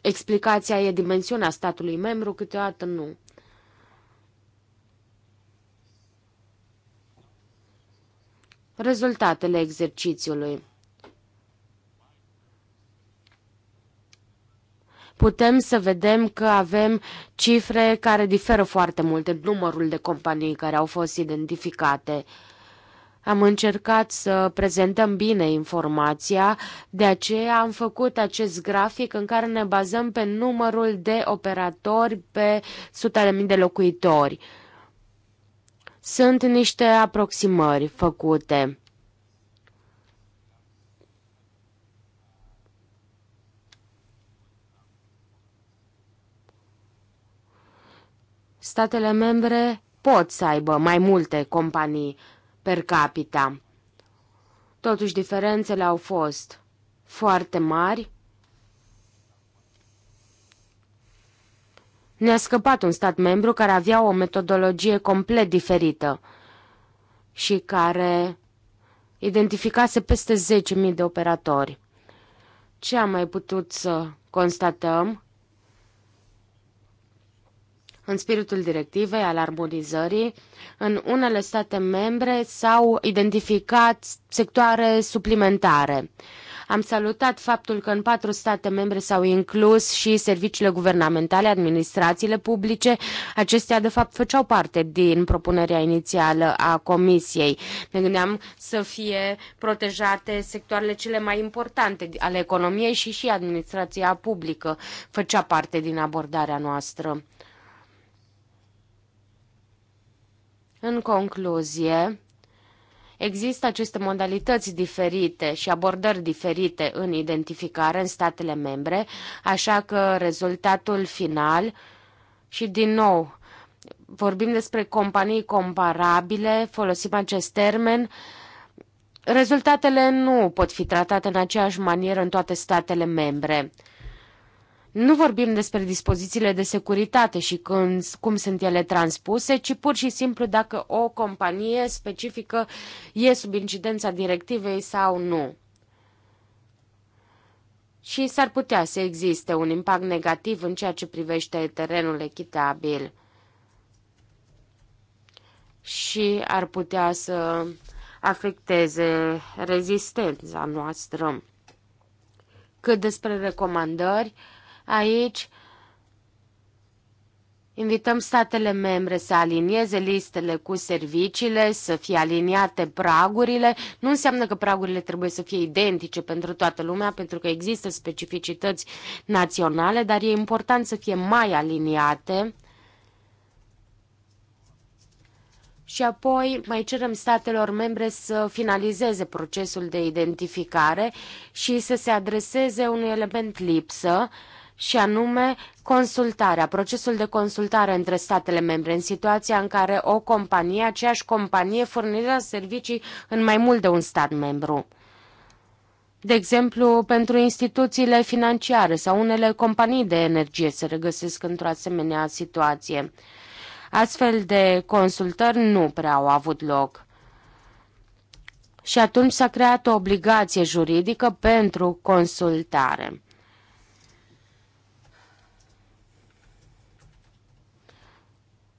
explicația e dimensiunea statului membru, câteodată nu. Rezultatele exercițiului. putem să vedem că avem cifre care diferă foarte mult numărul de companii care au fost identificate. Am încercat să prezentăm bine informația, de aceea am făcut acest grafic în care ne bazăm pe numărul de operatori pe 100.000 de locuitori. Sunt niște aproximări făcute. Statele membre pot să aibă mai multe companii, per capita. Totuși, diferențele au fost foarte mari. Ne-a scăpat un stat membru care avea o metodologie complet diferită și care identificase peste 10.000 de operatori. Ce am mai putut să constatăm în spiritul directivei al armonizării, în unele state membre s-au identificat sectoare suplimentare. Am salutat faptul că în patru state membre s-au inclus și serviciile guvernamentale, administrațiile publice. Acestea, de fapt, făceau parte din propunerea inițială a Comisiei. Ne gândeam să fie protejate sectoarele cele mai importante ale economiei și și administrația publică făcea parte din abordarea noastră. În concluzie, Există aceste modalități diferite și abordări diferite în identificare în statele membre, așa că rezultatul final și din nou vorbim despre companii comparabile, folosim acest termen, rezultatele nu pot fi tratate în aceeași manieră în toate statele membre. Nu vorbim despre dispozițiile de securitate și când, cum sunt ele transpuse, ci pur și simplu dacă o companie specifică e sub incidența directivei sau nu. Și s-ar putea să existe un impact negativ în ceea ce privește terenul echitabil. Și ar putea să afecteze rezistența noastră. Cât despre recomandări, uh, Aici invităm statele membre să alinieze listele cu serviciile, să fie aliniate pragurile. Nu înseamnă că pragurile trebuie să fie identice pentru toată lumea, pentru că există specificități naționale, dar e important să fie mai aliniate. și apoi mai cerem statelor membre să finalizeze procesul de identificare și să se adreseze unui element lipsă, și anume consultarea, procesul de consultare între statele membre în situația în care o companie, aceeași companie, furnizează servicii în mai mult de un stat membru. De exemplu, pentru instituțiile financiare sau unele companii de energie se regăsesc într-o asemenea situație. Astfel de consultări nu prea au avut loc și atunci s-a creat o obligație juridică pentru consultare.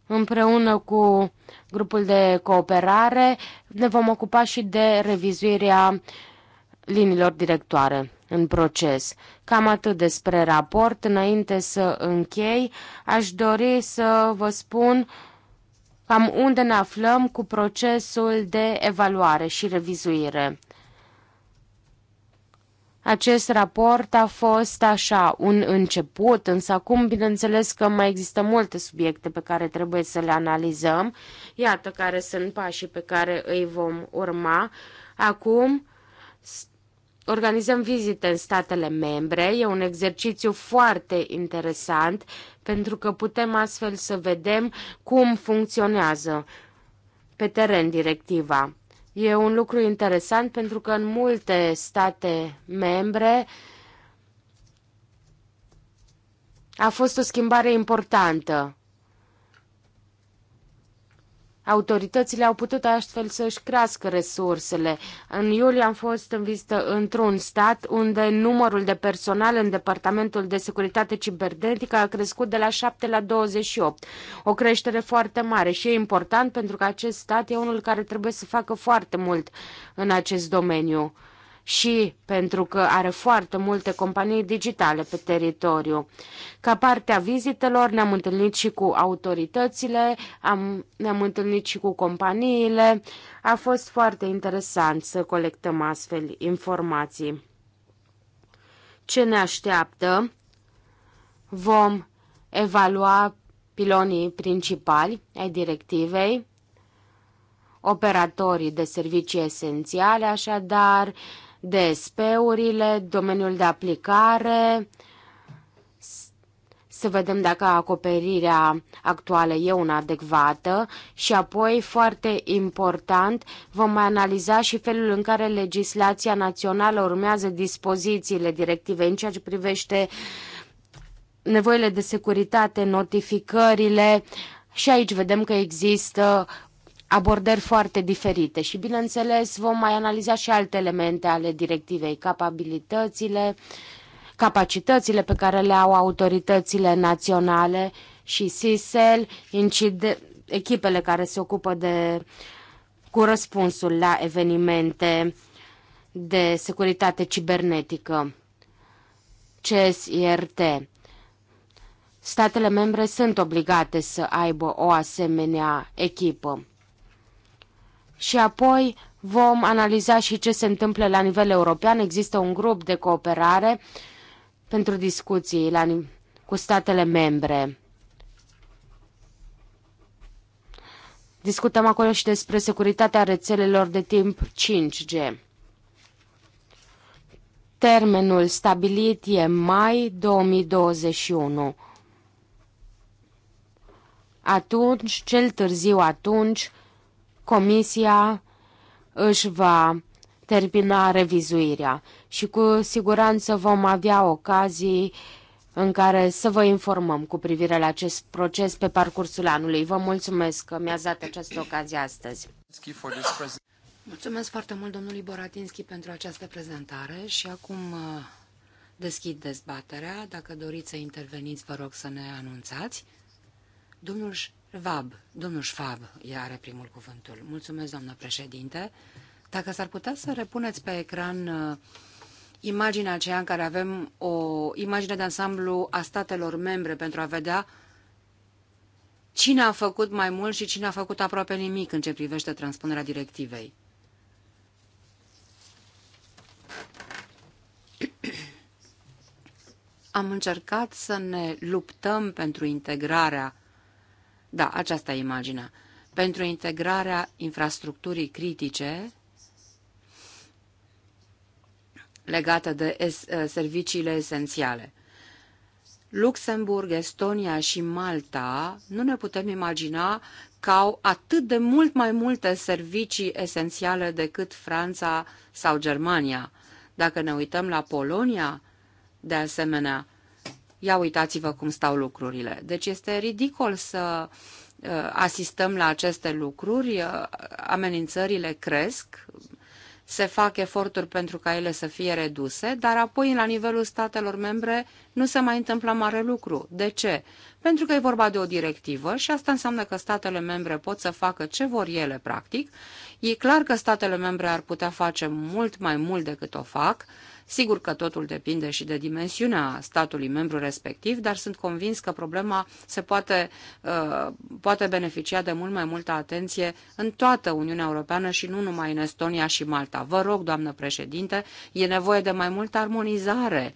Împreună cu grupul de cooperare ne vom ocupa și de revizuirea liniilor directoare în proces. Cam atât despre raport. Înainte să închei, aș dori să vă spun cam unde ne aflăm cu procesul de evaluare și revizuire. Acest raport a fost așa un început, însă acum bineînțeles că mai există multe subiecte pe care trebuie să le analizăm. Iată care sunt pașii pe care îi vom urma. Acum organizăm vizite în statele membre. E un exercițiu foarte interesant pentru că putem astfel să vedem cum funcționează pe teren directiva. E un lucru interesant pentru că în multe state membre a fost o schimbare importantă Autoritățile au putut astfel să-și crească resursele. În iulie am fost în vizită într-un stat unde numărul de personal în Departamentul de Securitate Cibernetică a crescut de la 7 la 28. O creștere foarte mare și e important pentru că acest stat e unul care trebuie să facă foarte mult în acest domeniu și pentru că are foarte multe companii digitale pe teritoriu. Ca parte a vizitelor ne-am întâlnit și cu autoritățile, am, ne-am întâlnit și cu companiile. A fost foarte interesant să colectăm astfel informații. Ce ne așteaptă? Vom evalua pilonii principali ai directivei, operatorii de servicii esențiale, așadar, DSP-urile, domeniul de aplicare, să vedem dacă acoperirea actuală e una adecvată și apoi, foarte important, vom mai analiza și felul în care legislația națională urmează dispozițiile directivei în ceea ce privește nevoile de securitate, notificările și aici vedem că există abordări foarte diferite și, bineînțeles, vom mai analiza și alte elemente ale directivei, capabilitățile, capacitățile pe care le au autoritățile naționale și SISEL, incide, echipele care se ocupă de, cu răspunsul la evenimente de securitate cibernetică, CSIRT. Statele membre sunt obligate să aibă o asemenea echipă. Și apoi vom analiza și ce se întâmplă la nivel european. Există un grup de cooperare pentru discuții la, cu statele membre. Discutăm acolo și despre securitatea rețelelor de timp 5G. Termenul stabilit e mai 2021. Atunci, cel târziu atunci, Comisia își va termina revizuirea și cu siguranță vom avea ocazii în care să vă informăm cu privire la acest proces pe parcursul anului. Vă mulțumesc că mi-ați dat această ocazie astăzi. Mulțumesc foarte mult domnului Boratinski pentru această prezentare și acum uh, deschid dezbaterea. Dacă doriți să interveniți, vă rog să ne anunțați. Domnul Vab, domnul Schwab, ea are primul cuvântul. Mulțumesc, doamnă președinte. Dacă s-ar putea să repuneți pe ecran uh, imaginea aceea în care avem o imagine de ansamblu a statelor membre pentru a vedea cine a făcut mai mult și cine a făcut aproape nimic în ce privește transpunerea directivei. Am încercat să ne luptăm pentru integrarea da, aceasta e imaginea. Pentru integrarea infrastructurii critice legată de es eh, serviciile esențiale. Luxemburg, Estonia și Malta nu ne putem imagina că au atât de mult mai multe servicii esențiale decât Franța sau Germania. Dacă ne uităm la Polonia, de asemenea, Ia uitați-vă cum stau lucrurile. Deci este ridicol să uh, asistăm la aceste lucruri, uh, amenințările cresc, se fac eforturi pentru ca ele să fie reduse, dar apoi la nivelul statelor membre nu se mai întâmplă mare lucru. De ce? Pentru că e vorba de o directivă și asta înseamnă că statele membre pot să facă ce vor ele, practic. E clar că statele membre ar putea face mult mai mult decât o fac, Sigur că totul depinde și de dimensiunea statului membru respectiv, dar sunt convins că problema se poate, uh, poate beneficia de mult mai multă atenție în toată Uniunea Europeană și nu numai în Estonia și Malta. Vă rog, doamnă președinte, e nevoie de mai multă armonizare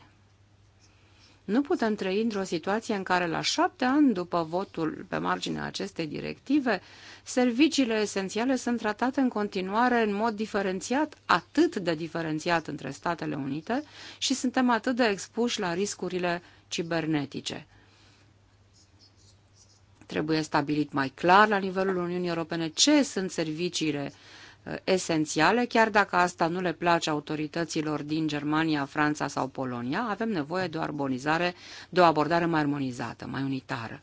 nu putem trăi într-o situație în care la șapte ani după votul pe marginea acestei directive, serviciile esențiale sunt tratate în continuare în mod diferențiat, atât de diferențiat între Statele Unite și suntem atât de expuși la riscurile cibernetice trebuie stabilit mai clar la nivelul Uniunii Europene ce sunt serviciile Uh, esențiale, chiar dacă asta nu le place autorităților din Germania, Franța sau Polonia, avem nevoie de o armonizare, de o abordare mai armonizată, mai unitară.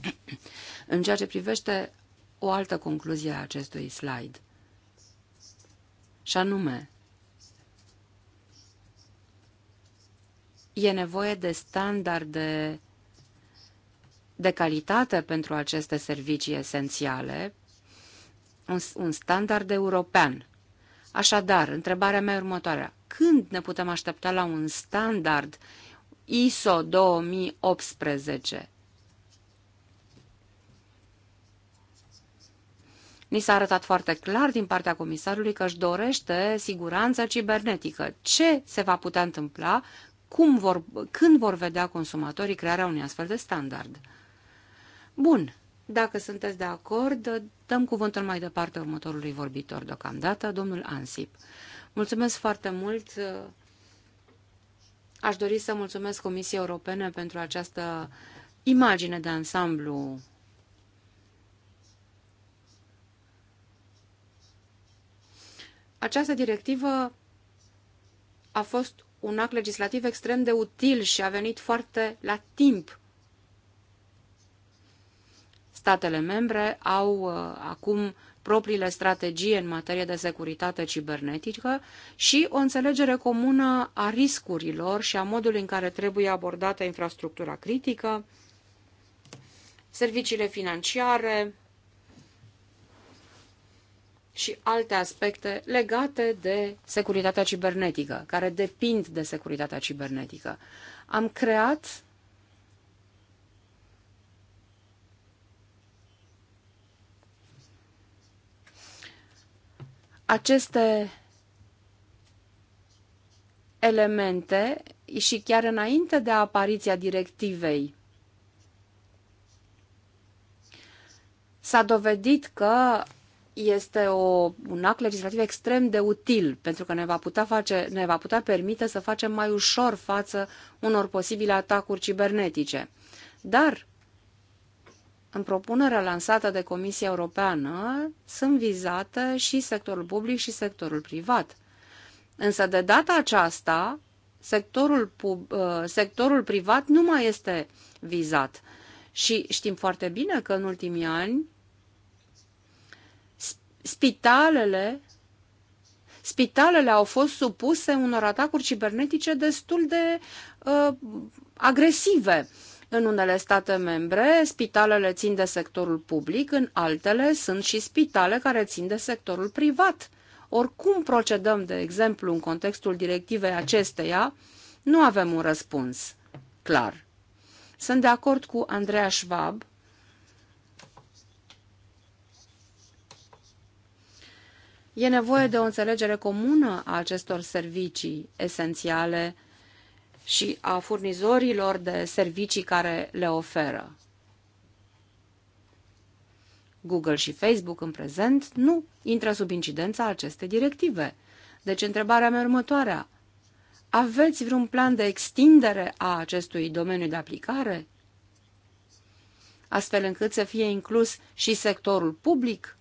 [clears throat] În ceea ce privește o altă concluzie a acestui slide, și anume, e nevoie de standarde de calitate pentru aceste servicii esențiale, un, un standard european. Așadar, întrebarea mea următoare: Când ne putem aștepta la un standard ISO 2018? Ni s-a arătat foarte clar din partea comisarului că își dorește siguranță cibernetică. Ce se va putea întâmpla? Cum vor, când vor vedea consumatorii crearea unui astfel de standard? Bun, dacă sunteți de acord, dăm cuvântul mai departe următorului vorbitor deocamdată, domnul Ansip. Mulțumesc foarte mult. Aș dori să mulțumesc Comisiei Europene pentru această imagine de ansamblu Această directivă a fost un act legislativ extrem de util și a venit foarte la timp Statele membre au uh, acum propriile strategii în materie de securitate cibernetică și o înțelegere comună a riscurilor și a modului în care trebuie abordată infrastructura critică, serviciile financiare și alte aspecte legate de securitatea cibernetică, care depind de securitatea cibernetică. Am creat aceste elemente și chiar înainte de apariția directivei s-a dovedit că este o, un act legislativ extrem de util, pentru că ne va, putea face, ne va putea permite să facem mai ușor față unor posibile atacuri cibernetice. Dar în propunerea lansată de Comisia Europeană sunt vizate și sectorul public și sectorul privat. Însă de data aceasta, sectorul, pub, uh, sectorul privat nu mai este vizat. Și știm foarte bine că în ultimii ani spitalele spitalele au fost supuse unor atacuri cibernetice destul de uh, agresive. Uh, în unele state membre, spitalele țin de sectorul public, în altele sunt și spitale care țin de sectorul privat. Oricum procedăm, de exemplu, în contextul directivei acesteia, nu avem un răspuns clar. Sunt de acord cu Andreea Schwab E nevoie de o înțelegere comună a acestor servicii esențiale și a furnizorilor de servicii care le oferă. Google și Facebook în prezent nu intră sub incidența acestei directive. Deci întrebarea mea următoarea. Aveți vreun plan de extindere a acestui domeniu de aplicare? Astfel încât să fie inclus și sectorul public?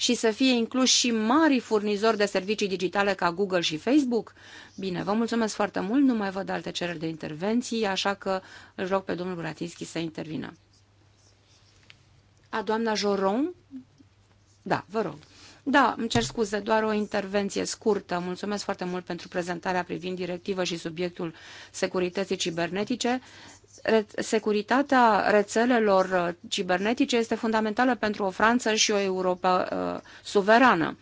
și să fie inclus și mari furnizori de servicii digitale ca Google și Facebook? Bine, vă mulțumesc foarte mult, nu mai văd alte cereri de intervenții, așa că îl rog pe domnul Bratinski să intervină. A doamna Joron? Da, vă rog. Da, îmi cer scuze, doar o intervenție scurtă. Mulțumesc foarte mult pentru prezentarea privind directivă și subiectul securității cibernetice securitatea rețelelor uh, cibernetice este fundamentală pentru o Franță și o Europa uh, suverană.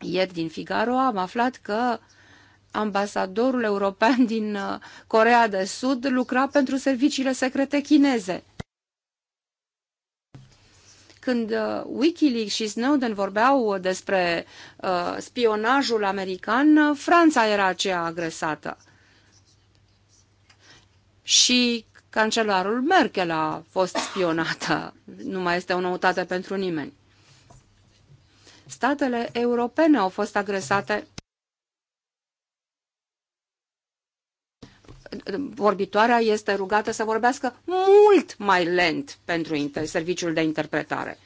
Ieri din Figaro am aflat că ambasadorul european [laughs] din uh, Corea de Sud lucra pentru serviciile secrete chineze. Când uh, Wikileaks și Snowden vorbeau despre uh, spionajul american, Franța era aceea agresată și cancelarul Merkel a fost spionată. Nu mai este o noutate pentru nimeni. Statele europene au fost agresate vorbitoarea este rugată să vorbească mult mai lent pentru serviciul de interpretare.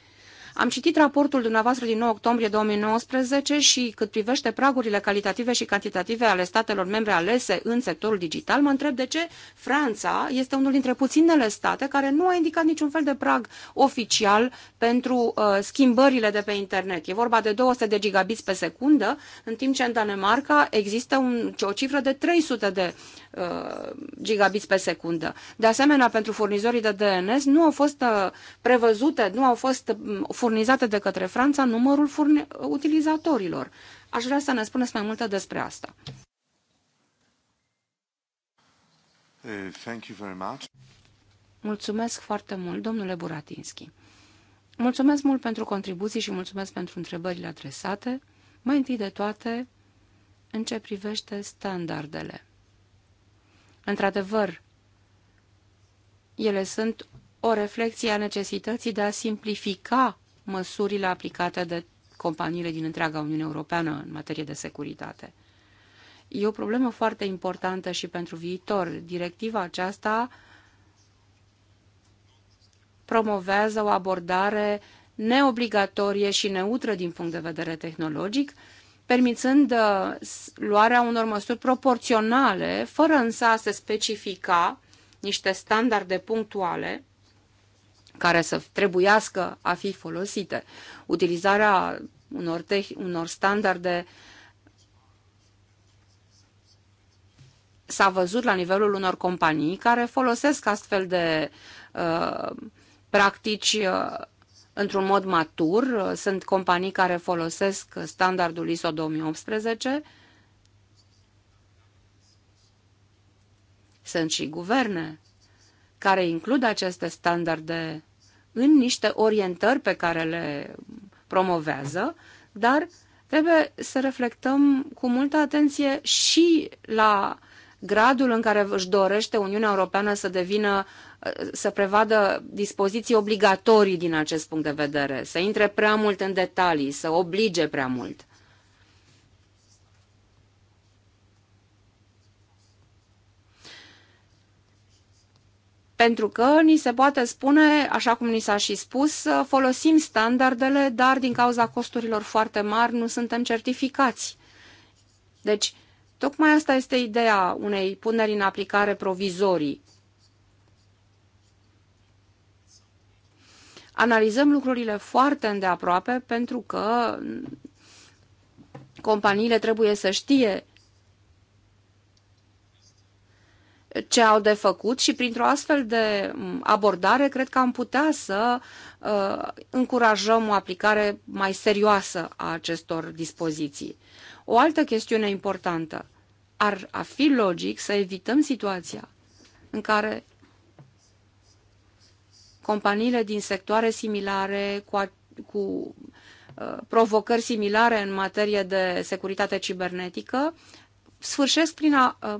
Am citit raportul dumneavoastră din 9 octombrie 2019 și cât privește pragurile calitative și cantitative ale statelor membre alese în sectorul digital, mă întreb de ce Franța este unul dintre puținele state care nu a indicat niciun fel de prag oficial pentru uh, schimbările de pe internet. E vorba de 200 de gigabits pe secundă, în timp ce în Danemarca există un, o cifră de 300 de uh, gigabits pe secundă. De asemenea, pentru furnizorii de DNS nu au fost uh, prevăzute, nu au fost uh, furnizate de către Franța numărul utilizatorilor. Aș vrea să ne spuneți mai multe despre asta. Eh, thank you very much. Mulțumesc foarte mult, domnule Buratinski. Mulțumesc mult pentru contribuții și mulțumesc pentru întrebările adresate. Mai întâi de toate, în ce privește standardele. Într-adevăr, ele sunt o reflexie a necesității de a simplifica măsurile aplicate de companiile din întreaga Uniune Europeană în materie de securitate. E o problemă foarte importantă și pentru viitor. Directiva aceasta promovează o abordare neobligatorie și neutră din punct de vedere tehnologic, permițând uh, luarea unor măsuri proporționale, fără însă a se specifica niște standarde punctuale care să trebuiască a fi folosite. Utilizarea unor, unor standarde s-a văzut la nivelul unor companii care folosesc astfel de uh, practici uh, într-un mod matur. Sunt companii care folosesc standardul ISO 2018. Sunt și guverne care includ aceste standarde în niște orientări pe care le promovează, dar trebuie să reflectăm cu multă atenție și la gradul în care își dorește Uniunea Europeană să devină, să prevadă dispoziții obligatorii din acest punct de vedere, să intre prea mult în detalii, să oblige prea mult. Pentru că ni se poate spune, așa cum ni s-a și spus, folosim standardele, dar din cauza costurilor foarte mari nu suntem certificați. Deci, tocmai asta este ideea unei puneri în aplicare provizorii. Analizăm lucrurile foarte îndeaproape pentru că companiile trebuie să știe ce au de făcut și printr-o astfel de mm, abordare cred că am putea să uh, încurajăm o aplicare mai serioasă a acestor dispoziții. O altă chestiune importantă ar a fi logic să evităm situația în care companiile din sectoare similare cu, a, cu uh, provocări similare în materie de securitate cibernetică sfârșesc prin a uh,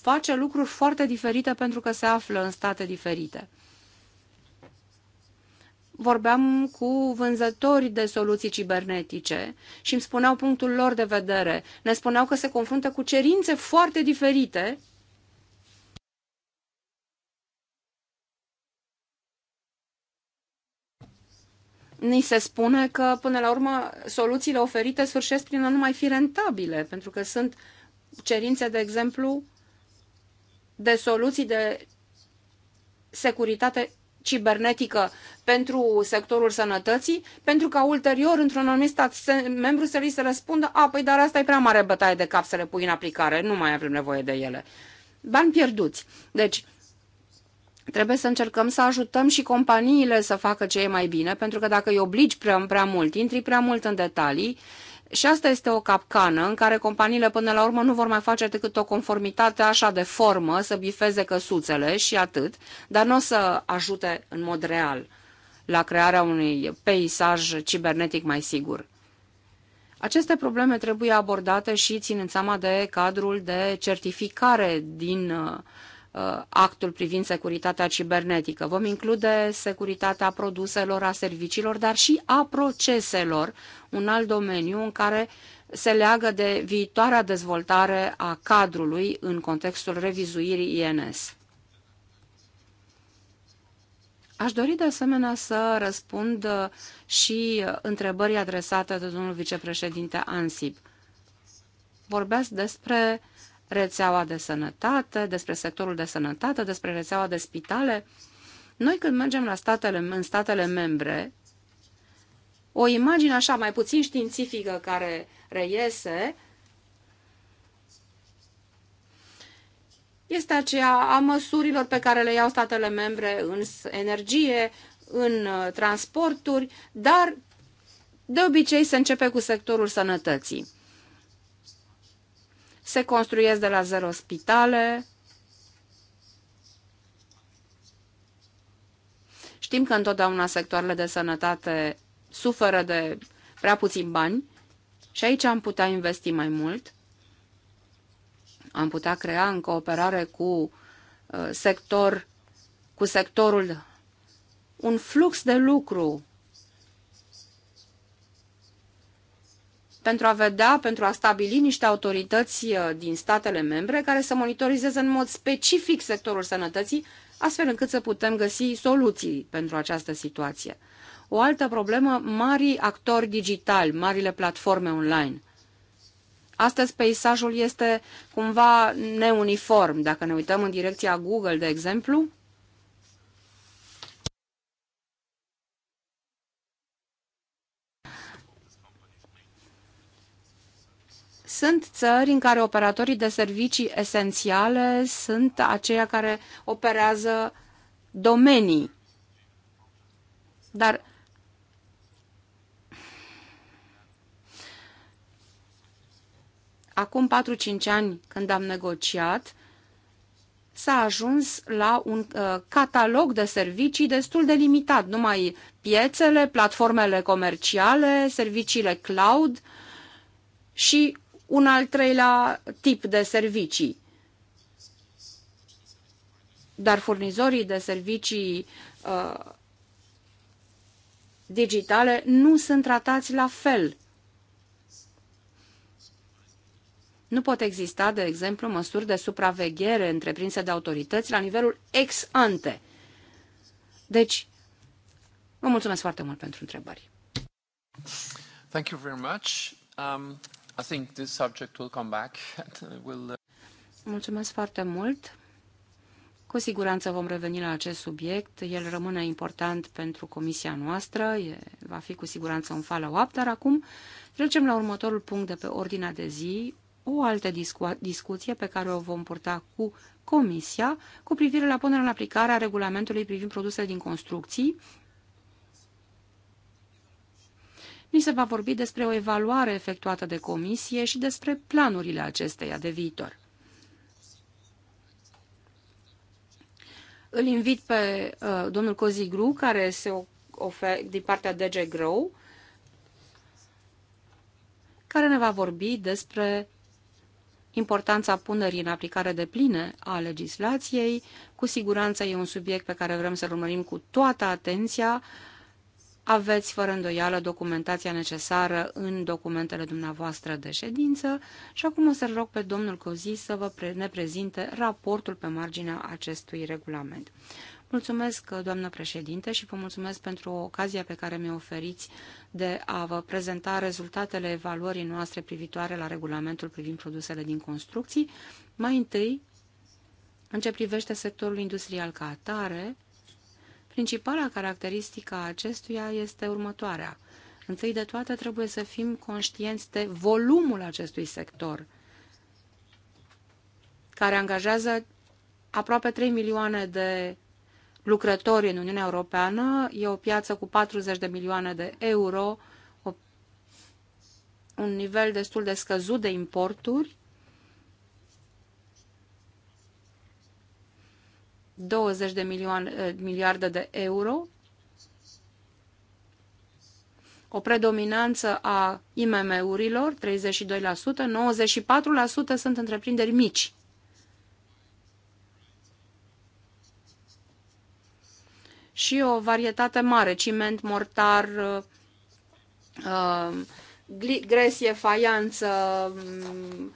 face lucruri foarte diferite pentru că se află în state diferite. Vorbeam cu vânzători de soluții cibernetice și îmi spuneau punctul lor de vedere. Ne spuneau că se confruntă cu cerințe foarte diferite ni se spune că, până la urmă, soluțiile oferite sfârșesc prin a nu mai fi rentabile, pentru că sunt cerințe, de exemplu, de soluții de securitate cibernetică pentru sectorul sănătății, pentru ca ulterior, într-un anumit stat membru, să li se răspundă, a, păi dar asta e prea mare bătaie de cap să le pui în aplicare, nu mai avem nevoie de ele. Bani pierduți. Deci, trebuie să încercăm să ajutăm și companiile să facă ce e mai bine, pentru că dacă îi obligi prea, prea mult, intri prea mult în detalii, uh, și asta este o capcană în care companiile până la urmă nu vor mai face decât o conformitate așa de formă, să bifeze căsuțele și atât, dar nu o să ajute în mod real la crearea unui peisaj cibernetic mai sigur. Aceste probleme trebuie abordate și ținând seama de cadrul de certificare din uh, Uh, actul privind securitatea cibernetică. Vom include securitatea produselor, a serviciilor, dar și a proceselor, un alt domeniu în care se leagă de viitoarea dezvoltare a cadrului în contextul revizuirii INS. Aș dori de asemenea să răspund uh, și uh, întrebării adresate de domnul vicepreședinte Ansip. Vorbeați despre uh, rețeaua de sănătate, despre sectorul de sănătate, despre rețeaua de spitale. Noi când mergem la statele, în statele membre, o imagine așa mai puțin științifică care reiese este aceea a măsurilor pe care le iau statele membre în energie, în uh, transporturi, dar de obicei se începe cu sectorul sănătății se construiesc de la zero spitale. Știm că întotdeauna sectoarele de sănătate suferă de prea puțin bani și aici am putea investi mai mult. Am putea crea în cooperare cu uh, sector cu sectorul un flux de lucru pentru a vedea, pentru a stabili niște autorități uh, din statele membre care să monitorizeze în mod specific sectorul sănătății, astfel încât să putem găsi soluții pentru această situație. O altă problemă, mari actori digitali, marile platforme online. Astăzi peisajul este cumva neuniform. Dacă ne uităm în direcția Google, de exemplu, Sunt țări în care operatorii de servicii esențiale sunt aceia care operează domenii. Dar acum 4-5 ani, când am negociat, s-a ajuns la un uh, catalog de servicii destul de limitat, numai piețele, platformele comerciale, serviciile cloud și un al treilea tip de servicii. Dar furnizorii de servicii uh, digitale nu sunt tratați la fel. Nu pot exista, de exemplu, măsuri de supraveghere întreprinse de autorități la nivelul ex ante. Deci, vă mulțumesc foarte mult pentru întrebări. Thank you very much. Um... I think this subject will come back [laughs] uh, Mulțumesc foarte mult. Cu siguranță vom reveni la acest subiect. El rămâne important pentru comisia noastră. E, va fi cu siguranță un follow-up, dar acum trecem la următorul punct de pe ordinea de zi, o altă discu discuție pe care o vom purta cu Comisia cu privire la punerea în aplicare a regulamentului privind produsele din construcții, ni se va vorbi despre o evaluare efectuată de comisie și despre planurile acesteia de viitor. Îl invit pe uh, domnul Cozigru, care se oferă din partea DG Grow, care ne va vorbi despre importanța punerii în aplicare de pline a legislației. Cu siguranță e un subiect pe care vrem să-l urmărim cu toată atenția, aveți, fără îndoială, documentația necesară în documentele dumneavoastră de ședință și acum o să rog pe domnul Cozi să vă pre ne prezinte raportul pe marginea acestui regulament. Mulțumesc, doamnă președinte, și vă mulțumesc pentru ocazia pe care mi-o oferiți de a vă prezenta rezultatele evaluării noastre privitoare la regulamentul privind produsele din construcții. Mai întâi, în ce privește sectorul industrial ca atare, Principala caracteristică a acestuia este următoarea. Întâi de toate trebuie să fim conștienți de volumul acestui sector, care angajează aproape 3 milioane de lucrători în Uniunea Europeană, e o piață cu 40 de milioane de euro, un nivel destul de scăzut de importuri, 20 de eh, miliarde de euro, o predominanță a IMM-urilor, 32%, 94% sunt întreprinderi mici. Și o varietate mare, ciment, mortar, eh, eh, gresie, faianță, mm,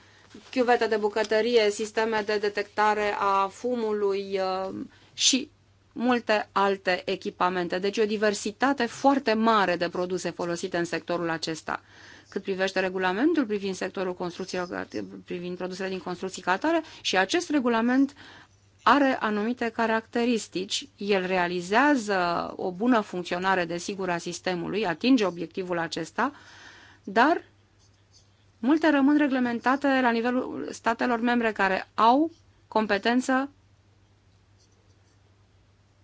chiuvete de bucătărie, sisteme de detectare a fumului uh, și multe alte echipamente. Deci o diversitate foarte mare de produse folosite în sectorul acesta. Cât privește regulamentul privind sectorul construcțiilor, privind produsele din construcții catare și acest regulament are anumite caracteristici. El realizează o bună funcționare, desigur, a sistemului, atinge obiectivul acesta, dar Multe rămân reglementate la nivelul statelor membre care au competență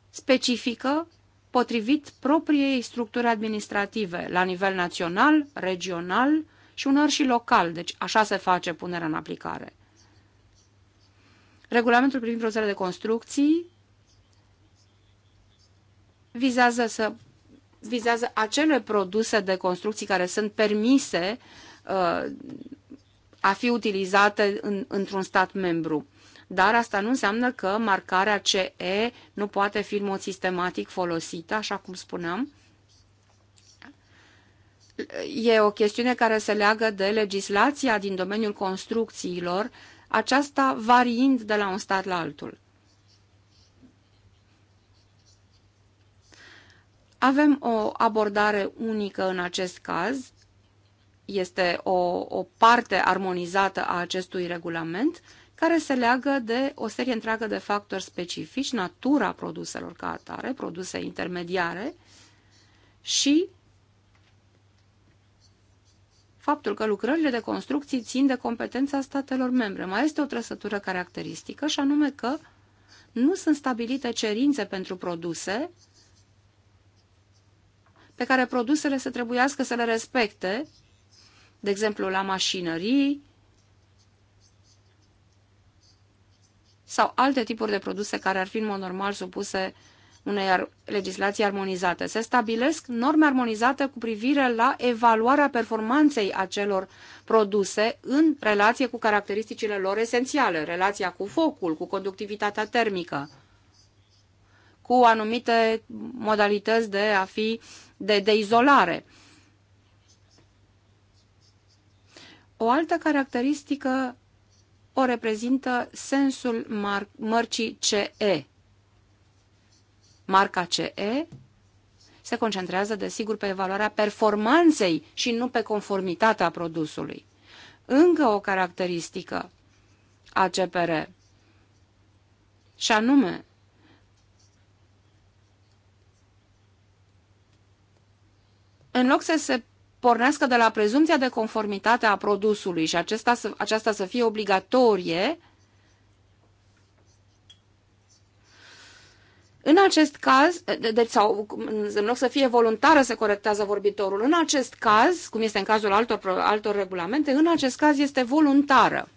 specifică potrivit propriei structuri administrative la nivel național, regional și unor și local. Deci așa se face punerea în aplicare. Regulamentul privind proțele de construcții vizează, să, vizează acele produse de construcții care sunt permise Uh, a fi utilizată în, într-un stat membru. Dar asta nu înseamnă că marcarea CE nu poate fi în mod sistematic folosită, așa cum spuneam. E o chestiune care se leagă de legislația din domeniul construcțiilor, aceasta variind de la un stat la altul. Avem o abordare unică în acest caz, este o, o parte armonizată a acestui regulament care se leagă de o serie întreagă de factori specifici, natura produselor ca atare, produse intermediare și faptul că lucrările de construcții țin de competența statelor membre. Mai este o trăsătură caracteristică și anume că nu sunt stabilite cerințe pentru produse pe care produsele se trebuiască să le respecte de exemplu la mașinării sau alte tipuri de produse care ar fi în mod normal supuse unei legislații armonizate. Se stabilesc norme armonizate cu privire la evaluarea performanței acelor produse în relație cu caracteristicile lor esențiale, relația cu focul, cu conductivitatea termică, cu anumite modalități de a fi de, de izolare. O altă caracteristică o reprezintă sensul mar mărcii CE. Marca CE se concentrează, desigur, pe evaluarea performanței și nu pe conformitatea produsului. Încă o caracteristică a CPR, și anume, în loc să se pornească de la prezumția de conformitate a produsului și acesta să, aceasta să fie obligatorie, În acest caz, deci, sau în loc să fie voluntară, se corectează vorbitorul. În acest caz, cum este în cazul altor, altor regulamente, în acest caz este voluntară.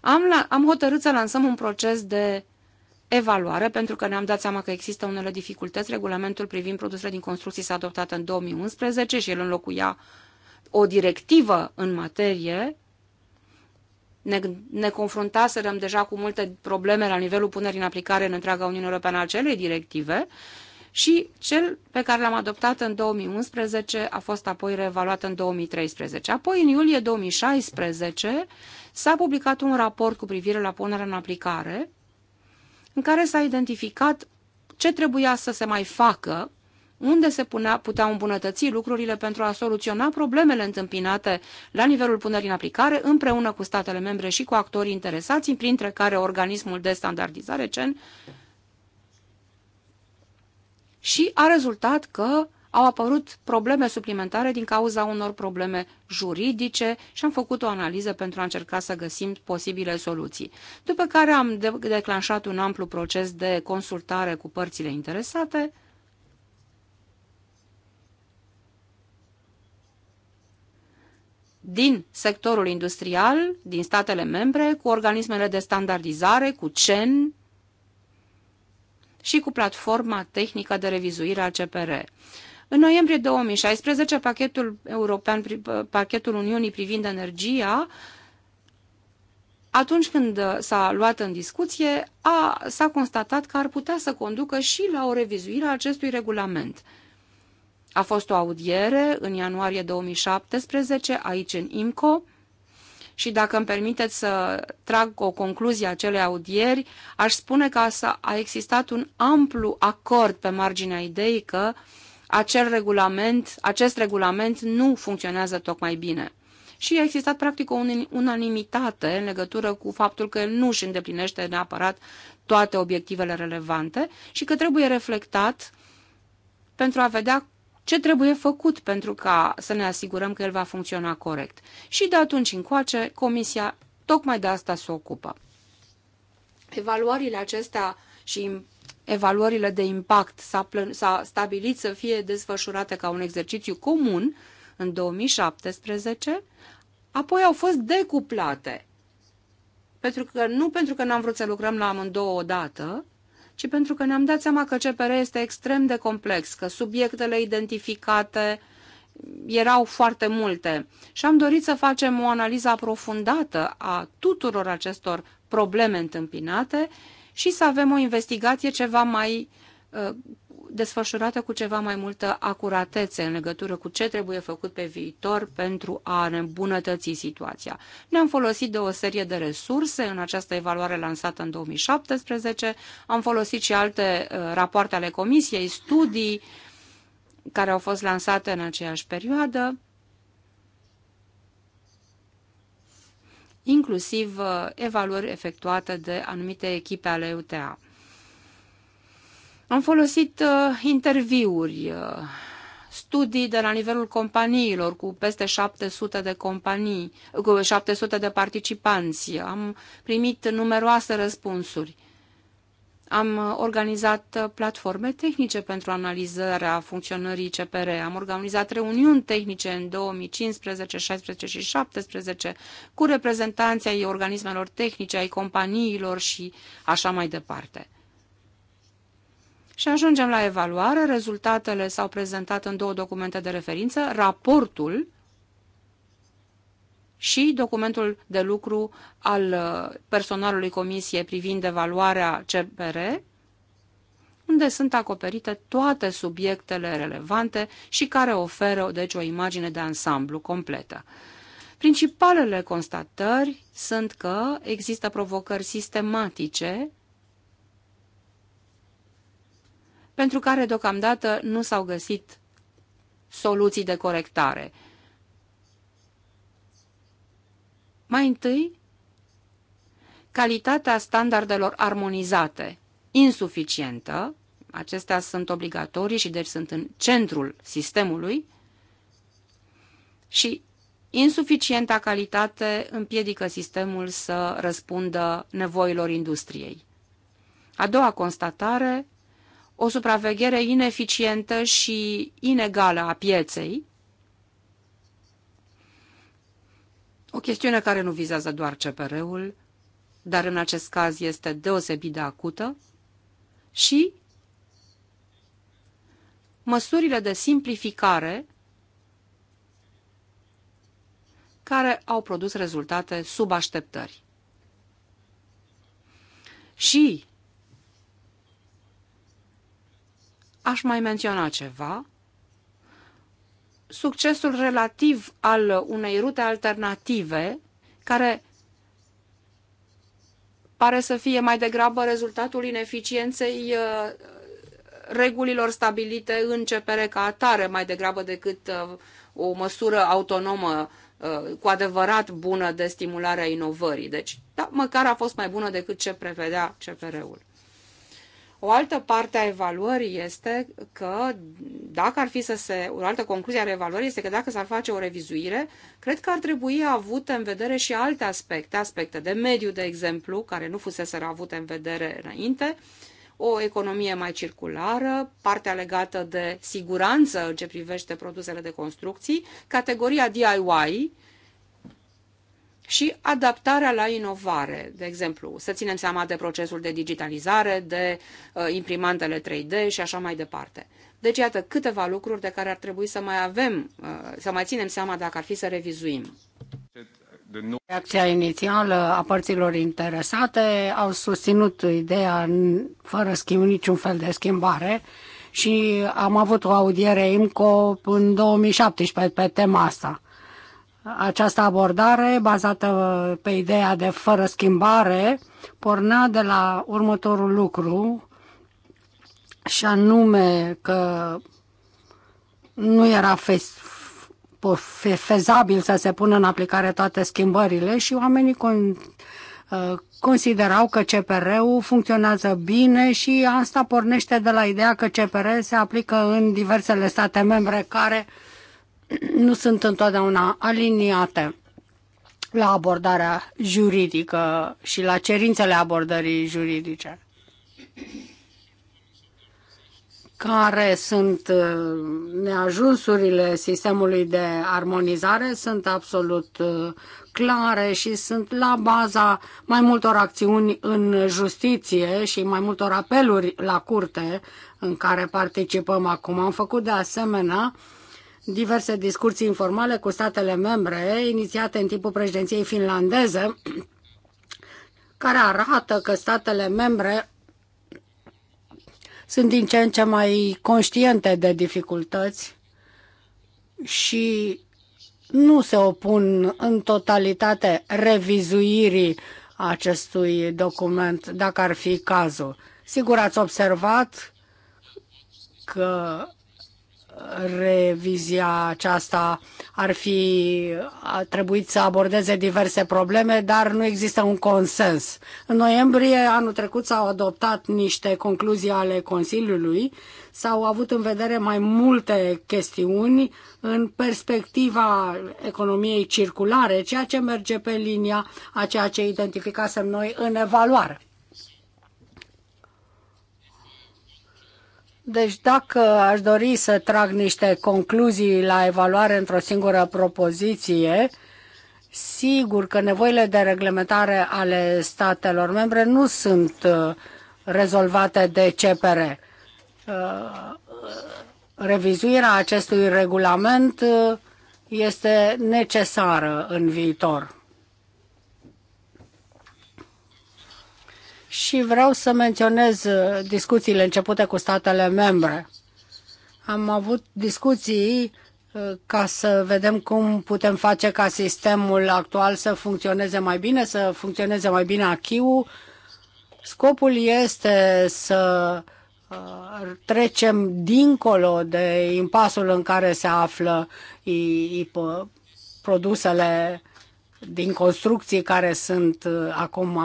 Am, la, am hotărât să lansăm un proces de evaluare, pentru că ne-am dat seama că există unele dificultăți. Regulamentul privind produsele din construcții s-a adoptat în 2011 și el înlocuia o directivă în materie. Ne, ne confruntaserăm deja cu multe probleme la nivelul punerii în aplicare în întreaga Uniune Europeană a acelei directive și cel pe care l-am adoptat în 2011 a fost apoi reevaluat în 2013. Apoi, în iulie 2016, s-a publicat un raport cu privire la punerea în aplicare în care s-a identificat ce trebuia să se mai facă, unde se punea, puteau îmbunătăți lucrurile pentru a soluționa problemele întâmpinate la nivelul punerii în aplicare împreună cu statele membre și cu actorii interesați, printre care organismul de standardizare CEN, și a rezultat că au apărut probleme suplimentare din cauza unor probleme juridice și am făcut o analiză pentru a încerca să găsim posibile soluții. După care am de declanșat un amplu proces de consultare cu părțile interesate, din sectorul industrial, din statele membre, cu organismele de standardizare, cu CEN și cu platforma tehnică de revizuire a CPR. În noiembrie 2016, pachetul european, pachetul Uniunii privind energia, atunci când s-a luat în discuție, a, s-a constatat că ar putea să conducă și la o revizuire a acestui regulament. A fost o audiere în ianuarie 2017, aici în IMCO, și dacă îmi permiteți să trag o concluzie a acelei audieri, aș spune că a existat un amplu acord pe marginea ideii că uh, acel regulament, acest regulament nu funcționează tocmai bine. Și a existat practic o unanimitate în legătură cu faptul că el nu își îndeplinește neapărat toate obiectivele relevante și că trebuie reflectat pentru a vedea ce trebuie făcut pentru ca să ne asigurăm că el va funcționa corect. Și de atunci încoace, Comisia tocmai de asta se ocupă. Evaluările acestea și evaluările de impact s-a, stabilit să fie desfășurate ca un exercițiu comun în 2017, apoi au fost decuplate. Pentru că, nu pentru că n-am vrut să lucrăm la amândouă odată, ci pentru că ne-am dat seama că CPR este extrem de complex, că subiectele identificate erau foarte multe și am dorit să facem o analiză aprofundată a tuturor acestor probleme întâmpinate și să avem o investigație ceva mai uh, desfășurată cu ceva mai multă acuratețe în legătură cu ce trebuie făcut pe viitor pentru a ne îmbunătăți situația. Ne-am folosit de o serie de resurse în această evaluare lansată în 2017, am folosit și alte uh, rapoarte ale comisiei, studii care au fost lansate în aceeași perioadă inclusiv uh, evaluări efectuate de anumite echipe ale UTA. Am folosit uh, interviuri, uh, studii de la nivelul companiilor cu peste 700 de companii, cu 700 de participanți. Am primit numeroase răspunsuri. Am uh, organizat uh, platforme tehnice pentru analizarea funcționării CPR, am organizat reuniuni tehnice în 2015, 16 și 17 cu reprezentanții ai organismelor tehnice, ai companiilor și așa mai departe. Și ajungem la evaluare. Rezultatele s-au prezentat în două documente de referință, raportul și documentul de lucru al uh, personalului Comisiei privind evaluarea CPR, unde sunt acoperite toate subiectele relevante și care oferă, deci, o imagine de ansamblu completă. Principalele constatări sunt că există provocări sistematice pentru care deocamdată nu s-au găsit soluții de corectare – Mai întâi, calitatea standardelor armonizate, insuficientă, acestea sunt obligatorii și deci sunt în centrul sistemului, și insuficienta calitate împiedică sistemul să răspundă nevoilor industriei. A doua constatare, o supraveghere ineficientă și inegală a pieței, O chestiune care nu vizează doar CPR-ul, dar în acest caz este deosebit de acută și măsurile de simplificare care au produs rezultate sub așteptări. Și aș mai menționa ceva succesul relativ al unei rute alternative, care pare să fie mai degrabă rezultatul ineficienței uh, regulilor stabilite în CPR ca atare, mai degrabă decât uh, o măsură autonomă uh, cu adevărat bună de stimulare a inovării. Deci, da, măcar a fost mai bună decât ce prevedea CPR-ul. O altă parte a evaluării este că, dacă ar fi să se... O altă concluzie a evaluării este că dacă s-ar face o revizuire, cred că ar trebui avute în vedere și alte aspecte, aspecte de mediu, de exemplu, care nu fusese avute în vedere înainte, o economie mai circulară, partea legată de siguranță în ce privește produsele de construcții, categoria DIY, și adaptarea la inovare, de exemplu, să ținem seama de procesul de digitalizare, de uh, imprimantele 3D și așa mai departe. Deci, iată, câteva lucruri de care ar trebui să mai avem, uh, să mai ținem seama dacă ar fi să revizuim. Reacția inițială a părților interesate au susținut ideea fără schimb, niciun fel de schimbare și am avut o audiere IMCO în 2017 pe tema asta această abordare, bazată pe ideea de fără schimbare, pornea de la următorul lucru, și anume că nu era fezabil să se pună în aplicare toate schimbările și oamenii con, uh, considerau că CPR-ul funcționează bine și asta pornește de la ideea că CPR se aplică în diversele state membre care uh, nu sunt întotdeauna aliniate la abordarea juridică și la cerințele abordării juridice care sunt uh, neajunsurile sistemului de armonizare sunt absolut uh, clare și sunt la baza mai multor acțiuni în justiție și mai multor apeluri la curte în care participăm acum. Am făcut de asemenea uh, diverse discuții informale cu statele membre inițiate în timpul președinției finlandeze, care arată că statele membre sunt din ce în ce mai conștiente de dificultăți și nu se opun în totalitate revizuirii acestui document, dacă ar fi cazul. Sigur ați observat că revizia aceasta ar fi a trebuit să abordeze diverse probleme, dar nu există un consens. În noiembrie anul trecut s-au adoptat niște concluzii ale Consiliului, s-au avut în vedere mai multe chestiuni în perspectiva economiei circulare, ceea ce merge pe linia a ceea ce identificasem noi în evaluare. Deci dacă aș dori să trag niște concluzii la evaluare într-o singură propoziție, sigur că nevoile de reglementare ale statelor membre nu sunt uh, rezolvate de CPR. Uh, revizuirea acestui regulament uh, este necesară în viitor. și vreau să menționez uh, discuțiile începute cu statele membre. Am avut discuții uh, ca să vedem cum putem face ca sistemul actual să funcționeze mai bine, să funcționeze mai bine achiu. Scopul este să uh, trecem dincolo de impasul în care se află produsele din construcții care sunt acum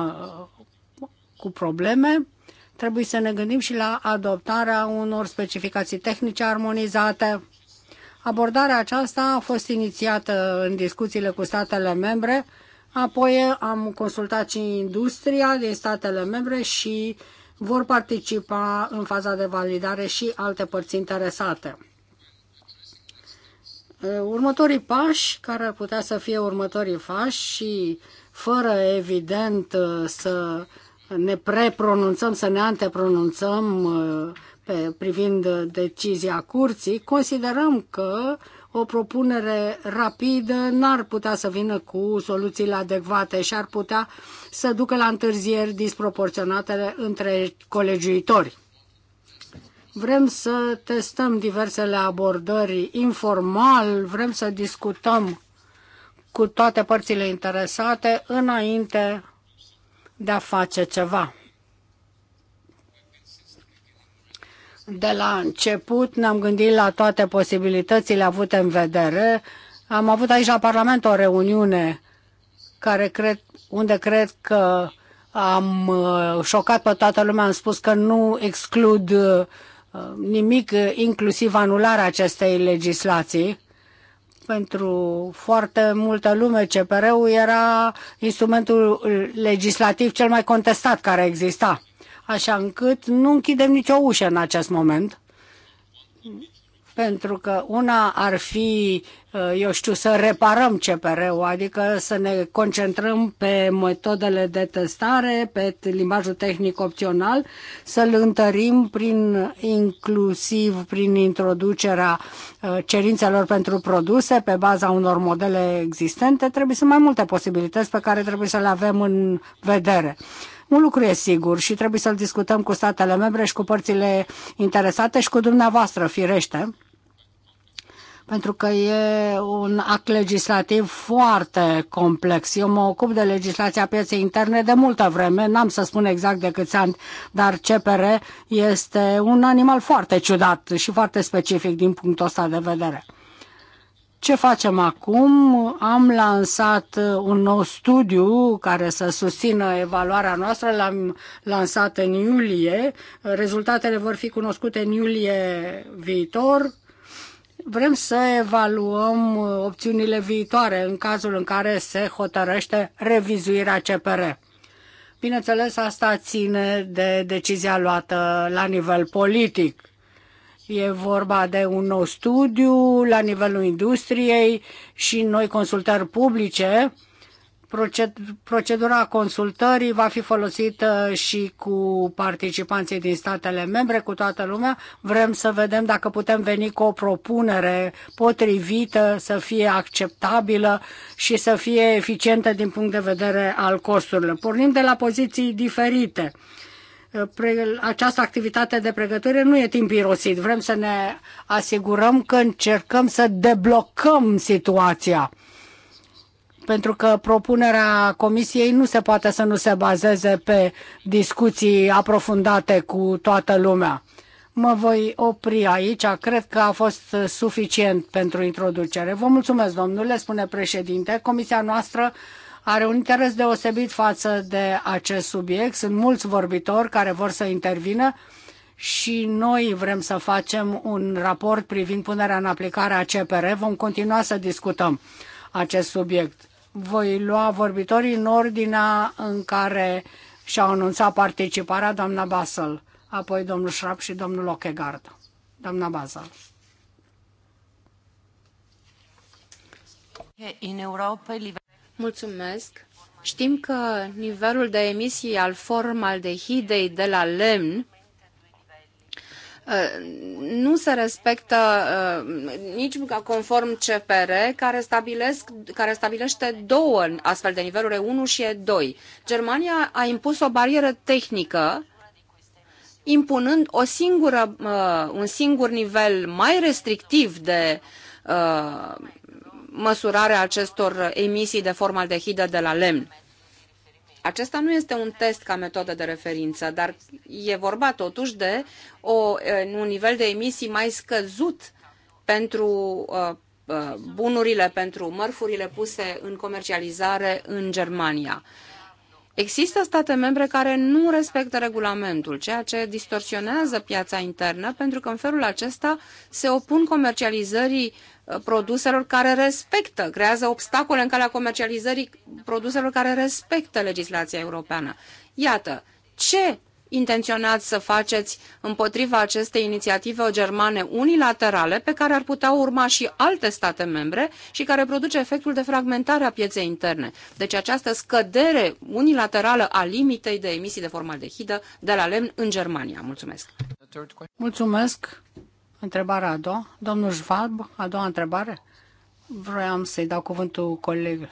cu probleme, trebuie să ne gândim și la adoptarea unor specificații tehnice armonizate. Abordarea aceasta a fost inițiată în discuțiile cu statele membre, apoi am consultat și industria din statele membre și vor participa în faza de validare și alte părți interesate. Următorii pași, care ar putea să fie următorii pași și fără evident să ne prepronunțăm, să ne antepronunțăm uh, pe, privind decizia curții, considerăm că o propunere rapidă n-ar putea să vină cu soluțiile adecvate și ar putea să ducă la întârzieri disproporționate între colegiuitori. Vrem să testăm diversele abordări informal, vrem să discutăm cu toate părțile interesate înainte de a face ceva. De la început ne-am gândit la toate posibilitățile avute în vedere. Am avut aici la Parlament o reuniune care cred, unde cred că am uh, șocat pe toată lumea, am spus că nu exclud uh, nimic, inclusiv anularea acestei legislații pentru foarte multă lume, CPR-ul era instrumentul legislativ cel mai contestat care exista, așa încât nu închidem nicio ușă în acest moment pentru că una ar fi, uh, eu știu, să reparăm CPR-ul, adică să ne concentrăm pe metodele de testare, pe limbajul tehnic opțional, să-l întărim prin, inclusiv prin introducerea uh, cerințelor pentru produse pe baza unor modele existente. Trebuie să mai multe posibilități pe care trebuie să le avem în vedere. Un lucru e sigur și trebuie să-l discutăm cu statele membre și cu părțile interesate și cu dumneavoastră, firește pentru că e un act legislativ foarte complex. Eu mă ocup de legislația pieței interne de multă vreme, n-am să spun exact de câți ani, dar CPR este un animal foarte ciudat și foarte specific din punctul ăsta de vedere. Ce facem acum? Am lansat uh, un nou studiu care să susțină evaluarea noastră, l-am lansat în iulie. Rezultatele vor fi cunoscute în iulie viitor. Vrem să evaluăm uh, opțiunile viitoare în cazul în care se hotărăște revizuirea CPR. Bineînțeles, asta ține de decizia luată la nivel politic E vorba de un nou studiu la nivelul industriei și noi consultări publice. Procedura consultării va fi folosită și cu participanții din statele membre, cu toată lumea. Vrem să vedem dacă putem veni cu o propunere potrivită, să fie acceptabilă și să fie eficientă din punct de vedere al costurilor. Pornim de la poziții diferite această activitate de pregătire nu e timp irosit. Vrem să ne asigurăm că încercăm să deblocăm situația. Pentru că propunerea comisiei nu se poate să nu se bazeze pe discuții aprofundate cu toată lumea. Mă voi opri aici, cred că a fost suficient pentru introducere. Vă mulțumesc, domnule, spune președinte. Comisia noastră are un interes deosebit față de acest subiect. Sunt mulți vorbitori care vor să intervină și noi vrem să facem un raport privind punerea în aplicare a CPR. Vom continua să discutăm acest subiect. Voi lua vorbitorii în ordinea în care și-au anunțat participarea doamna Basel, apoi domnul Șrap și domnul Ochegard. Doamna Basel. În Europa, Mulțumesc. Știm că nivelul de emisii al formaldehidei de la lemn uh, nu se respectă uh, nici conform CPR, care, stabilesc, care stabilește două astfel de niveluri, E1 și E2. Germania a impus o barieră tehnică impunând o singură, uh, un singur nivel mai restrictiv de uh, măsurarea acestor emisii de formaldehidă de la lemn. Acesta nu este un test ca metodă de referință, dar e vorba totuși de o, un nivel de emisii mai scăzut pentru uh, uh, bunurile, pentru mărfurile puse în comercializare în Germania. Există state membre care nu respectă regulamentul, ceea ce distorsionează piața internă, pentru că în felul acesta se opun comercializării Uh, produselor care respectă, creează obstacole în calea comercializării produselor care respectă legislația europeană. Iată, ce intenționați să faceți împotriva acestei inițiative germane unilaterale pe care ar putea urma și alte state membre și care produce efectul de fragmentare a pieței interne. Deci această scădere unilaterală a limitei de emisii de formaldehidă de la lemn în Germania. Mulțumesc! Mulțumesc! Întrebarea a doua. Domnul Jvalb, a doua întrebare. Vroiam să-i dau cuvântul coleg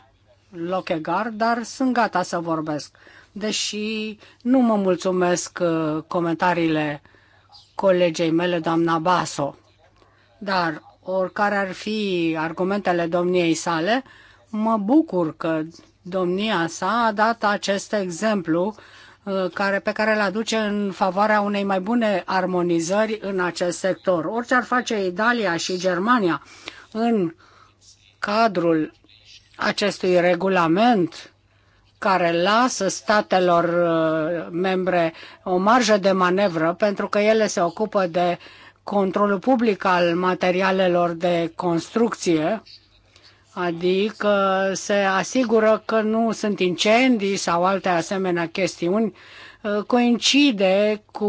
Lochegar, dar sunt gata să vorbesc. Deși nu mă mulțumesc uh, comentariile colegei mele, doamna Baso. Dar oricare ar fi argumentele domniei sale, mă bucur că domnia sa a dat acest exemplu Uh, care, pe care le aduce în favoarea unei mai bune armonizări în acest sector. Orice ar face Italia și Germania în cadrul acestui regulament care lasă statelor uh, membre o marjă de manevră pentru că ele se ocupă de controlul public al materialelor de construcție, adică se asigură că nu sunt incendii sau alte asemenea chestiuni, uh, coincide cu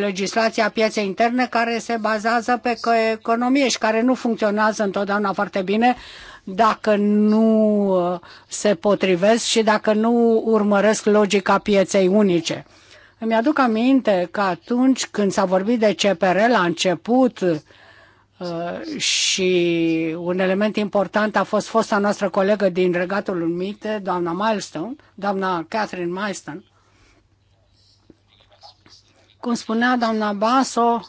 legislația pieței interne care se bazează pe economie și care nu funcționează întotdeauna foarte bine dacă nu uh, se potrivesc și dacă nu urmăresc logica pieței unice. Îmi aduc aminte că atunci când s-a vorbit de CPR la început, Uh, și un element important a fost fosta noastră colegă din Regatul Unit, doamna Milestone, doamna Catherine Milestone. Cum spunea doamna Baso,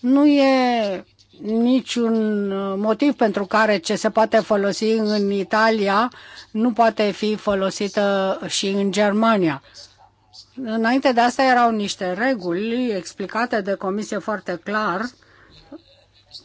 nu e niciun motiv pentru care ce se poate folosi în Italia nu poate fi folosită și în Germania. Înainte de asta erau niște reguli explicate de comisie foarte clar uh,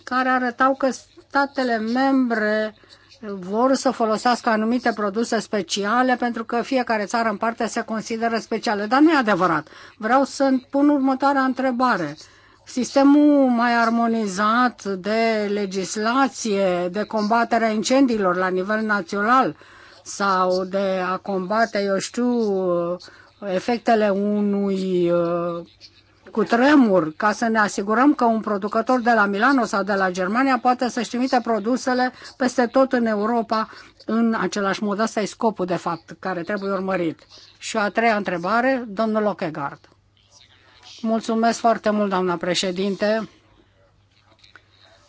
care arătau că statele membre vor să folosească anumite produse speciale pentru că fiecare țară în parte se consideră specială. Dar nu e adevărat. Vreau să pun următoarea întrebare. Sistemul mai armonizat de legislație, de combaterea incendiilor la nivel național sau de a combate, eu știu, efectele unui cu tremur ca să ne asigurăm că un producător de la Milano sau de la Germania poate să-și trimite produsele peste tot în Europa în același mod. Asta e scopul, de fapt, care trebuie urmărit. Și a treia întrebare, domnul Lockegard. Mulțumesc foarte mult, doamna președinte.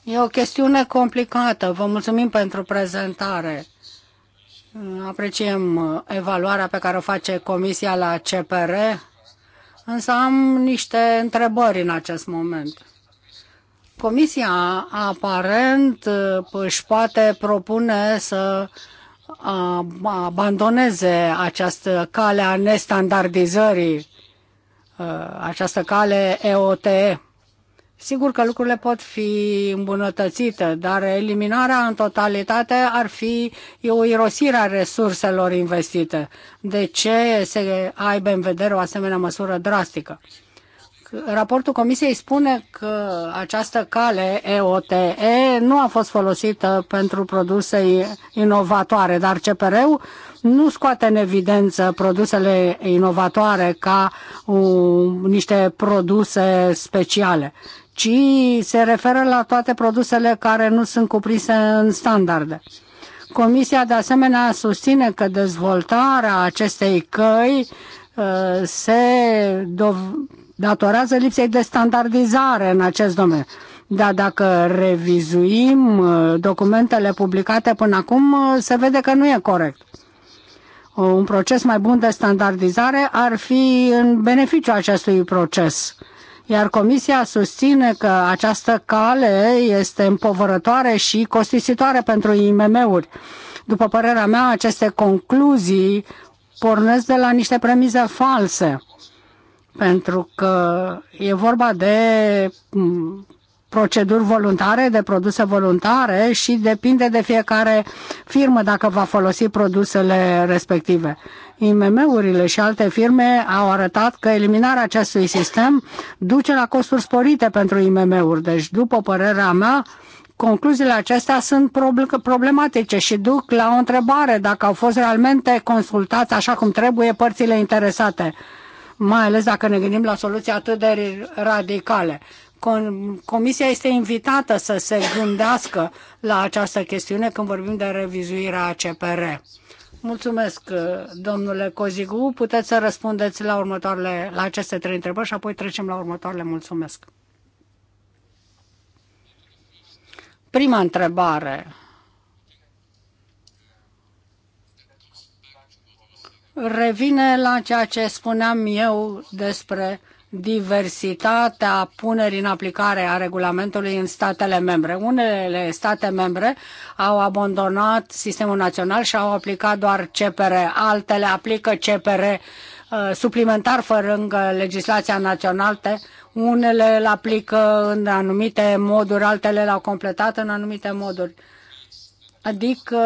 E o chestiune complicată. Vă mulțumim pentru prezentare. Apreciem evaluarea pe care o face Comisia la CPR Însă am niște întrebări în acest moment. Comisia aparent uh, își poate propune să uh, abandoneze această cale a nestandardizării, uh, această cale EOTE. Sigur că lucrurile pot fi îmbunătățite, dar eliminarea în totalitate ar fi o irosire a resurselor investite. De ce se aibă în vedere o asemenea măsură drastică? Raportul Comisiei spune că această cale EOTE nu a fost folosită pentru produse inovatoare, dar CPR-ul nu scoate în evidență produsele inovatoare ca uh, niște produse speciale ci se referă la toate produsele care nu sunt cuprinse în standarde. Comisia de asemenea susține că dezvoltarea acestei căi uh, se datorează lipsei de standardizare în acest domeniu. Dar dacă revizuim uh, documentele publicate până acum, uh, se vede că nu e corect. Un proces mai bun de standardizare ar fi în beneficiu acestui proces iar Comisia susține că această cale este împovărătoare și costisitoare pentru IMM-uri. După părerea mea, aceste concluzii pornesc de la niște premize false, pentru că e vorba de proceduri voluntare, de produse voluntare și depinde de fiecare firmă dacă va folosi produsele respective. IMM-urile și alte firme au arătat că eliminarea acestui sistem duce la costuri sporite pentru IMM-uri. Deci, după părerea mea, concluziile acestea sunt problematice și duc la o întrebare dacă au fost realmente consultați așa cum trebuie părțile interesate, mai ales dacă ne gândim la soluții atât de radicale. Comisia este invitată să se gândească la această chestiune când vorbim de revizuirea CPR. Mulțumesc, domnule Cozigu. Puteți să răspundeți la, următoarele, la aceste trei întrebări și apoi trecem la următoarele. Mulțumesc. Prima întrebare. Revine la ceea ce spuneam eu despre diversitatea punerii în aplicare a regulamentului în statele membre. Unele state membre au abandonat sistemul național și au aplicat doar CPR, altele aplică CPR uh, suplimentar fără legislația națională, unele îl aplică în anumite moduri, altele l-au completat în anumite moduri. Adică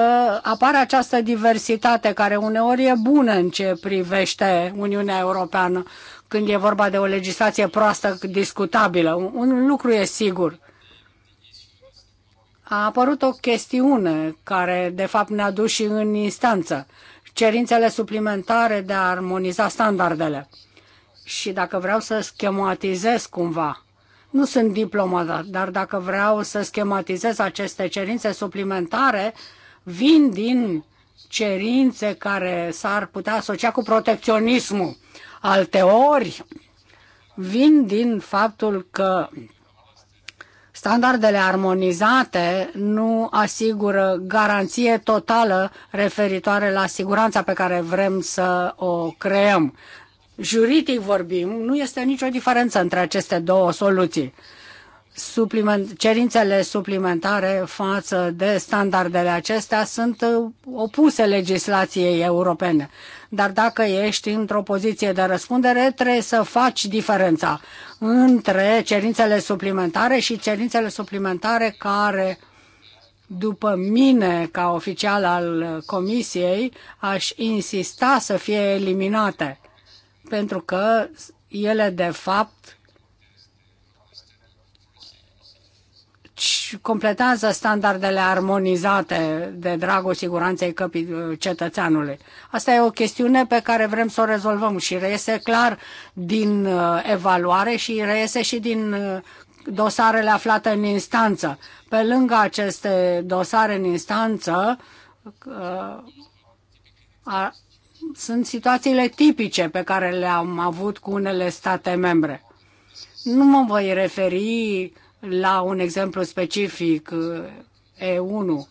apare această diversitate care uneori e bună în ce privește Uniunea Europeană, când e vorba de o legislație proastă discutabilă. Un lucru e sigur. A apărut o chestiune care, de fapt, ne-a dus și în instanță. Cerințele suplimentare de a armoniza standardele. Și dacă vreau să schematizez cumva, nu sunt diplomat, dar dacă vreau să schematizez aceste cerințe suplimentare, vin din cerințe care s-ar putea asocia cu protecționismul alte ori vin din faptul că standardele armonizate nu asigură garanție totală referitoare la siguranța pe care vrem să o creăm. Juridic vorbim, nu este nicio diferență între aceste două soluții. Supliment, cerințele suplimentare față de standardele acestea sunt opuse legislației europene dar dacă ești într-o poziție de răspundere, trebuie să faci diferența între cerințele suplimentare și cerințele suplimentare care, după mine, ca oficial al comisiei, aș insista să fie eliminate, pentru că ele, de fapt, Deci completează standardele armonizate de dragul siguranței uh, cetățeanului. Asta e o chestiune pe care vrem să o rezolvăm și reiese clar din uh, evaluare și reiese și din uh, dosarele aflate în instanță. Pe lângă aceste dosare în instanță, a, sunt situațiile tipice pe care le-am avut cu unele state membre. Nu mă voi referi la un exemplu specific, E1.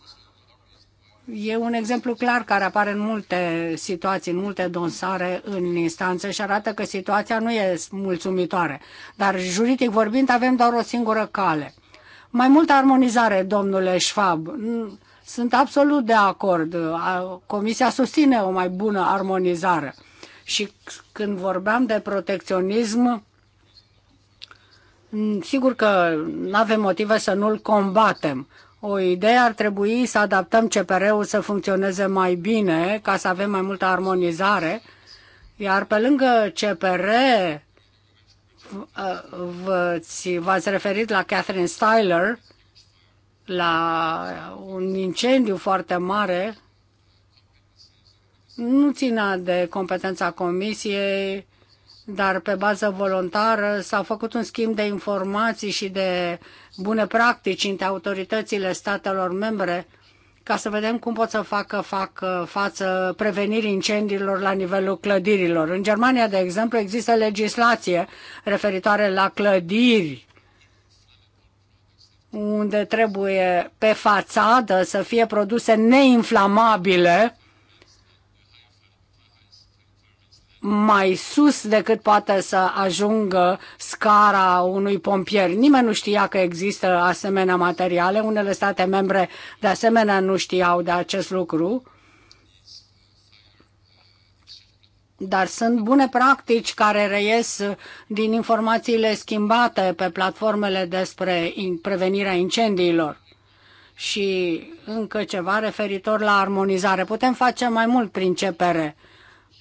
E un exemplu clar care apare în multe situații, în multe dosare în instanță și arată că situația nu e mulțumitoare. Dar juridic vorbind avem doar o singură cale. Mai multă armonizare, domnule Schwab. Sunt absolut de acord. Comisia susține o mai bună armonizare. Și când vorbeam de protecționism, Mm, sigur că nu avem motive să nu-l combatem. O idee ar trebui să adaptăm CPR-ul să funcționeze mai bine, ca să avem mai multă armonizare, iar pe lângă CPR, uh, v-ați referit la Catherine Styler, la un incendiu foarte mare, nu ținea de competența comisiei, dar pe bază voluntară s-a făcut un schimb de informații și de bune practici între autoritățile statelor membre ca să vedem cum pot să facă fac uh, față prevenirii incendiilor la nivelul clădirilor. În Germania, de exemplu, există legislație referitoare la clădiri unde trebuie pe fațadă să fie produse neinflamabile mai sus decât poate să ajungă scara unui pompier. Nimeni nu știa că există asemenea materiale, unele state membre de asemenea nu știau de acest lucru. Dar sunt bune practici care reies din informațiile schimbate pe platformele despre prevenirea incendiilor. Și încă ceva referitor la armonizare. Putem face mai mult prin CPR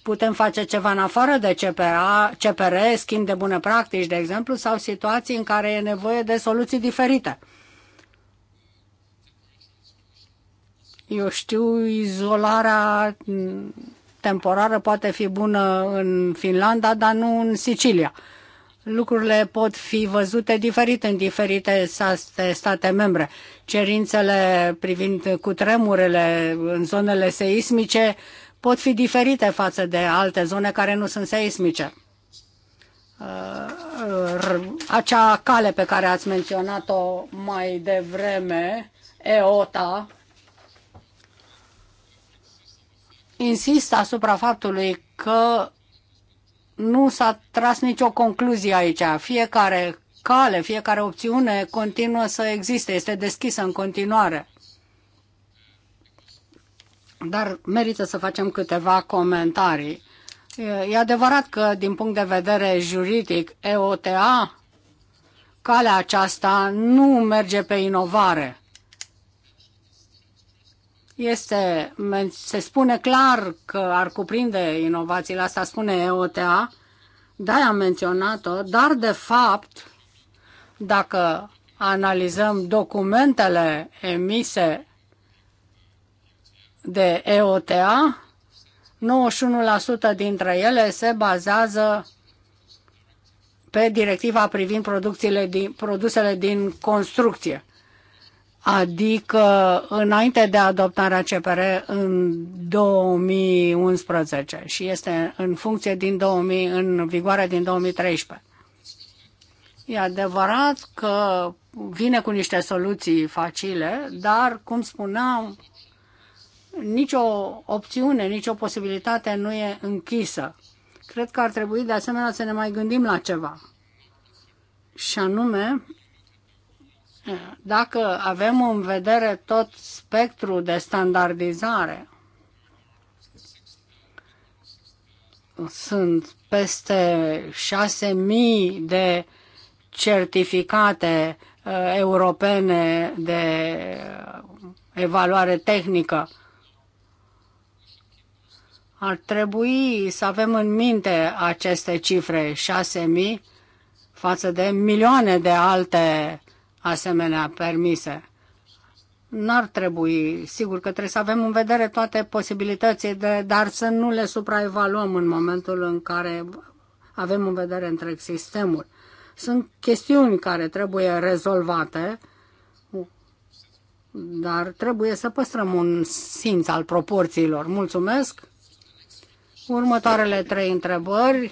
putem face ceva în afară de CPA, CPR, schimb de bune practici, de exemplu, sau situații în care e nevoie de soluții diferite. Eu știu, izolarea temporară poate fi bună în Finlanda, dar nu în Sicilia. Lucrurile pot fi văzute diferit în diferite state, membre. Cerințele privind cutremurele în zonele seismice pot fi diferite față de alte zone care nu sunt seismice. Uh, acea cale pe care ați menționat-o mai devreme, EOTA, insist asupra faptului că nu s-a tras nicio concluzie aici. Fiecare cale, fiecare opțiune continuă să existe, este deschisă în continuare dar merită să facem câteva comentarii. E adevărat că, din punct de vedere juridic, EOTA, calea aceasta nu merge pe inovare. Este, se spune clar că ar cuprinde inovațiile, asta spune EOTA, da, am menționat-o, dar de fapt, dacă analizăm documentele emise de EOTA, 91% dintre ele se bazează pe directiva privind producțiile din, produsele din construcție. Adică înainte de adoptarea CPR în 2011 și este în funcție din 2000, în vigoare din 2013. E adevărat că vine cu niște soluții facile, dar, cum spuneam, nicio opțiune, nicio posibilitate nu e închisă. Cred că ar trebui de asemenea să ne mai gândim la ceva. Și anume, dacă avem în vedere tot spectrul de standardizare, sunt peste 6.000 de certificate uh, europene de uh, evaluare tehnică ar trebui să avem în minte aceste cifre, 6.000 față de milioane de alte asemenea permise. N-ar trebui, sigur că trebuie să avem în vedere toate posibilitățile, de, dar să nu le supraevaluăm în momentul în care avem în vedere întreg sistemul. Sunt chestiuni care trebuie rezolvate, dar trebuie să păstrăm un simț al proporțiilor. Mulțumesc! Următoarele trei întrebări.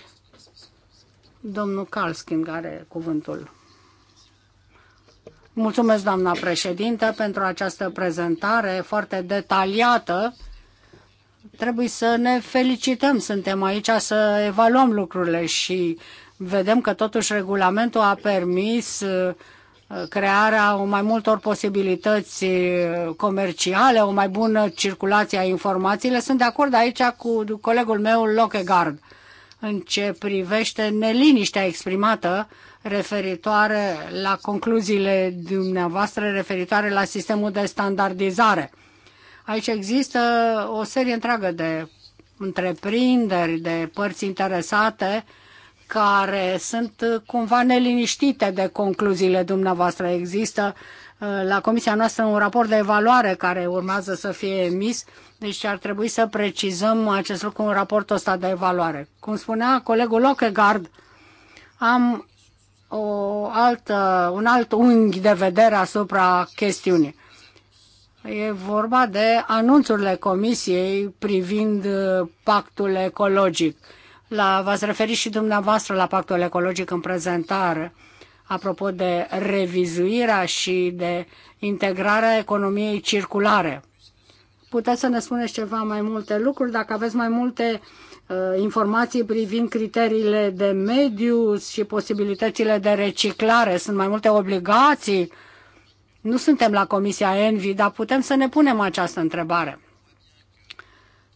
Domnul Kalskin are cuvântul. Mulțumesc, doamna președintă, pentru această prezentare foarte detaliată. Trebuie să ne felicităm, suntem aici să evaluăm lucrurile și vedem că totuși regulamentul a permis uh, crearea mai multor posibilități eh, comerciale, o mai bună circulație a informațiilor. Sunt de acord aici cu colegul meu Lockegaard în ce privește neliniștea exprimată referitoare la concluziile dumneavoastră, referitoare la sistemul de standardizare. Aici există o serie întreagă de întreprinderi, de părți interesate uh, care sunt uh, cumva neliniștite de concluziile dumneavoastră. Există uh, la comisia noastră un raport de evaluare care urmează să fie emis, deci ar trebui să precizăm acest lucru în raportul ăsta de evaluare. Cum spunea colegul Lockegard, am o altă, un alt unghi de vedere asupra chestiunii. E vorba de anunțurile comisiei privind uh, pactul ecologic la, v-ați referit și dumneavoastră la pactul ecologic în prezentare, apropo de revizuirea și de integrarea economiei circulare. Puteți să ne spuneți ceva mai multe lucruri, dacă aveți mai multe uh, informații privind criteriile de mediu și posibilitățile de reciclare. Sunt mai multe obligații. Nu suntem la Comisia Envi, dar putem să ne punem această întrebare.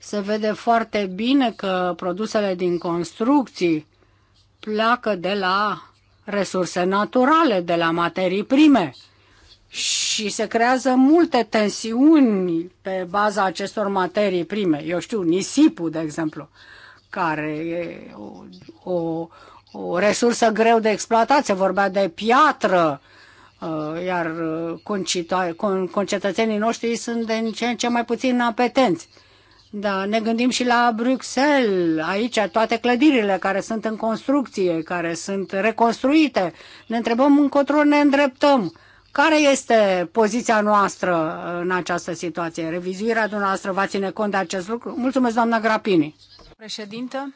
Se vede foarte bine că produsele din construcții pleacă de la resurse naturale, de la materii prime și se creează multe tensiuni pe baza acestor materii prime. Eu știu, nisipul, de exemplu, care e o, o, o resursă greu de exploatat, se vorbea de piatră, uh, iar uh, concetățenii noștri sunt de ce în ce mai puțin apetenți. Da, ne gândim și la Bruxelles, aici toate clădirile care sunt în construcție, care sunt reconstruite. Ne întrebăm încotro ne îndreptăm. Care este poziția noastră în această situație? Revizuirea dumneavoastră va ține cont de acest lucru? Mulțumesc, doamna Grapini. Președintă,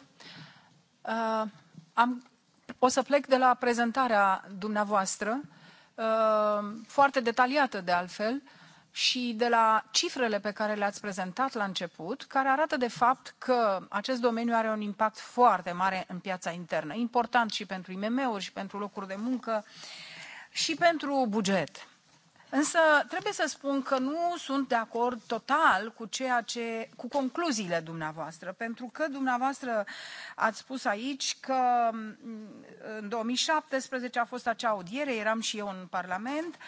uh, am, o să plec de la prezentarea dumneavoastră, uh, foarte detaliată de altfel, uh, și de la cifrele pe care le-ați prezentat la început, care arată de fapt că acest domeniu are un impact foarte mare în piața internă, important și pentru IMM-uri și pentru locuri de muncă și pentru buget. Însă trebuie să spun că nu sunt de acord total cu ceea ce cu concluziile dumneavoastră, pentru că dumneavoastră ați spus aici că mm, în 2017 a fost acea audiere, eram și eu în Parlament, uh,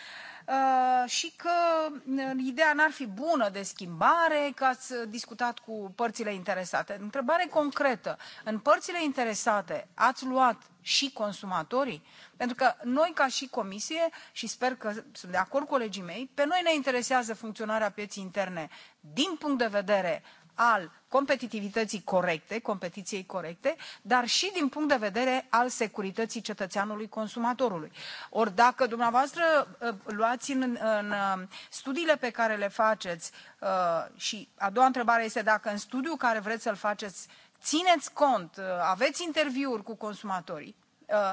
Uh, și că uh, ideea n-ar fi bună de schimbare, că ați uh, discutat cu părțile interesate. Întrebare concretă. În părțile interesate ați luat și consumatorii? Pentru că noi, ca și comisie, și sper că sunt de acord colegii mei, pe noi ne interesează funcționarea pieții interne din punct de vedere al competitivității corecte, competiției corecte, dar și din punct de vedere al securității cetățeanului consumatorului. Ori dacă dumneavoastră uh, luați în, în uh, studiile pe care le faceți uh, și a doua întrebare este dacă în studiul care vreți să-l faceți țineți cont, aveți interviuri cu consumatorii, Uh,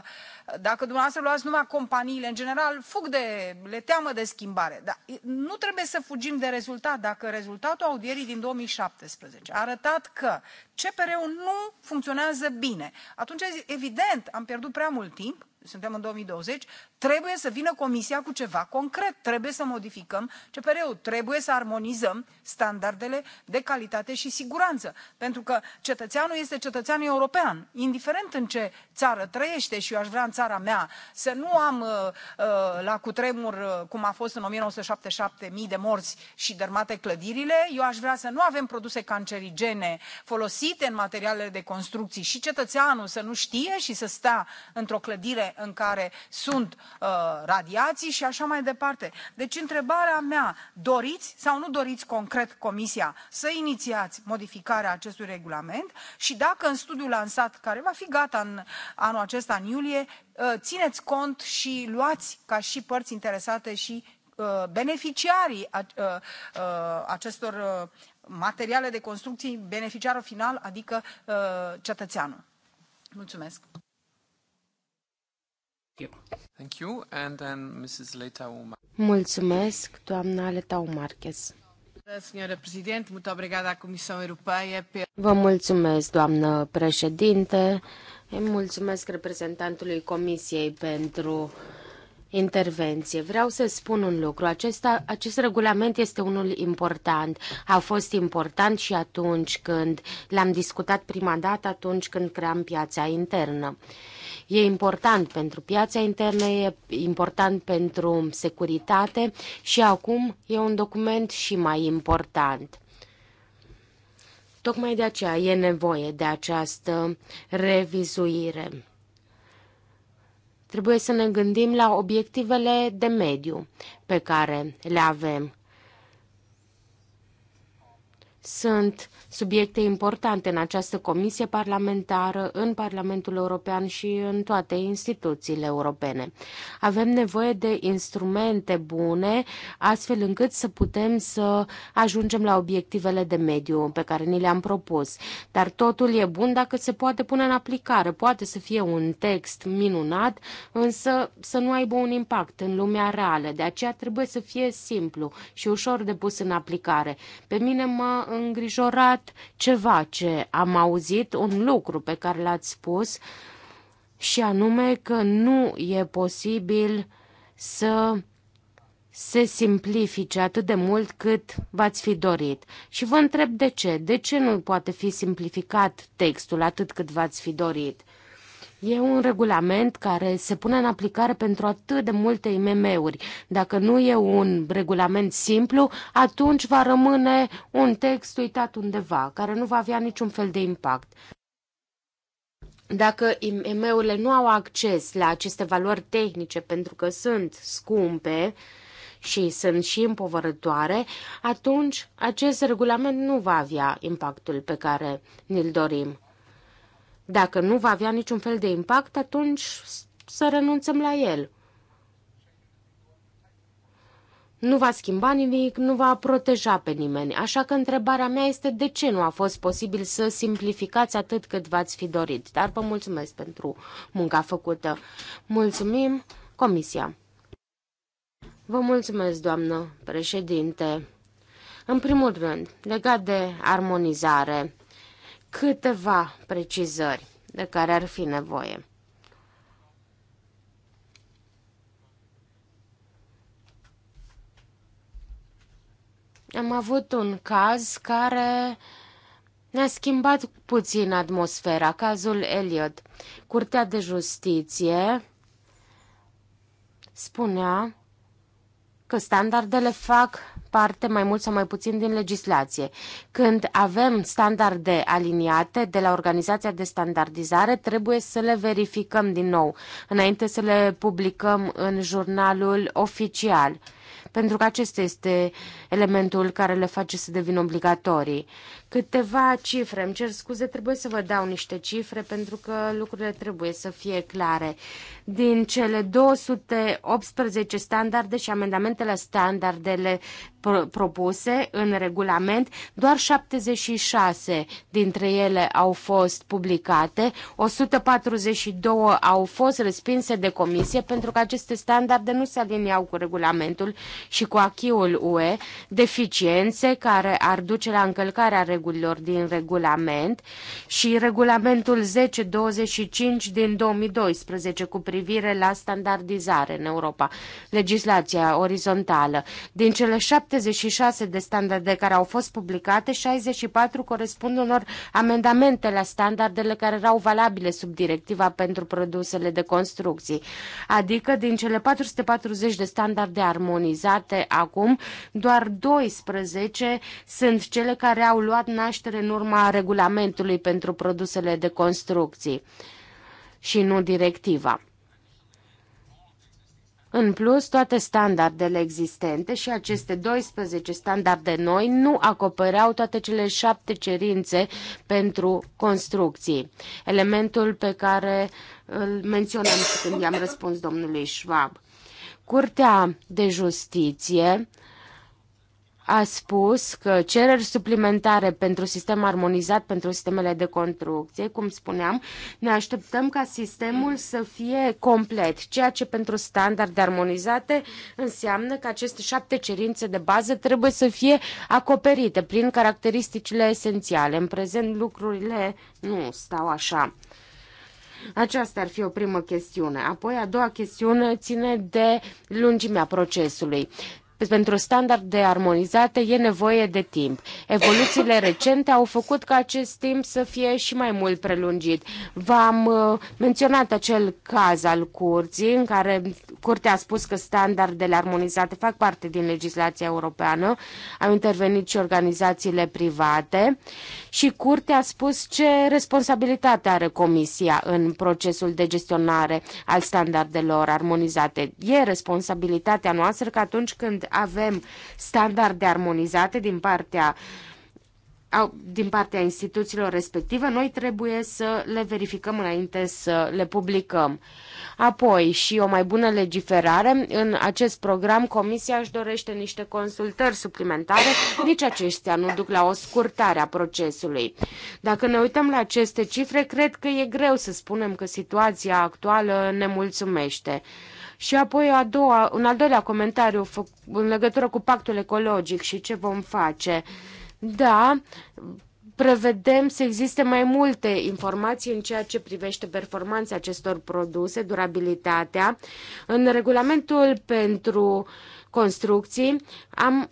dacă dumneavoastră luați numai companiile, în general, fug de, le teamă de schimbare. Dar nu trebuie să fugim de rezultat. Dacă rezultatul audierii din 2017 a arătat că CPR-ul nu funcționează bine, atunci, evident, am pierdut prea mult timp, suntem în 2020, trebuie să vină comisia cu ceva concret trebuie să modificăm cpr ul trebuie să armonizăm standardele de calitate și siguranță pentru că cetățeanul este cetățean european indiferent în ce țară trăiește și eu aș vrea în țara mea să nu am uh, uh la cutremur uh, cum a fost în o mie nouă sute șaptezeci și șapte mii de morți și dărâmate clădirile eu aș vrea să nu avem produse cancerigene folosite în materialele de construcții și cetățeanul să nu știe și să stea într o clădire în care sunt Uh, radiații și așa mai departe. Deci întrebarea mea, doriți sau nu doriți concret Comisia să inițiați modificarea acestui regulament și dacă în studiul lansat, care va fi gata în anul acesta, în iulie, uh, țineți cont și luați ca și părți interesate și uh, beneficiarii acestor materiale de construcții, beneficiarul final, adică cetățeanul. Mulțumesc. Thank you. And then Mrs. Letau Mulțumesc, doamna Letau Marquez. Vă mulțumesc, doamnă președinte. Îi mulțumesc reprezentantului Comisiei pentru intervenție. Vreau să spun un lucru. Acesta, acest regulament este unul important. A fost important și atunci când l-am discutat prima dată, atunci când cream piața internă. E important pentru piața internă, e important pentru securitate și acum e un document și mai important. Tocmai de aceea e nevoie de această revizuire. Trebuie să ne gândim la obiectivele de mediu pe care le avem sunt subiecte importante în această comisie parlamentară, în Parlamentul European și în toate instituțiile europene. Avem nevoie de instrumente bune, astfel încât să putem să ajungem la obiectivele de mediu pe care ni le-am propus. Dar totul e bun dacă se poate pune în aplicare. Poate să fie un text minunat, însă să nu aibă un impact în lumea reală. De aceea trebuie să fie simplu și ușor de pus în aplicare. Pe mine mă îngrijorat ceva ce am auzit, un lucru pe care l-ați spus, și anume că nu e posibil să se simplifice atât de mult cât v-ați fi dorit. Și vă întreb de ce. De ce nu poate fi simplificat textul atât cât v-ați fi dorit? E un regulament care se pune în aplicare pentru atât de multe IMM-uri. Dacă nu e un regulament simplu, atunci va rămâne un text uitat undeva, care nu va avea niciun fel de impact. Dacă IMM-urile nu au acces la aceste valori tehnice pentru că sunt scumpe, și sunt și împovărătoare, atunci acest regulament nu va avea impactul pe care ne-l dorim. Dacă nu va avea niciun fel de impact, atunci să renunțăm la el. Nu va schimba nimic, nu va proteja pe nimeni, așa că întrebarea mea este de ce nu a fost posibil să simplificați atât cât v-ați fi dorit. Dar vă mulțumesc pentru munca făcută. Mulțumim, Comisia. Vă mulțumesc, doamnă președinte. În primul rând, legat de armonizare, câteva precizări de care ar fi nevoie. Am avut un caz care ne-a schimbat puțin atmosfera, cazul Elliot. Curtea de Justiție spunea că standardele fac parte mai mult sau mai puțin din legislație. Când avem standarde aliniate de la organizația de standardizare, trebuie să le verificăm din nou, înainte să le publicăm în jurnalul oficial pentru că acesta este elementul care le face să devină obligatorii. Câteva cifre, îmi cer scuze, trebuie să vă dau niște cifre pentru că lucrurile trebuie să fie clare din cele 218 standarde și amendamentele standardele propuse în regulament, doar 76 dintre ele au fost publicate, 142 au fost respinse de comisie pentru că aceste standarde nu se aliniau cu regulamentul și cu achiul UE, deficiențe care ar duce la încălcarea regulilor din regulament și regulamentul 1025 din 2012 cu privire la standardizare în Europa, legislația orizontală. Din cele 76 de standarde care au fost publicate, 64 corespund unor amendamente la standardele care erau valabile sub directiva pentru produsele de construcții. Adică din cele 440 de standarde armonizate acum, doar 12 sunt cele care au luat naștere în urma regulamentului pentru produsele de construcții și nu directiva. În plus, toate standardele existente și aceste 12 standarde noi nu acopereau toate cele șapte cerințe pentru construcții. Elementul pe care îl menționam și când i-am răspuns domnului Schwab. Curtea de Justiție a spus că cereri suplimentare pentru sistem armonizat, pentru sistemele de construcție, cum spuneam, ne așteptăm ca sistemul să fie complet, ceea ce pentru standarde armonizate înseamnă că aceste șapte cerințe de bază trebuie să fie acoperite prin caracteristicile esențiale. În prezent lucrurile nu stau așa. Aceasta ar fi o primă chestiune. Apoi, a doua chestiune ține de lungimea procesului pentru standarde armonizate e nevoie de timp. Evoluțiile recente au făcut ca acest timp să fie și mai mult prelungit. V-am uh, menționat acel caz al curții în care curtea a spus că standardele armonizate fac parte din legislația europeană, au intervenit și organizațiile private și curtea a spus ce responsabilitate are comisia în procesul de gestionare al standardelor armonizate. E responsabilitatea noastră că atunci când avem standarde armonizate din partea din partea instituțiilor respective, noi trebuie să le verificăm înainte să le publicăm. Apoi și o mai bună legiferare. În acest program Comisia își dorește niște consultări suplimentare, nici acestea nu duc la o scurtare a procesului. Dacă ne uităm la aceste cifre, cred că e greu să spunem că situația actuală ne mulțumește. Și apoi a doua, un al doilea comentariu în legătură cu pactul ecologic și ce vom face. Da, prevedem să existe mai multe informații în ceea ce privește performanța acestor produse, durabilitatea. În regulamentul pentru construcții am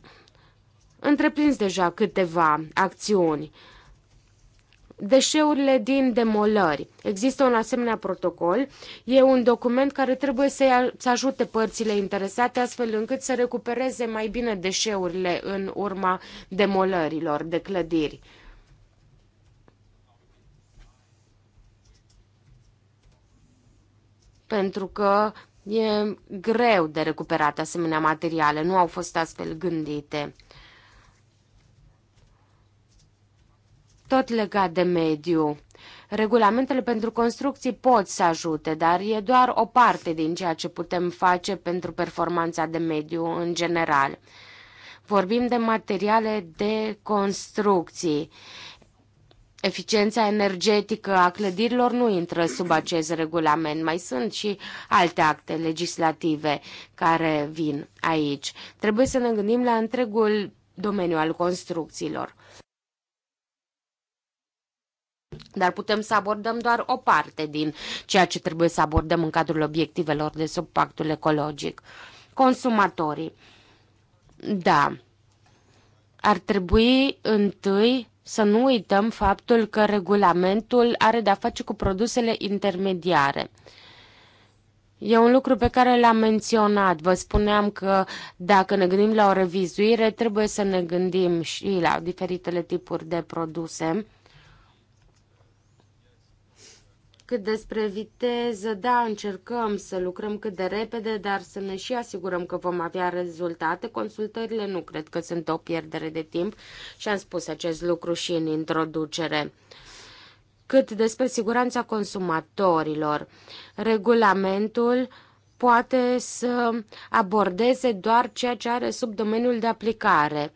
întreprins deja câteva acțiuni deșeurile din demolări. Există un asemenea protocol. E un document care trebuie să, să ajute părțile interesate astfel încât să recupereze mai bine deșeurile în urma demolărilor de clădiri. Pentru că e greu de recuperat asemenea materiale, nu au fost astfel gândite. Tot legat de mediu. Regulamentele pentru construcții pot să ajute, dar e doar o parte din ceea ce putem face pentru performanța de mediu în general. Vorbim de materiale de construcții. Eficiența energetică a clădirilor nu intră sub acest regulament. Mai sunt și alte acte legislative care vin aici. Trebuie să ne gândim la întregul domeniu al construcțiilor. Dar putem să abordăm doar o parte din ceea ce trebuie să abordăm în cadrul obiectivelor de sub pactul ecologic. Consumatorii. Da. Ar trebui întâi să nu uităm faptul că regulamentul are de-a face cu produsele intermediare. E un lucru pe care l-am menționat. Vă spuneam că dacă ne gândim la o revizuire, trebuie să ne gândim și la diferitele tipuri de produse. Cât despre viteză, da, încercăm să lucrăm cât de repede, dar să ne și asigurăm că vom avea rezultate. Consultările nu cred că sunt o pierdere de timp și am spus acest lucru și în introducere cât despre siguranța consumatorilor. Regulamentul poate să abordeze doar ceea ce are sub domeniul de aplicare.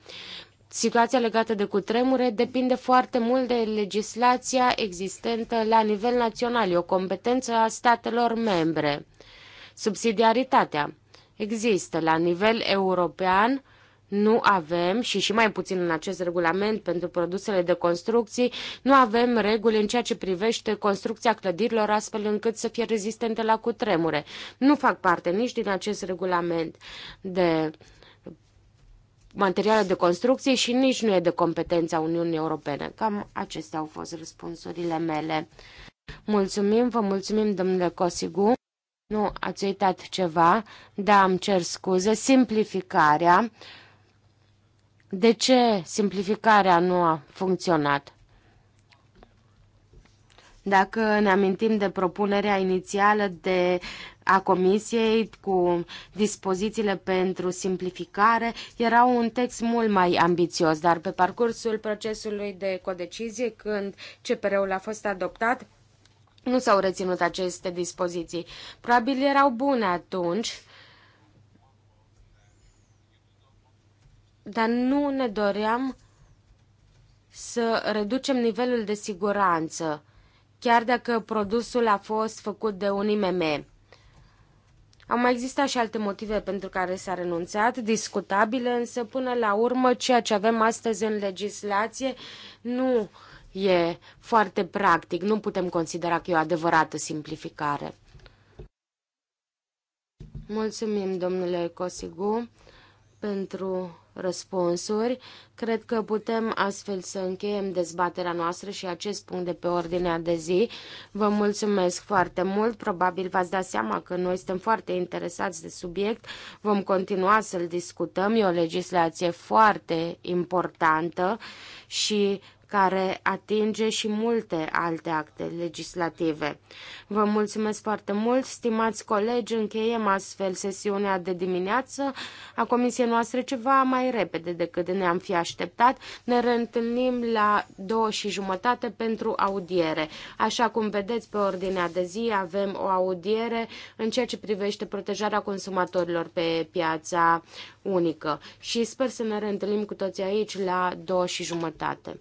Situația legată de cutremure depinde foarte mult de legislația existentă la nivel național, e o competență a statelor membre. Subsidiaritatea există la nivel european, nu avem, și și mai puțin în acest regulament pentru produsele de construcții, nu avem reguli în ceea ce privește construcția clădirilor astfel încât să fie rezistente la cutremure. Nu fac parte nici din acest regulament de materiale de construcție și nici nu e de competența Uniunii Europene. Cam acestea au fost răspunsurile mele. Mulțumim, vă mulțumim, domnule Cosigu. Nu, ați uitat ceva, dar am cer scuze. Simplificarea. De ce simplificarea nu a funcționat? Dacă ne amintim de propunerea inițială de a Comisiei cu dispozițiile pentru simplificare era un text mult mai ambițios, dar pe parcursul procesului de codecizie, când CPR-ul a fost adoptat, nu s-au reținut aceste dispoziții. Probabil erau bune atunci, dar nu ne doream să reducem nivelul de siguranță, chiar dacă produsul a fost făcut de un IMM. Au mai existat și alte motive pentru care s-a renunțat, discutabile, însă până la urmă ceea ce avem astăzi în legislație nu e foarte practic. Nu putem considera că e o adevărată simplificare. Mulțumim, domnule Cosigu, pentru răspunsuri. Cred că putem astfel să încheiem dezbaterea noastră și acest punct de pe ordinea de zi. Vă mulțumesc foarte mult. Probabil v-ați dat seama că noi suntem foarte interesați de subiect. Vom continua să-l discutăm. E o legislație foarte importantă și care atinge și multe alte acte legislative. Vă mulțumesc foarte mult, stimați colegi, încheiem astfel sesiunea de dimineață a comisiei noastre ceva mai repede decât ne-am fi așteptat. Ne reîntâlnim la două și jumătate pentru audiere. Așa cum vedeți pe ordinea de zi, avem o audiere în ceea ce privește protejarea consumatorilor pe piața unică și sper să ne reîntâlnim cu toții aici la două și jumătate.